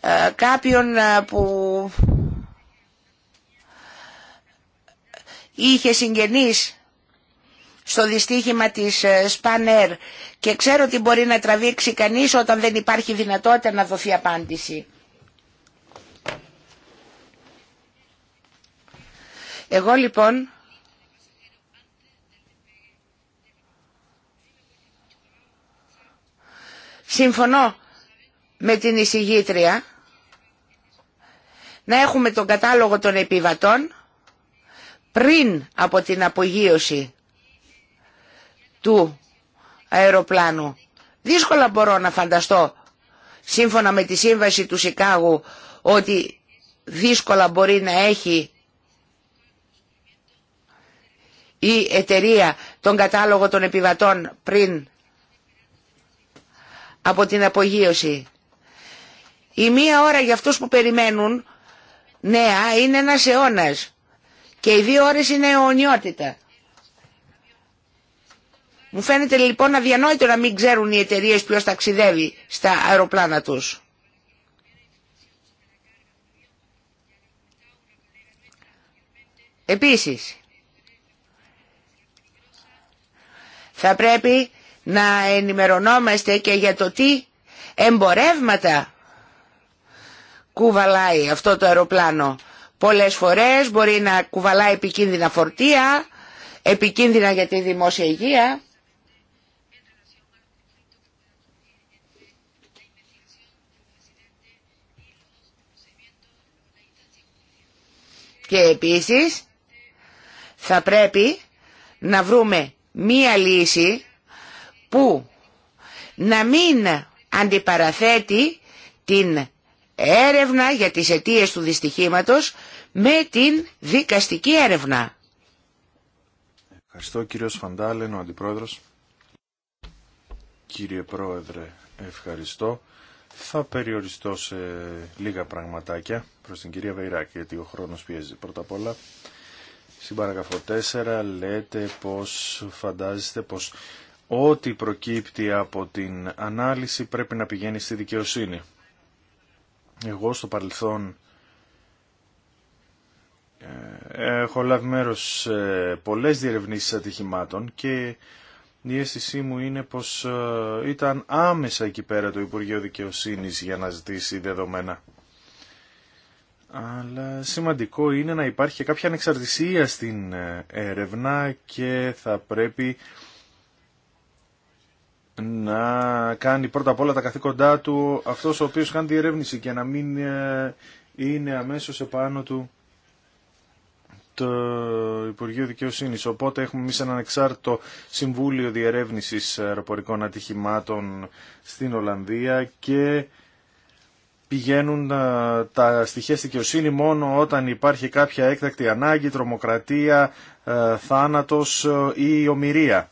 ε, κάποιον ε, που είχε συγγενείς στο δυστύχημα της Σπανέρ ε, και ξέρω τι μπορεί να τραβήξει κανείς όταν δεν υπάρχει δυνατότητα να δοθεί απάντηση. Εγώ λοιπόν Συμφωνώ με την εισηγήτρια να έχουμε τον κατάλογο των επιβατών πριν από την απογείωση του αεροπλάνου. Δύσκολα μπορώ να φανταστώ, σύμφωνα με τη σύμβαση του Σικάγου, ότι δύσκολα μπορεί να έχει η εταιρεία τον κατάλογο των επιβατών πριν από την απογείωση. Η μία ώρα για αυτούς που περιμένουν νέα είναι ένας αιώνας και οι δύο ώρες είναι αιωνιότητα. Μου φαίνεται λοιπόν αδιανόητο να μην ξέρουν οι εταιρείε ποιος ταξιδεύει στα αεροπλάνα τους. Επίσης, θα πρέπει να ενημερωνόμαστε και για το τι εμπορεύματα κουβαλάει αυτό το αεροπλάνο. Πολλές φορές μπορεί να κουβαλάει επικίνδυνα φορτία, επικίνδυνα για τη δημόσια υγεία. Και επίσης θα πρέπει να βρούμε μία λύση που να μην αντιπαραθέτει την έρευνα για τις αιτίες του δυστυχήματος με την δικαστική έρευνα. Ευχαριστώ κύριος Φαντάλεν, ο Αντιπρόεδρος. Κύριε Πρόεδρε, ευχαριστώ. Θα περιοριστώ σε λίγα πραγματάκια προς την κυρία Βεϊράκη, γιατί ο χρόνος πιέζει πρώτα απ' όλα. Στην παραγραφό 4 λέτε πως φαντάζεστε πως Ό,τι προκύπτει από την ανάλυση πρέπει να πηγαίνει στη δικαιοσύνη. Εγώ στο παρελθόν ε, έχω λάβει μέρος σε πολλές διερευνήσεις ατυχημάτων και η αίσθησή μου είναι πως ε, ήταν άμεσα εκεί πέρα το Υπουργείο Δικαιοσύνης για να ζητήσει δεδομένα. Αλλά σημαντικό είναι να υπάρχει κάποια ανεξαρτησία στην ε, έρευνα και θα πρέπει να κάνει πρώτα απ' όλα τα καθήκοντά του αυτός ο οποίος κάνει διερεύνηση και να μην ε, είναι αμέσως επάνω του το Υπουργείο Δικαιοσύνης. Οπότε έχουμε εμεί έναν εξάρτητο Συμβούλιο Διερεύνησης Αεροπορικών Ατυχημάτων στην Ολλανδία και πηγαίνουν ε, τα στοιχεία στη δικαιοσύνη μόνο όταν υπάρχει κάποια έκτακτη ανάγκη, τρομοκρατία, ε, θάνατος ή ομοιρία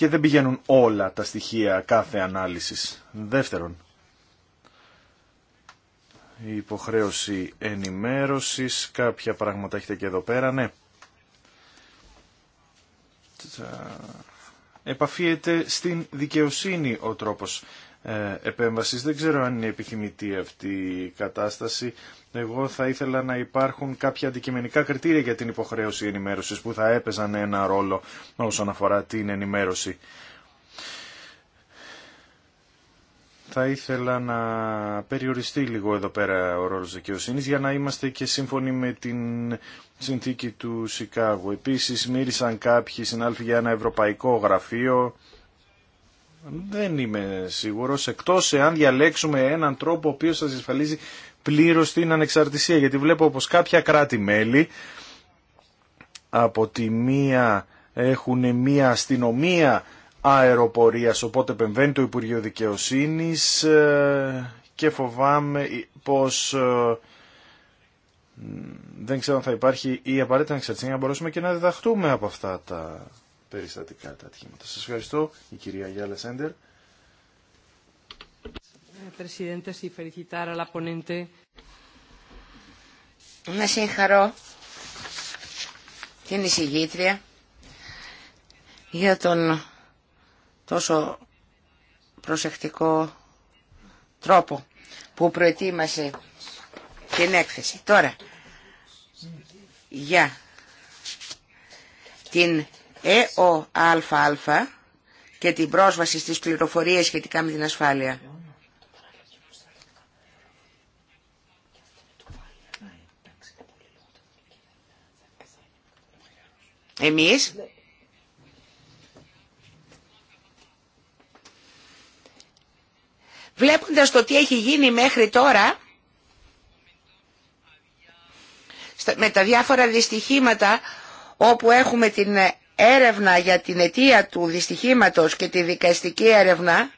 και δεν πηγαίνουν όλα τα στοιχεία κάθε ανάλυσης. Δεύτερον, η υποχρέωση ενημέρωσης, κάποια πράγματα έχετε και εδώ πέρα, ναι. Επαφίεται στην δικαιοσύνη ο τρόπος ε, επέμβασης. Δεν ξέρω αν είναι επιθυμητή αυτή η κατάσταση. Εγώ θα ήθελα να υπάρχουν κάποια αντικειμενικά κριτήρια για την υποχρέωση ενημέρωσης που θα έπαιζαν ένα ρόλο όσον αφορά την ενημέρωση. Θα ήθελα να περιοριστεί λίγο εδώ πέρα ο ρόλος δικαιοσύνης για να είμαστε και σύμφωνοι με την συνθήκη του Σικάγου. Επίσης μίλησαν κάποιοι συνάλφοι για ένα ευρωπαϊκό γραφείο. Δεν είμαι σίγουρος, εκτός εάν διαλέξουμε έναν τρόπο ο οποίος θα διασφαλίζει Πλήρω την ανεξαρτησία. Γιατί βλέπω πως κάποια κράτη-μέλη από τη μία έχουν μία αστυνομία αεροπορίας, οπότε επεμβαίνει το Υπουργείο Δικαιοσύνης ε, και φοβάμαι πως ε, δεν ξέρω αν θα υπάρχει η απαραίτητη ανεξαρτησία για να μπορέσουμε και να διδαχτούμε από αυτά τα περιστατικά τα ατυχήματα. Σας ευχαριστώ η κυρία Γιάλα Σέντερ presidentes, y felicitar Να συγχαρώ την εισηγήτρια για τον τόσο προσεκτικό τρόπο που προετοίμασε την έκθεση. Τώρα, για την ΕΟΑΑ και την πρόσβαση στις πληροφορίες σχετικά με την ασφάλεια. Εμείς βλέποντας το τι έχει γίνει μέχρι τώρα με τα διάφορα δυστυχήματα όπου έχουμε την έρευνα για την αιτία του δυστυχήματος και τη δικαστική έρευνα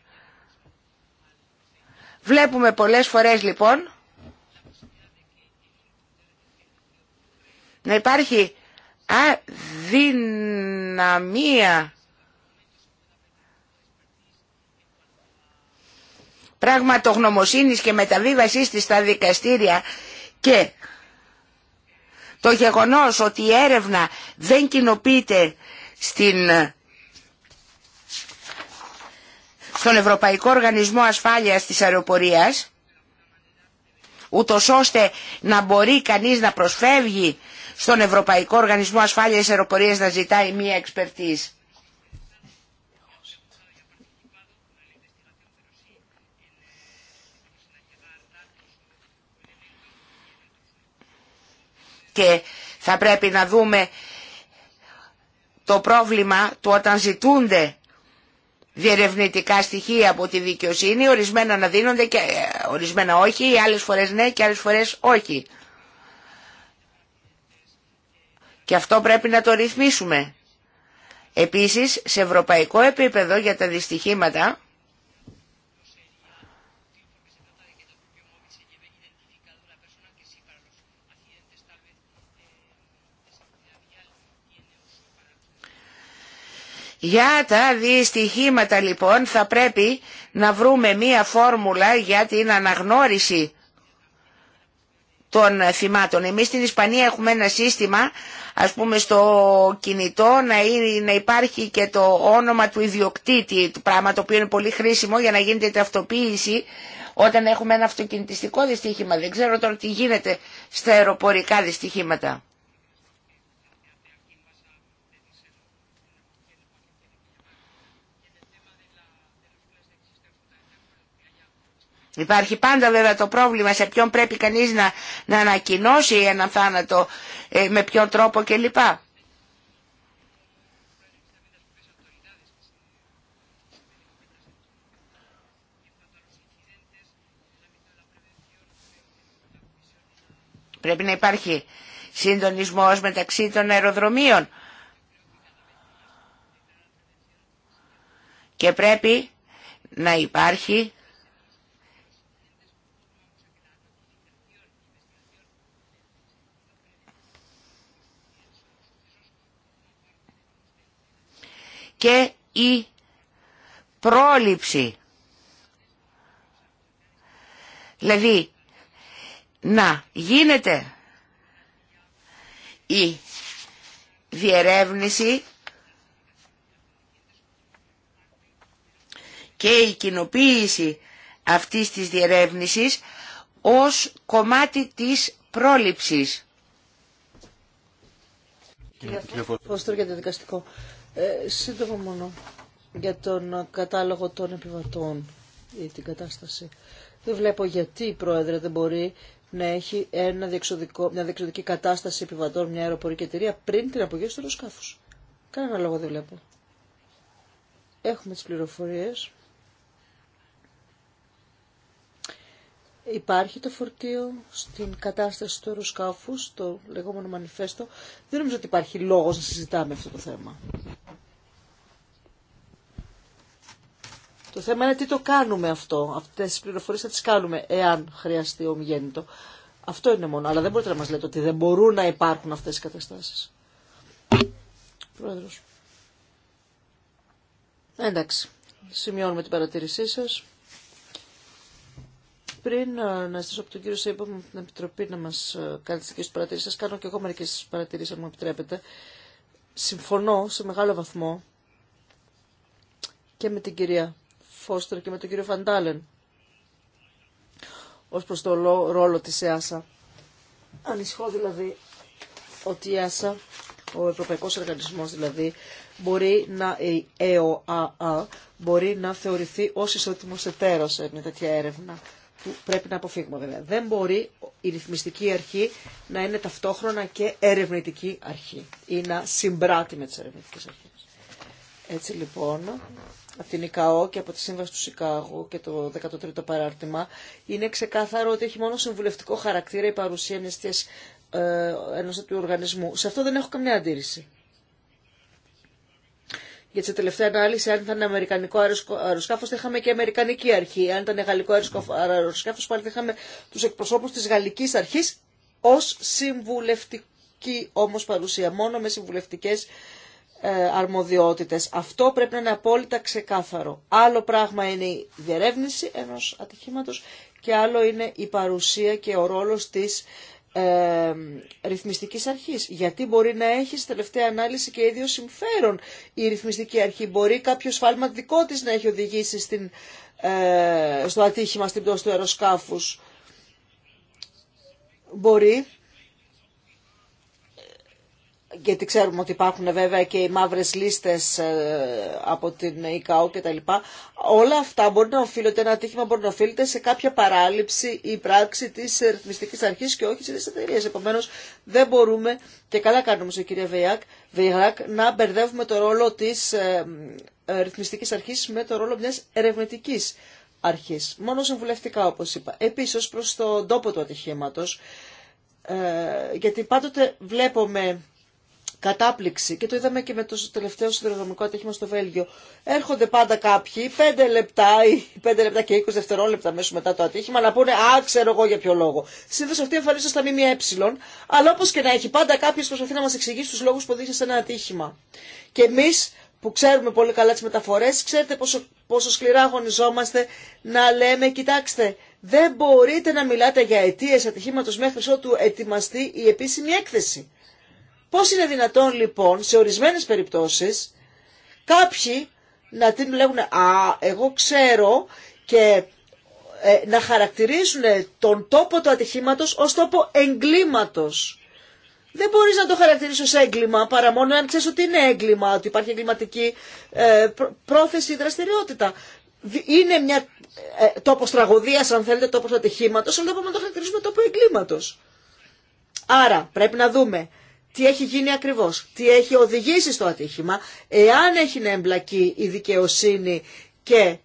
βλέπουμε πολλές φορές λοιπόν να υπάρχει αδυναμία πραγματογνωμοσύνης και μεταβίβασής της στα δικαστήρια και το γεγονός ότι η έρευνα δεν κοινοποιείται στον Ευρωπαϊκό Οργανισμό Ασφάλειας της Αεροπορίας, ούτω ώστε να μπορεί κανείς να προσφεύγει στον Ευρωπαϊκό Οργανισμό Ασφάλειας Αεροπορίας να ζητάει μία εξπερτής. Και θα πρέπει να δούμε το πρόβλημα του όταν ζητούνται διερευνητικά στοιχεία από τη δικαιοσύνη, ορισμένα να δίνονται και ε, ορισμένα όχι, άλλες φορές ναι και άλλες φορές όχι. Και αυτό πρέπει να το ρυθμίσουμε. Επίσης, σε ευρωπαϊκό επίπεδο για τα δυστυχήματα, Για τα δυστυχήματα λοιπόν θα πρέπει να βρούμε μία φόρμουλα για την αναγνώριση των θυμάτων. Εμείς στην Ισπανία έχουμε ένα σύστημα, ας πούμε στο κινητό, να, υπάρχει και το όνομα του ιδιοκτήτη, πράγμα το οποίο είναι πολύ χρήσιμο για να γίνεται η ταυτοποίηση όταν έχουμε ένα αυτοκινητιστικό δυστύχημα. Δεν ξέρω τώρα τι γίνεται στα αεροπορικά δυστυχήματα. Υπάρχει πάντα βέβαια το πρόβλημα σε ποιον πρέπει κανείς να, να ανακοινώσει έναν θάνατο, ε, με ποιον τρόπο κλπ. Πρέπει να υπάρχει συντονισμός μεταξύ των αεροδρομίων. Και πρέπει να υπάρχει και η πρόληψη. Δηλαδή, να γίνεται η διερεύνηση και η κοινοποίηση αυτής της διερεύνησης ως κομμάτι της πρόληψης. Κύριε ε, σύντομα μόνο για τον κατάλογο των επιβατών ή την κατάσταση. Δεν βλέπω γιατί η Πρόεδρε δεν μπορεί να έχει ένα διεξοδικό, μια διεξοδική κατάσταση επιβατών μια αεροπορική εταιρεία πριν την απογείωση του αεροσκάφου. Κανένα λόγο δεν βλέπω. Έχουμε τις πληροφορίες. Υπάρχει το φορτίο στην κατάσταση του αεροσκάφου, το λεγόμενο μανιφέστο. Δεν νομίζω ότι υπάρχει λόγο να συζητάμε αυτό το θέμα. Το θέμα είναι τι το κάνουμε αυτό. Αυτές τι πληροφορίες θα τι κάνουμε εάν χρειαστεί ομιγέννητο. Αυτό είναι μόνο. Αλλά δεν μπορείτε να μας λέτε ότι δεν μπορούν να υπάρχουν αυτέ οι καταστάσεις. Πρόεδρος. Εντάξει. Σημειώνουμε την παρατήρησή σας. Πριν ε, να ζητήσω από τον κύριο Σέιμπομ με την Επιτροπή να μας ε, κάνει δικέ του παρατηρήσει, σα κάνω και εγώ μερικέ παρατηρήσει αν μου επιτρέπετε. Συμφωνώ σε μεγάλο βαθμό και με την κυρία Φώστερ και με τον κύριο Φαντάλεν ως προς το ρόλο της ΕΑΣΑ. Ανησυχώ δηλαδή ότι η ΕΑΣΑ, ο Ευρωπαϊκό Οργανισμό, δηλαδή, μπορεί να, η ΕΟΑΑ, μπορεί να θεωρηθεί ως ισότιμος εταίρος σε μια τέτοια έρευνα που πρέπει να αποφύγουμε βέβαια. Δεν μπορεί η ρυθμιστική αρχή να είναι ταυτόχρονα και ερευνητική αρχή ή να συμπράττει με τις ερευνητικές αρχές. Έτσι λοιπόν, από την ΙΚΑΟ και από τη Σύμβαση του Σικάγου και το 13ο παράρτημα, είναι ξεκάθαρο ότι έχει μόνο συμβουλευτικό χαρακτήρα η παρουσία ε, ενός του οργανισμού. Σε αυτό δεν έχω καμιά αντίρρηση. Γιατί σε τελευταία ανάλυση, αν ήταν αμερικανικό αεροσκάφο, θα είχαμε και αμερικανική αρχή. Αν ήταν γαλλικό αεροσκάφο, πάλι θα είχαμε του εκπροσώπου τη γαλλική αρχή ω συμβουλευτική όμω παρουσία, μόνο με συμβουλευτικέ ε, αρμοδιότητες. Αυτό πρέπει να είναι απόλυτα ξεκάθαρο. Άλλο πράγμα είναι η διερεύνηση ενό ατυχήματο και άλλο είναι η παρουσία και ο ρόλο τη ε, ρυθμιστικής αρχής. Γιατί μπορεί να έχει τελευταία ανάλυση και ίδιο συμφέρον η ρυθμιστική αρχή. Μπορεί κάποιο σφάλμα δικό της να έχει οδηγήσει στην, ε, στο ατύχημα στην πτώση του αεροσκάφου. Μπορεί γιατί ξέρουμε ότι υπάρχουν βέβαια και οι μαύρες λίστες ε, από την ΙΚΑΟ και τα λοιπά, όλα αυτά μπορεί να οφείλονται, ένα ατύχημα μπορεί να οφείλεται σε κάποια παράληψη ή πράξη της ρυθμιστικής αρχής και όχι στις εταιρείε. Επομένως δεν μπορούμε, και καλά κάνουμε η κυρία Βεϊάκ, Βεϊάκ, να μπερδεύουμε το ρόλο της ε, ε, ρυθμιστικής σε κυρια βειακ βειακ να μπερδευουμε το ρολο της ρυθμιστικης αρχης με το ρόλο μιας ερευνητικής αρχής. Μόνο συμβουλευτικά όπως είπα. Επίσης προς τον τόπο του ατυχήματος, γιατί πάντοτε βλέπουμε κατάπληξη. Και το είδαμε και με το τελευταίο συνδρομικό ατύχημα στο Βέλγιο. Έρχονται πάντα κάποιοι, 5 λεπτά ή 5 λεπτά και 20 δευτερόλεπτα μέσω μετά το ατύχημα, να πούνε Α, ξέρω εγώ για ποιο λόγο. Συνήθω αυτή εμφανίζεται στα ΜΜΕ, αλλά όπω και να έχει, πάντα κάποιο προσπαθεί να μα εξηγήσει του λόγου που οδήγησε σε ένα ατύχημα. Και εμεί που ξέρουμε πολύ καλά τι μεταφορέ, ξέρετε πόσο, πόσο σκληρά αγωνιζόμαστε να λέμε, κοιτάξτε, δεν μπορείτε να μιλάτε για αιτίε ατυχήματο μέχρι ότου ετοιμαστεί η επίσημη έκθεση. Πώς είναι δυνατόν λοιπόν σε ορισμένες περιπτώσεις κάποιοι να την λέγουν «Α, εγώ ξέρω» και ε, να χαρακτηρίζουν τον τόπο του ατυχήματος ως τόπο εγκλήματος. Δεν μπορείς να το χαρακτηρίσεις ως έγκλημα παρά μόνο αν ξέρεις ότι είναι έγκλημα, ότι υπάρχει εγκληματική ε, πρόθεση ή δραστηριότητα. Είναι μια ε, τόπος τραγωδίας, αν θέλετε, τόπος ατυχήματος, αλλά δεν μπορούμε να το χαρακτηρίσουμε τόπο εγκλήματος. Άρα πρέπει να δούμε τι έχει γίνει ακριβώς, τι έχει οδηγήσει στο ατύχημα, εάν έχει να εμπλακεί η δικαιοσύνη και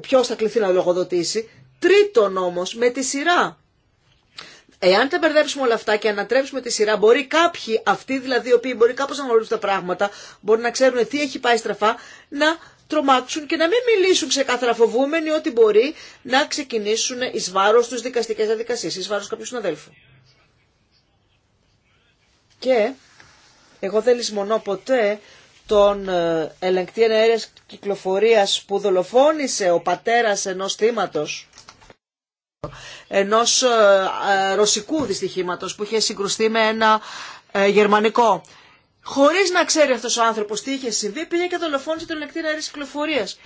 ποιος θα κληθεί να λογοδοτήσει. Τρίτον όμως με τη σειρά. Εάν τα μπερδέψουμε όλα αυτά και ανατρέψουμε τη σειρά, μπορεί κάποιοι, αυτοί δηλαδή οι οποίοι μπορεί κάπως να γνωρίζουν τα πράγματα, μπορεί να ξέρουν τι έχει πάει στραφά, να τρομάξουν και να μην μιλήσουν ξεκάθαρα φοβούμενοι ότι μπορεί να ξεκινήσουν εις βάρος τους δικαστικές διαδικασίες, εις βάρος κάποιου συναδέλφου. Και εγώ δεν λησμονώ ποτέ τον ε, ελεγκτή ενέργειας κυκλοφορίας που δολοφόνησε ο πατέρας ενός θύματος ενός ε, ε, ρωσικού δυστυχήματος που είχε συγκρουστεί με ένα γερμανικό. Χωρίς να ξέρει αυτός ο άνθρωπος τι είχε συμβεί, πήγε και δολοφόνησε τον ελεγκτή αέρας κυκλοφορίας.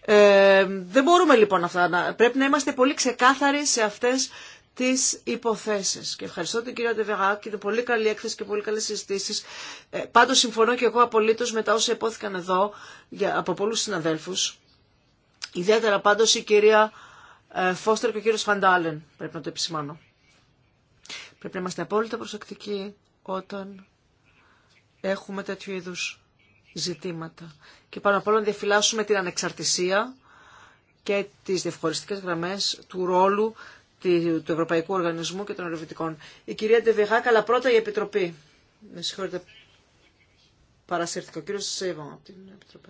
Ε, δεν μπορούμε λοιπόν αυτά να... Πρέπει να είμαστε πολύ ξεκάθαροι σε αυτές τις υποθέσεις. Και ευχαριστώ την κυρία και είναι πολύ καλή έκθεση και πολύ καλές συζητήσεις. Ε, πάντως συμφωνώ και εγώ απολύτως με τα όσα υπόθηκαν εδώ για, από πολλούς συναδέλφους. Ιδιαίτερα πάντως η κυρία ε, Φώστερ και ο κύριος Φαντάλεν, πρέπει να το επισημάνω. Πρέπει να είμαστε απόλυτα προσεκτικοί όταν έχουμε τέτοιου είδους ζητήματα. Και πάνω απ' όλα να διαφυλάσσουμε την ανεξαρτησία και τις διευχωριστικέ γραμμές του ρόλου του Ευρωπαϊκού Οργανισμού και των Ερευνητικών. Η κυρία Ντεβιγά, αλλά πρώτα η Επιτροπή. Με συγχωρείτε, Παρασύρθηκα. ο κύριος Σέιβα από την Επιτροπή.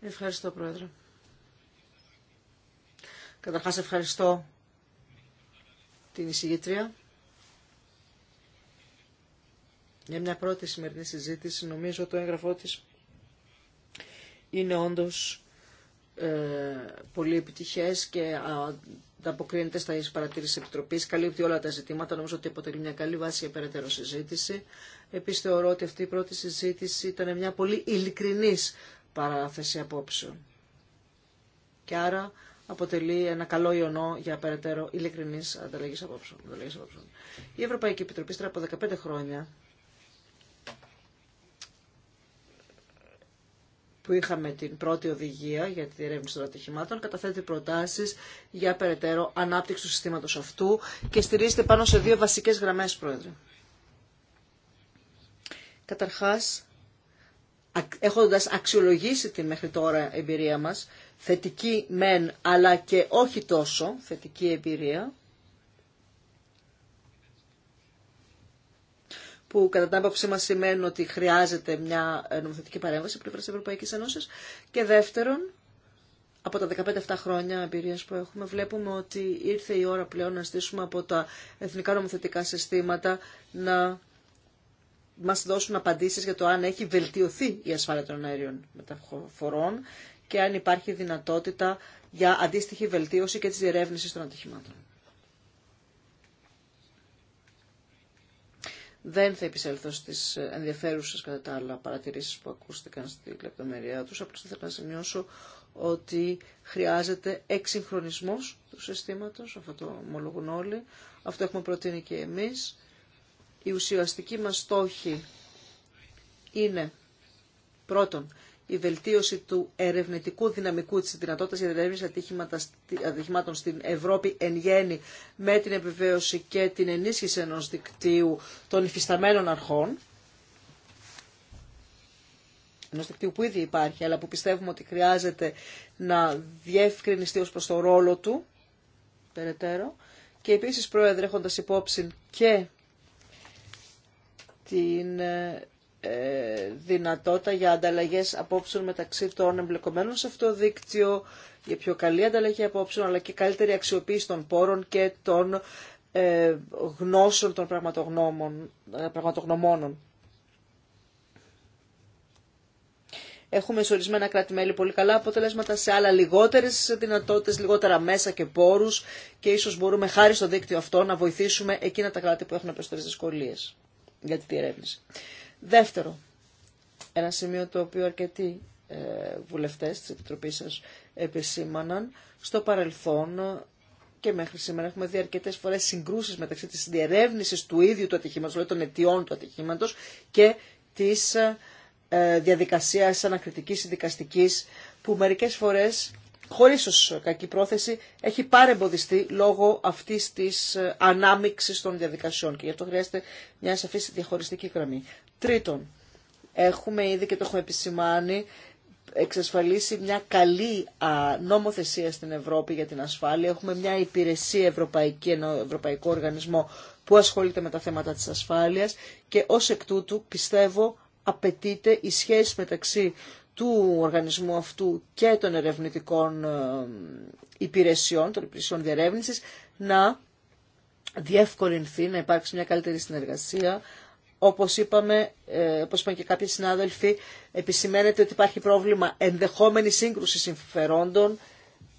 Ευχαριστώ, Πρόεδρε. Καταρχάς ευχαριστώ την εισηγήτρια για μια πρώτη σημερινή συζήτηση. Νομίζω το έγγραφό της είναι όντως ε, πολύ επιτυχές και ανταποκρίνεται στα ίση παρατήρηση Επιτροπής, καλύπτει όλα τα ζητήματα, νομίζω ότι αποτελεί μια καλή βάση για περαιτέρω συζήτηση. Επίσης θεωρώ ότι αυτή η πρώτη συζήτηση ήταν μια πολύ ειλικρινής παράθεση απόψεων. Και άρα αποτελεί ένα καλό ιονό για περαιτέρω ειλικρινής ανταλλαγής απόψεων. Η Ευρωπαϊκή Επιτροπή, στρα από 15 χρόνια, που είχαμε την πρώτη οδηγία για τη διερεύνηση των ατυχημάτων, καταθέτει προτάσει για περαιτέρω ανάπτυξη του συστήματο αυτού και στηρίζεται πάνω σε δύο βασικέ γραμμέ, Πρόεδρε. Καταρχά, έχοντα αξιολογήσει την μέχρι τώρα εμπειρία μα, θετική μεν αλλά και όχι τόσο θετική εμπειρία, που κατά την άποψή μα σημαίνουν ότι χρειάζεται μια νομοθετική παρέμβαση πλευρά τη Ευρωπαϊκή Ένωση. Και δεύτερον, από τα 15-7 χρόνια εμπειρία που έχουμε, βλέπουμε ότι ήρθε η ώρα πλέον να στήσουμε από τα εθνικά νομοθετικά συστήματα να μας δώσουν απαντήσεις για το αν έχει βελτιωθεί η ασφάλεια των αέριων μεταφορών και αν υπάρχει δυνατότητα για αντίστοιχη βελτίωση και της διερεύνησης των ατυχημάτων. Δεν θα επισέλθω στι ενδιαφέρουσε κατά τα άλλα παρατηρήσεις που ακούστηκαν στη λεπτομερία τους. Απλώς θέλω να σημειώσω ότι χρειάζεται εξυγχρονισμό του συστήματος, αυτό το ομολογούν όλοι. Αυτό έχουμε προτείνει και εμείς. Η ουσιαστική μα στόχη είναι πρώτον η βελτίωση του ερευνητικού δυναμικού της δυνατότητας για την ερεύνηση ατυχημάτων στην Ευρώπη εν γέννη με την επιβέωση και την ενίσχυση ενός δικτύου των υφισταμένων αρχών ενός δικτύου που ήδη υπάρχει, αλλά που πιστεύουμε ότι χρειάζεται να διευκρινιστεί ως προς το ρόλο του, περαιτέρω, και επίσης, Πρόεδρε, έχοντας υπόψη και την ε, ε, δυνατότητα για ανταλλαγές απόψεων μεταξύ των εμπλεκομένων σε αυτό το δίκτυο, για πιο καλή ανταλλαγή απόψεων, αλλά και καλύτερη αξιοποίηση των πόρων και των ε, γνώσεων των ε, πραγματογνωμόνων. Έχουμε σε ορισμένα κράτη-μέλη πολύ καλά αποτελέσματα, σε άλλα λιγότερε δυνατότητε, λιγότερα μέσα και πόρου και ίσω μπορούμε χάρη στο δίκτυο αυτό να βοηθήσουμε εκείνα τα κράτη που έχουν περισσότερε δυσκολίε για τη διερεύνηση. Δεύτερο, ένα σημείο το οποίο αρκετοί ε, βουλευτές της Επιτροπής σας επισήμαναν, στο παρελθόν και μέχρι σήμερα έχουμε δει αρκετέ φορέ συγκρούσει μεταξύ τη διερεύνηση του ίδιου του ατυχήματο, δηλαδή των αιτιών του ατυχήματο και τη ε, διαδικασία ανακριτική ή δικαστική που μερικέ φορέ χωρί ω κακή πρόθεση έχει παρεμποδιστεί λόγω αυτή τη ε, ανάμειξη των διαδικασιών και γι' αυτό χρειάζεται μια σαφή διαχωριστική γραμμή. Τρίτον, έχουμε ήδη και το έχουμε επισημάνει εξασφαλίσει μια καλή νομοθεσία στην Ευρώπη για την ασφάλεια. Έχουμε μια υπηρεσία ευρωπαϊκή, ένα ευρωπαϊκό οργανισμό που ασχολείται με τα θέματα της ασφάλειας και ως εκ τούτου πιστεύω απαιτείται η σχέση μεταξύ του οργανισμού αυτού και των ερευνητικών ε, υπηρεσιών, των υπηρεσιών διερεύνησης, να διευκολυνθεί, να υπάρξει μια καλύτερη συνεργασία όπως είπαμε, ε, όπως είπαν και κάποιοι συνάδελφοι, επισημαίνεται ότι υπάρχει πρόβλημα ενδεχόμενη σύγκρουση συμφερόντων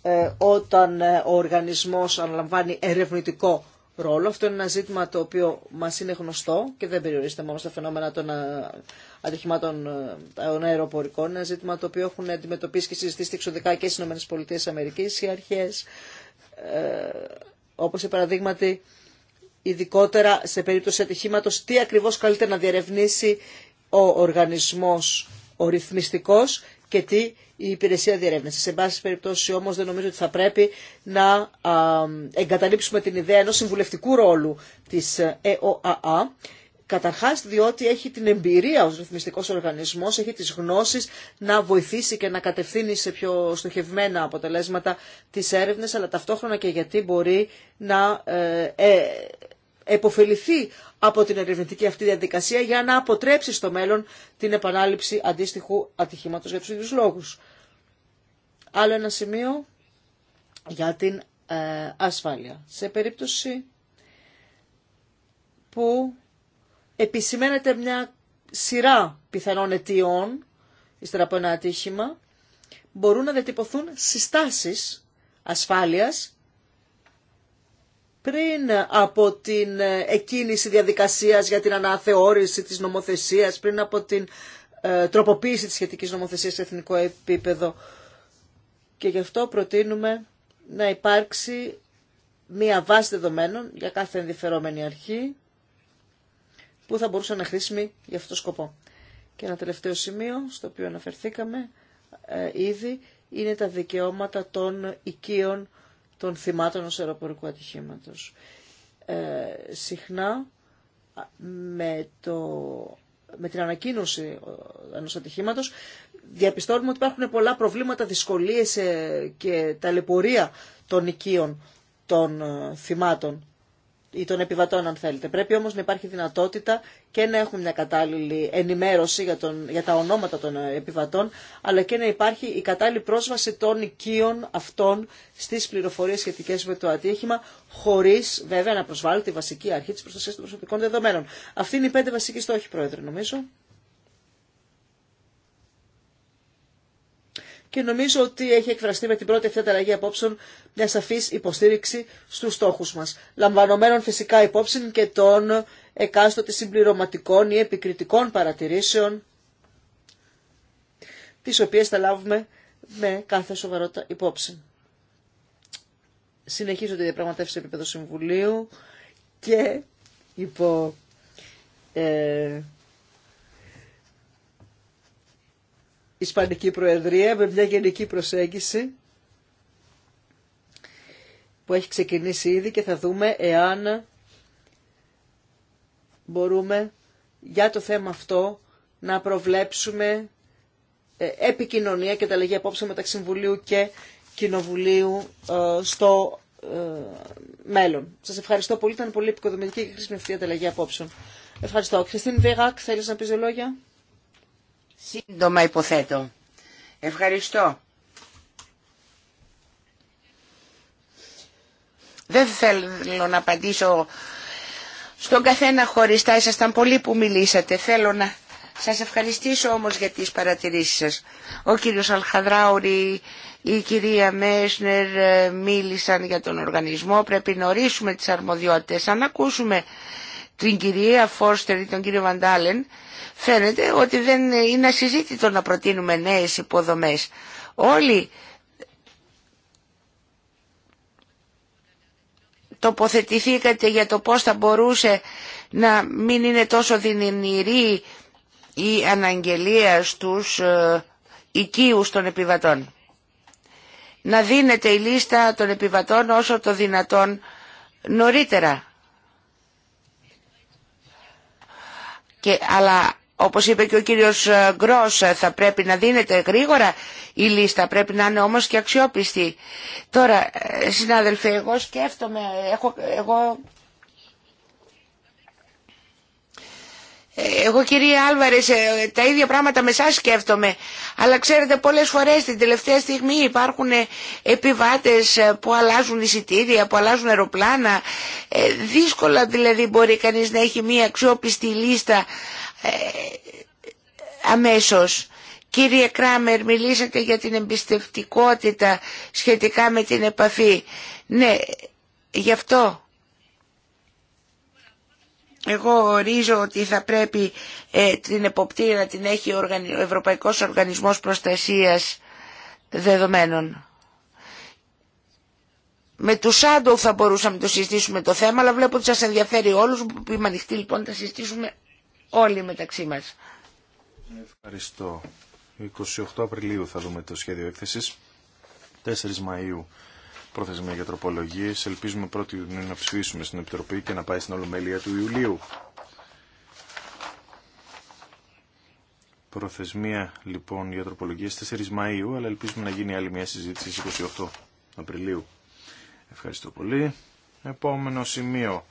ε, όταν ε, ο οργανισμός αναλαμβάνει ερευνητικό ρόλο. Αυτό είναι ένα ζήτημα το οποίο μας είναι γνωστό και δεν περιορίζεται μόνο στα φαινόμενα των ατυχημάτων των αεροπορικών. Είναι ένα ζήτημα το οποίο έχουν αντιμετωπίσει και συζητήσει εξωτικά και στις ΗΠΑ οι αρχές, όπως σε παραδείγματι ειδικότερα σε περίπτωση ατυχήματος, τι ακριβώς καλείται να διερευνήσει ο οργανισμός ο ρυθμιστικός και τι η υπηρεσία διερεύνηση. Σε πάση περιπτώσει όμως δεν νομίζω ότι θα πρέπει να εγκαταλείψουμε την ιδέα ενός συμβουλευτικού ρόλου της ΕΟΑΑ ε Καταρχάς διότι έχει την εμπειρία ως ρυθμιστικός οργανισμός, έχει τις γνώσεις να βοηθήσει και να κατευθύνει σε πιο στοχευμένα αποτελέσματα τις έρευνες, αλλά ταυτόχρονα και γιατί μπορεί να ε, ε, εποφεληθεί από την ερευνητική αυτή διαδικασία για να αποτρέψει στο μέλλον την επανάληψη αντίστοιχου ατυχήματος για τους ίδιους λόγους. Άλλο ένα σημείο για την ε, ασφάλεια. Σε περίπτωση που επισημαίνεται μια σειρά πιθανών αιτιών ύστερα από ένα ατύχημα, μπορούν να διατυπωθούν συστάσεις ασφάλειας πριν από την ε, εκκίνηση διαδικασίας για την αναθεώρηση της νομοθεσίας, πριν από την ε, τροποποίηση της σχετικής νομοθεσίας σε εθνικό επίπεδο. Και γι' αυτό προτείνουμε να υπάρξει μία βάση δεδομένων για κάθε ενδιαφερόμενη αρχή που θα μπορούσε να χρήσιμη για αυτό το σκοπό. Και ένα τελευταίο σημείο στο οποίο αναφερθήκαμε ε, ήδη είναι τα δικαιώματα των οικείων των θυμάτων ως αεροπορικού ατυχήματος. Ε, συχνά με, το, με την ανακοίνωση ε, ενός ατυχήματος διαπιστώνουμε ότι υπάρχουν πολλά προβλήματα, δυσκολίες ε, και ταλαιπωρία των οικείων των ε, θυμάτων ή των επιβατών αν θέλετε. Πρέπει όμως να υπάρχει δυνατότητα και να έχουν μια κατάλληλη ενημέρωση για, τον, για τα ονόματα των επιβατών αλλά και να υπάρχει η κατάλληλη πρόσβαση των οικείων αυτών στις πληροφορίες σχετικές με το ατύχημα χωρίς βέβαια να προσβάλλει τη βασική αρχή της προστασίας των προσωπικών δεδομένων. Αυτή είναι η πέντε βασική στόχη πρόεδρε νομίζω. και νομίζω ότι έχει εκφραστεί με την πρώτη αυτή ανταλλαγή απόψεων μια σαφή υποστήριξη στου στόχου μα. Λαμβανομένων φυσικά υπόψη και των εκάστοτε συμπληρωματικών ή επικριτικών παρατηρήσεων, τι οποίε θα λάβουμε με κάθε σοβαρότητα υπόψη. Συνεχίζονται οι διαπραγματεύσει σε επίπεδο Συμβουλίου και υπό ε, Ισπανική Προεδρία με μια γενική προσέγγιση που έχει ξεκινήσει ήδη και θα δούμε εάν μπορούμε για το θέμα αυτό να προβλέψουμε ε, επικοινωνία και τα λέγει απόψε μεταξύ Συμβουλίου και Κοινοβουλίου ε, στο ε, μέλλον. Σας ευχαριστώ πολύ. Ήταν πολύ επικοδομητική και χρήσιμη αυτή η ανταλλαγή απόψεων. Ευχαριστώ. Χριστίν Βιγάκ, θέλεις να πεις δύο λόγια. Σύντομα υποθέτω. Ευχαριστώ. Δεν θέλω να απαντήσω στον καθένα χωριστά. Ήσασταν πολλοί που μιλήσατε. Θέλω να σας ευχαριστήσω όμως για τις παρατηρήσεις σας. Ο κύριος Αλχαδράουρη, η κυρία Μέσνερ ε, μίλησαν για τον οργανισμό. Πρέπει να ορίσουμε τις αρμοδιότητες. Αν ακούσουμε την κυρία Φόρστερ ή τον κύριο Βαντάλεν, φαίνεται ότι δεν είναι ασυζήτητο να προτείνουμε νέες υποδομές. Όλοι τοποθετηθήκατε για το πώς θα μπορούσε να μην είναι τόσο δυνηρή η αναγγελία στους ε, οικίους των επιβατών. Να δίνεται η λίστα των επιβατών όσο το δυνατόν νωρίτερα. Και, αλλά όπως είπε και ο κύριος ε, Γκρός ε, θα πρέπει να δίνεται γρήγορα η λίστα, πρέπει να είναι όμως και αξιόπιστη. Τώρα ε, συνάδελφε εγώ σκέφτομαι, έχω, εγώ Εγώ κυρία Άλβαρες ε, τα ίδια πράγματα με εσάς σκέφτομαι αλλά ξέρετε πολλές φορές την τελευταία στιγμή υπάρχουν ε, επιβάτες ε, που αλλάζουν εισιτήρια, που αλλάζουν αεροπλάνα δύσκολα δηλαδή μπορεί κανείς να έχει μία αξιόπιστη λίστα αμέσως. Κύριε Κράμερ μιλήσατε για την εμπιστευτικότητα σχετικά με την επαφή. Ναι, γι' αυτό εγώ ορίζω ότι θα πρέπει ε, την εποπτεία να την έχει ο Ευρωπαϊκός Οργανισμός Προστασίας Δεδομένων. Με του Σάντοφ θα μπορούσαμε να το συζητήσουμε το θέμα, αλλά βλέπω ότι σας ενδιαφέρει όλους. Που είμαι ανοιχτή λοιπόν, θα συζητήσουμε όλοι μεταξύ μας. Ευχαριστώ. 28 Απριλίου θα δούμε το σχέδιο έκθεσης. 4 Μαΐου προθεσμία για τροπολογίες. Ελπίζουμε πρώτη Ιουνίου να ψηφίσουμε στην Επιτροπή και να πάει στην Ολομέλεια του Ιουλίου. Προθεσμία λοιπόν για τροπολογίες 4 Μαΐου, αλλά ελπίζουμε να γίνει άλλη μια συζήτηση στις 28 Απριλίου. Ευχαριστώ πολύ. Επόμενο σημείο.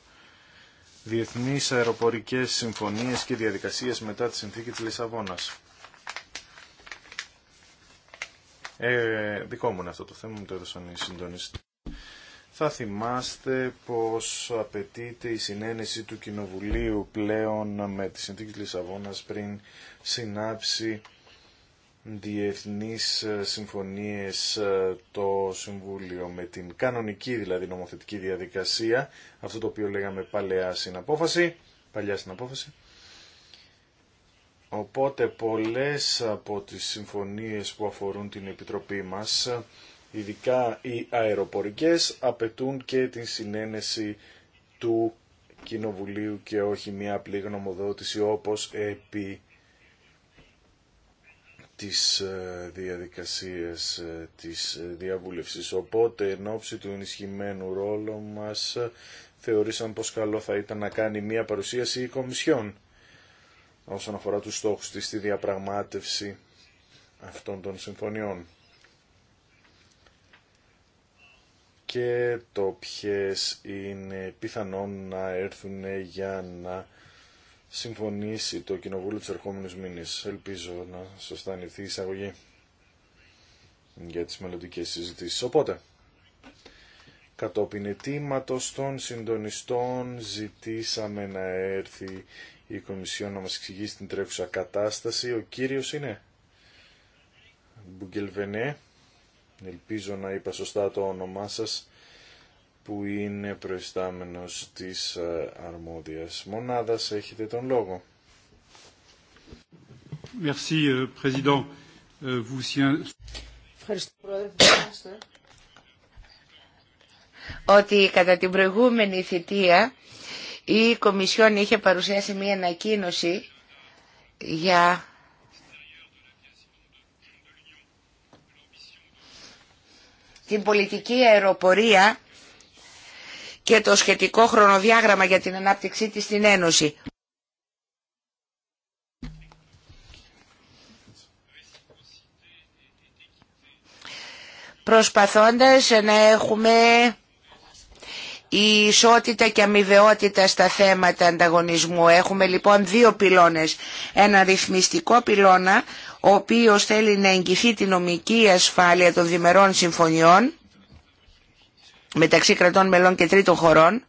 Διεθνείς αεροπορικές συμφωνίες και διαδικασίες μετά τη συνθήκη της Λισαβόνας. Ε, δικό μου είναι αυτό το θέμα, μου το έδωσαν οι συντονιστές. Θα θυμάστε πως απαιτείται η συνένεση του Κοινοβουλίου πλέον με τη συνθήκη Λισαβόνας πριν συνάψει διεθνείς συμφωνίες ε, το Συμβούλιο με την κανονική δηλαδή νομοθετική διαδικασία, αυτό το οποίο λέγαμε παλαιά συναπόφαση, παλιά συναπόφαση. Οπότε πολλές από τις συμφωνίες που αφορούν την Επιτροπή μας, ειδικά οι αεροπορικές, απαιτούν και την συνένεση του Κοινοβουλίου και όχι μια απλή γνωμοδότηση όπως επί τις ε, διαδικασίες ε, της διαβούλευσης. Οπότε, εν ώψη του ενισχυμένου ρόλου μας, θεωρήσαμε πως καλό θα ήταν να κάνει μία παρουσίαση η Κομισιόν όσον αφορά τους στόχους της στη διαπραγμάτευση αυτών των συμφωνιών. και το ποιε είναι πιθανόν να έρθουν για να συμφωνήσει το Κοινοβούλιο του ερχόμενου μήνε. Ελπίζω να σωστά ανοιχθεί η εισαγωγή για τι μελλοντικέ συζητήσει. Οπότε, κατόπιν ετήματο των συντονιστών ζητήσαμε να έρθει η Κομισιόν να μας εξηγήσει την τρέχουσα κατάσταση. Ο κύριος είναι Μπουγκελβένε. ελπίζω να είπα σωστά το όνομά σας, που είναι προϊστάμενος της ε, αρμόδιας μονάδας. Έχετε τον λόγο. Merci, ε, Président. Ε, vous... Ευχαριστώ, Ότι κατά την προηγούμενη θητεία η Κομισιόν είχε παρουσιάσει μία ανακοίνωση για την πολιτική αεροπορία και το σχετικό χρονοδιάγραμμα για την ανάπτυξή της στην Ένωση. Προσπαθώντας να έχουμε η ισότητα και αμοιβαιότητα στα θέματα ανταγωνισμού. Έχουμε λοιπόν δύο πυλώνες. Ένα ρυθμιστικό πυλώνα, ο οποίος θέλει να εγγυθεί τη νομική ασφάλεια των διμερών συμφωνιών μεταξύ κρατών μελών και τρίτων χωρών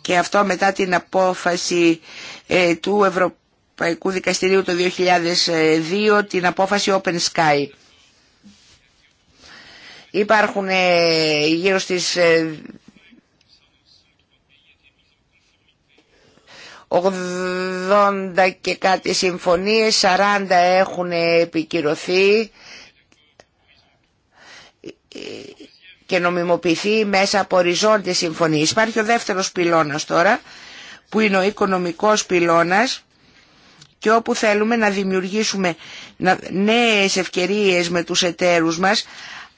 και αυτό μετά την απόφαση ε, του Ευρωπαϊκού Δικαστηρίου το 2002, την απόφαση Open Sky. Υπάρχουν ε, γύρω στις ε, 80 και κάτι συμφωνίες, 40 έχουν επικυρωθεί και νομιμοποιηθεί μέσα από οριζόντιες συμφωνίες. Υπάρχει ο δεύτερος πυλώνας τώρα που είναι ο οικονομικός πυλώνας και όπου θέλουμε να δημιουργήσουμε νέες ευκαιρίες με τους εταίρους μας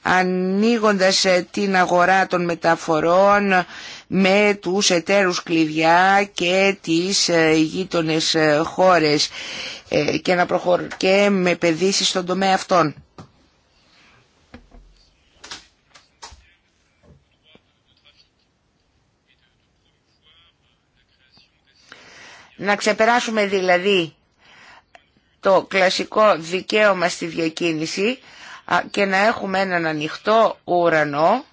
ανοίγοντας ε, την αγορά των μεταφορών, με τους εταίρους κλειδιά και τις ε, γείτονες ε, χώρες ε, και, να με παιδίσεις στον τομέα αυτών. Να ξεπεράσουμε δηλαδή το κλασικό δικαίωμα στη διακίνηση και να έχουμε έναν ανοιχτό ουρανό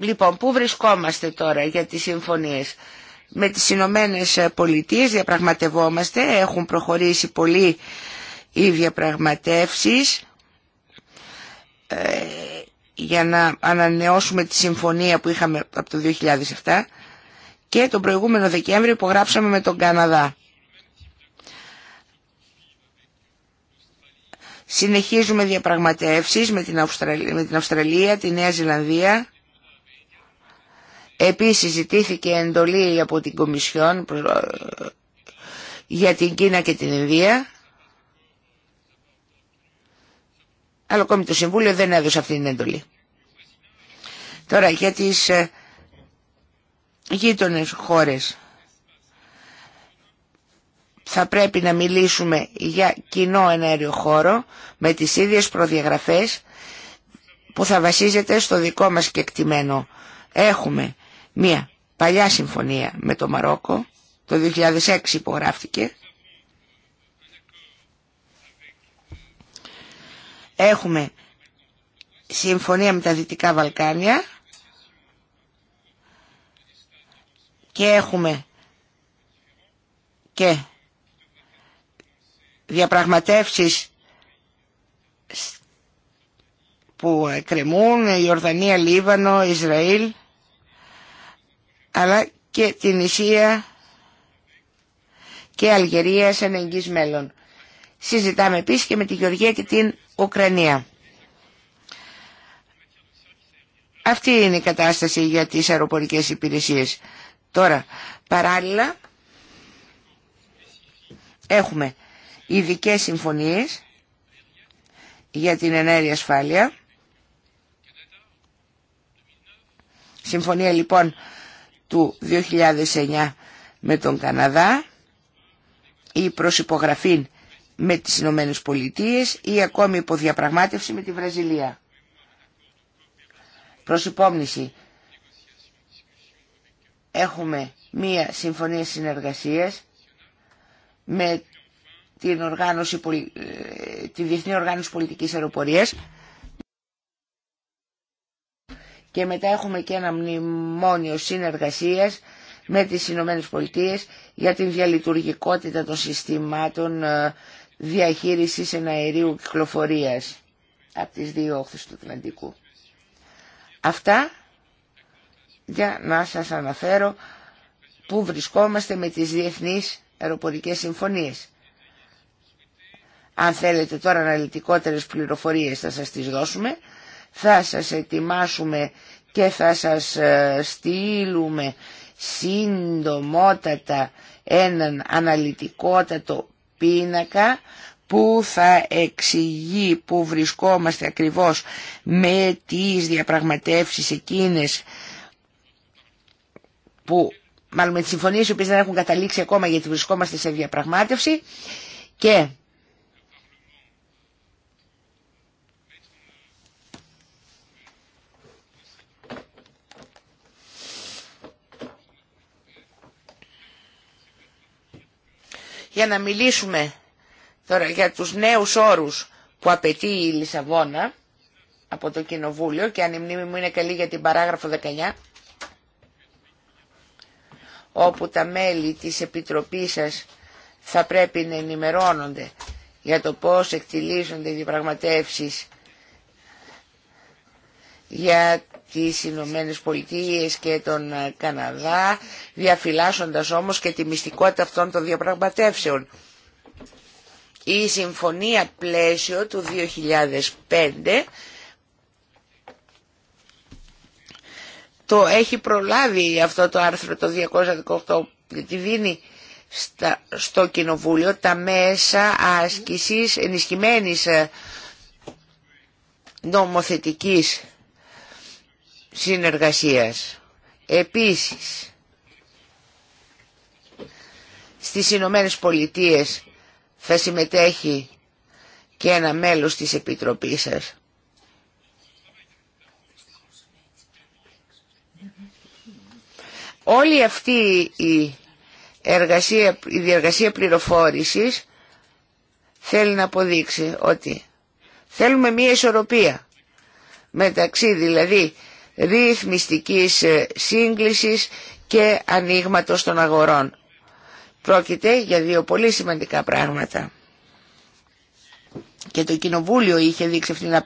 Λοιπόν, πού βρισκόμαστε τώρα για τις συμφωνίες. Με τις Ηνωμένε Πολιτείε διαπραγματευόμαστε, έχουν προχωρήσει πολύ οι διαπραγματεύσεις ε, για να ανανεώσουμε τη συμφωνία που είχαμε από το 2007 και τον προηγούμενο Δεκέμβριο υπογράψαμε με τον Καναδά. Συνεχίζουμε διαπραγματεύσεις με την Αυστραλία, με την, Αυστραλία, τη Νέα Ζηλανδία Επίσης ζητήθηκε εντολή από την Κομισιόν για την Κίνα και την Ινδία. Αλλά ακόμη το Συμβούλιο δεν έδωσε αυτή την εντολή. Τώρα για τις ε, γείτονες χώρες θα πρέπει να μιλήσουμε για κοινό ενέργειο χώρο με τις ίδιες προδιαγραφές που θα βασίζεται στο δικό μας κεκτημένο. Έχουμε Μία παλιά συμφωνία με το Μαρόκο, το 2006 υπογράφτηκε. Έχουμε συμφωνία με τα Δυτικά Βαλκάνια και έχουμε και διαπραγματεύσεις που εκκρεμούν η Ορδανία, Λίβανο, Ισραήλ αλλά και την Ισία και Αλγερία σαν εγγύς μέλλον. Συζητάμε επίσης και με τη Γεωργία και την Ουκρανία. Αυτή είναι η κατάσταση για τις αεροπορικές υπηρεσίες. Τώρα, παράλληλα, έχουμε ειδικέ συμφωνίες για την ενέργεια ασφάλεια. Συμφωνία λοιπόν του 2009 με τον Καναδά ή υπογραφή με τις Ηνωμένε Πολιτείε ή ακόμη υποδιαπραγμάτευση με τη Βραζιλία. Προς υπόμνηση, έχουμε μία συμφωνία συνεργασίας με την, οργάνωση, ε, τη Διεθνή Οργάνωση Πολιτικής Αεροπορίας και μετά έχουμε και ένα μνημόνιο συνεργασίας με τις Ηνωμένε Πολιτείε για την διαλειτουργικότητα των συστημάτων ε, διαχείρισης εναερίου κυκλοφορίας από τις δύο όχθες του Ατλαντικού. Αυτά για να σας αναφέρω που βρισκόμαστε με τις διεθνείς αεροπορικές συμφωνίες. Αν θέλετε τώρα αναλυτικότερες πληροφορίες θα σας τις δώσουμε θα σας ετοιμάσουμε και θα σας ε, στείλουμε συντομότατα έναν αναλυτικότατο πίνακα που θα εξηγεί που βρισκόμαστε ακριβώς με τις διαπραγματεύσεις εκείνες που μάλλον με τις συμφωνίες οι οποίες δεν έχουν καταλήξει ακόμα γιατί βρισκόμαστε σε διαπραγμάτευση και Για να μιλήσουμε τώρα για τους νέους όρους που απαιτεί η Λισαβόνα από το Κοινοβούλιο και αν η μνήμη μου είναι καλή για την παράγραφο 19 όπου τα μέλη της Επιτροπής σας θα πρέπει να ενημερώνονται για το πώς εκτιλίζονται οι διαπραγματεύσεις για τις Ηνωμένε Πολιτείε και τον ε, Καναδά, διαφυλάσσοντας όμως και τη μυστικότητα αυτών των διαπραγματεύσεων. Η Συμφωνία Πλαίσιο του 2005 το έχει προλάβει αυτό το άρθρο το 218 τη δίνει στο Κοινοβούλιο τα μέσα άσκησης ενισχυμένης ε, νομοθετικής συνεργασίας. Επίσης, στις Ηνωμένε Πολιτείες θα συμμετέχει και ένα μέλος της Επιτροπής σας. Όλη αυτή η, εργασία, η διεργασία πληροφόρησης θέλει να αποδείξει ότι θέλουμε μία ισορροπία μεταξύ δηλαδή ρυθμιστικής ε, σύγκλησης και ανοίγματο των αγορών. Πρόκειται για δύο πολύ σημαντικά πράγματα. Και το Κοινοβούλιο είχε δείξει αυτήν την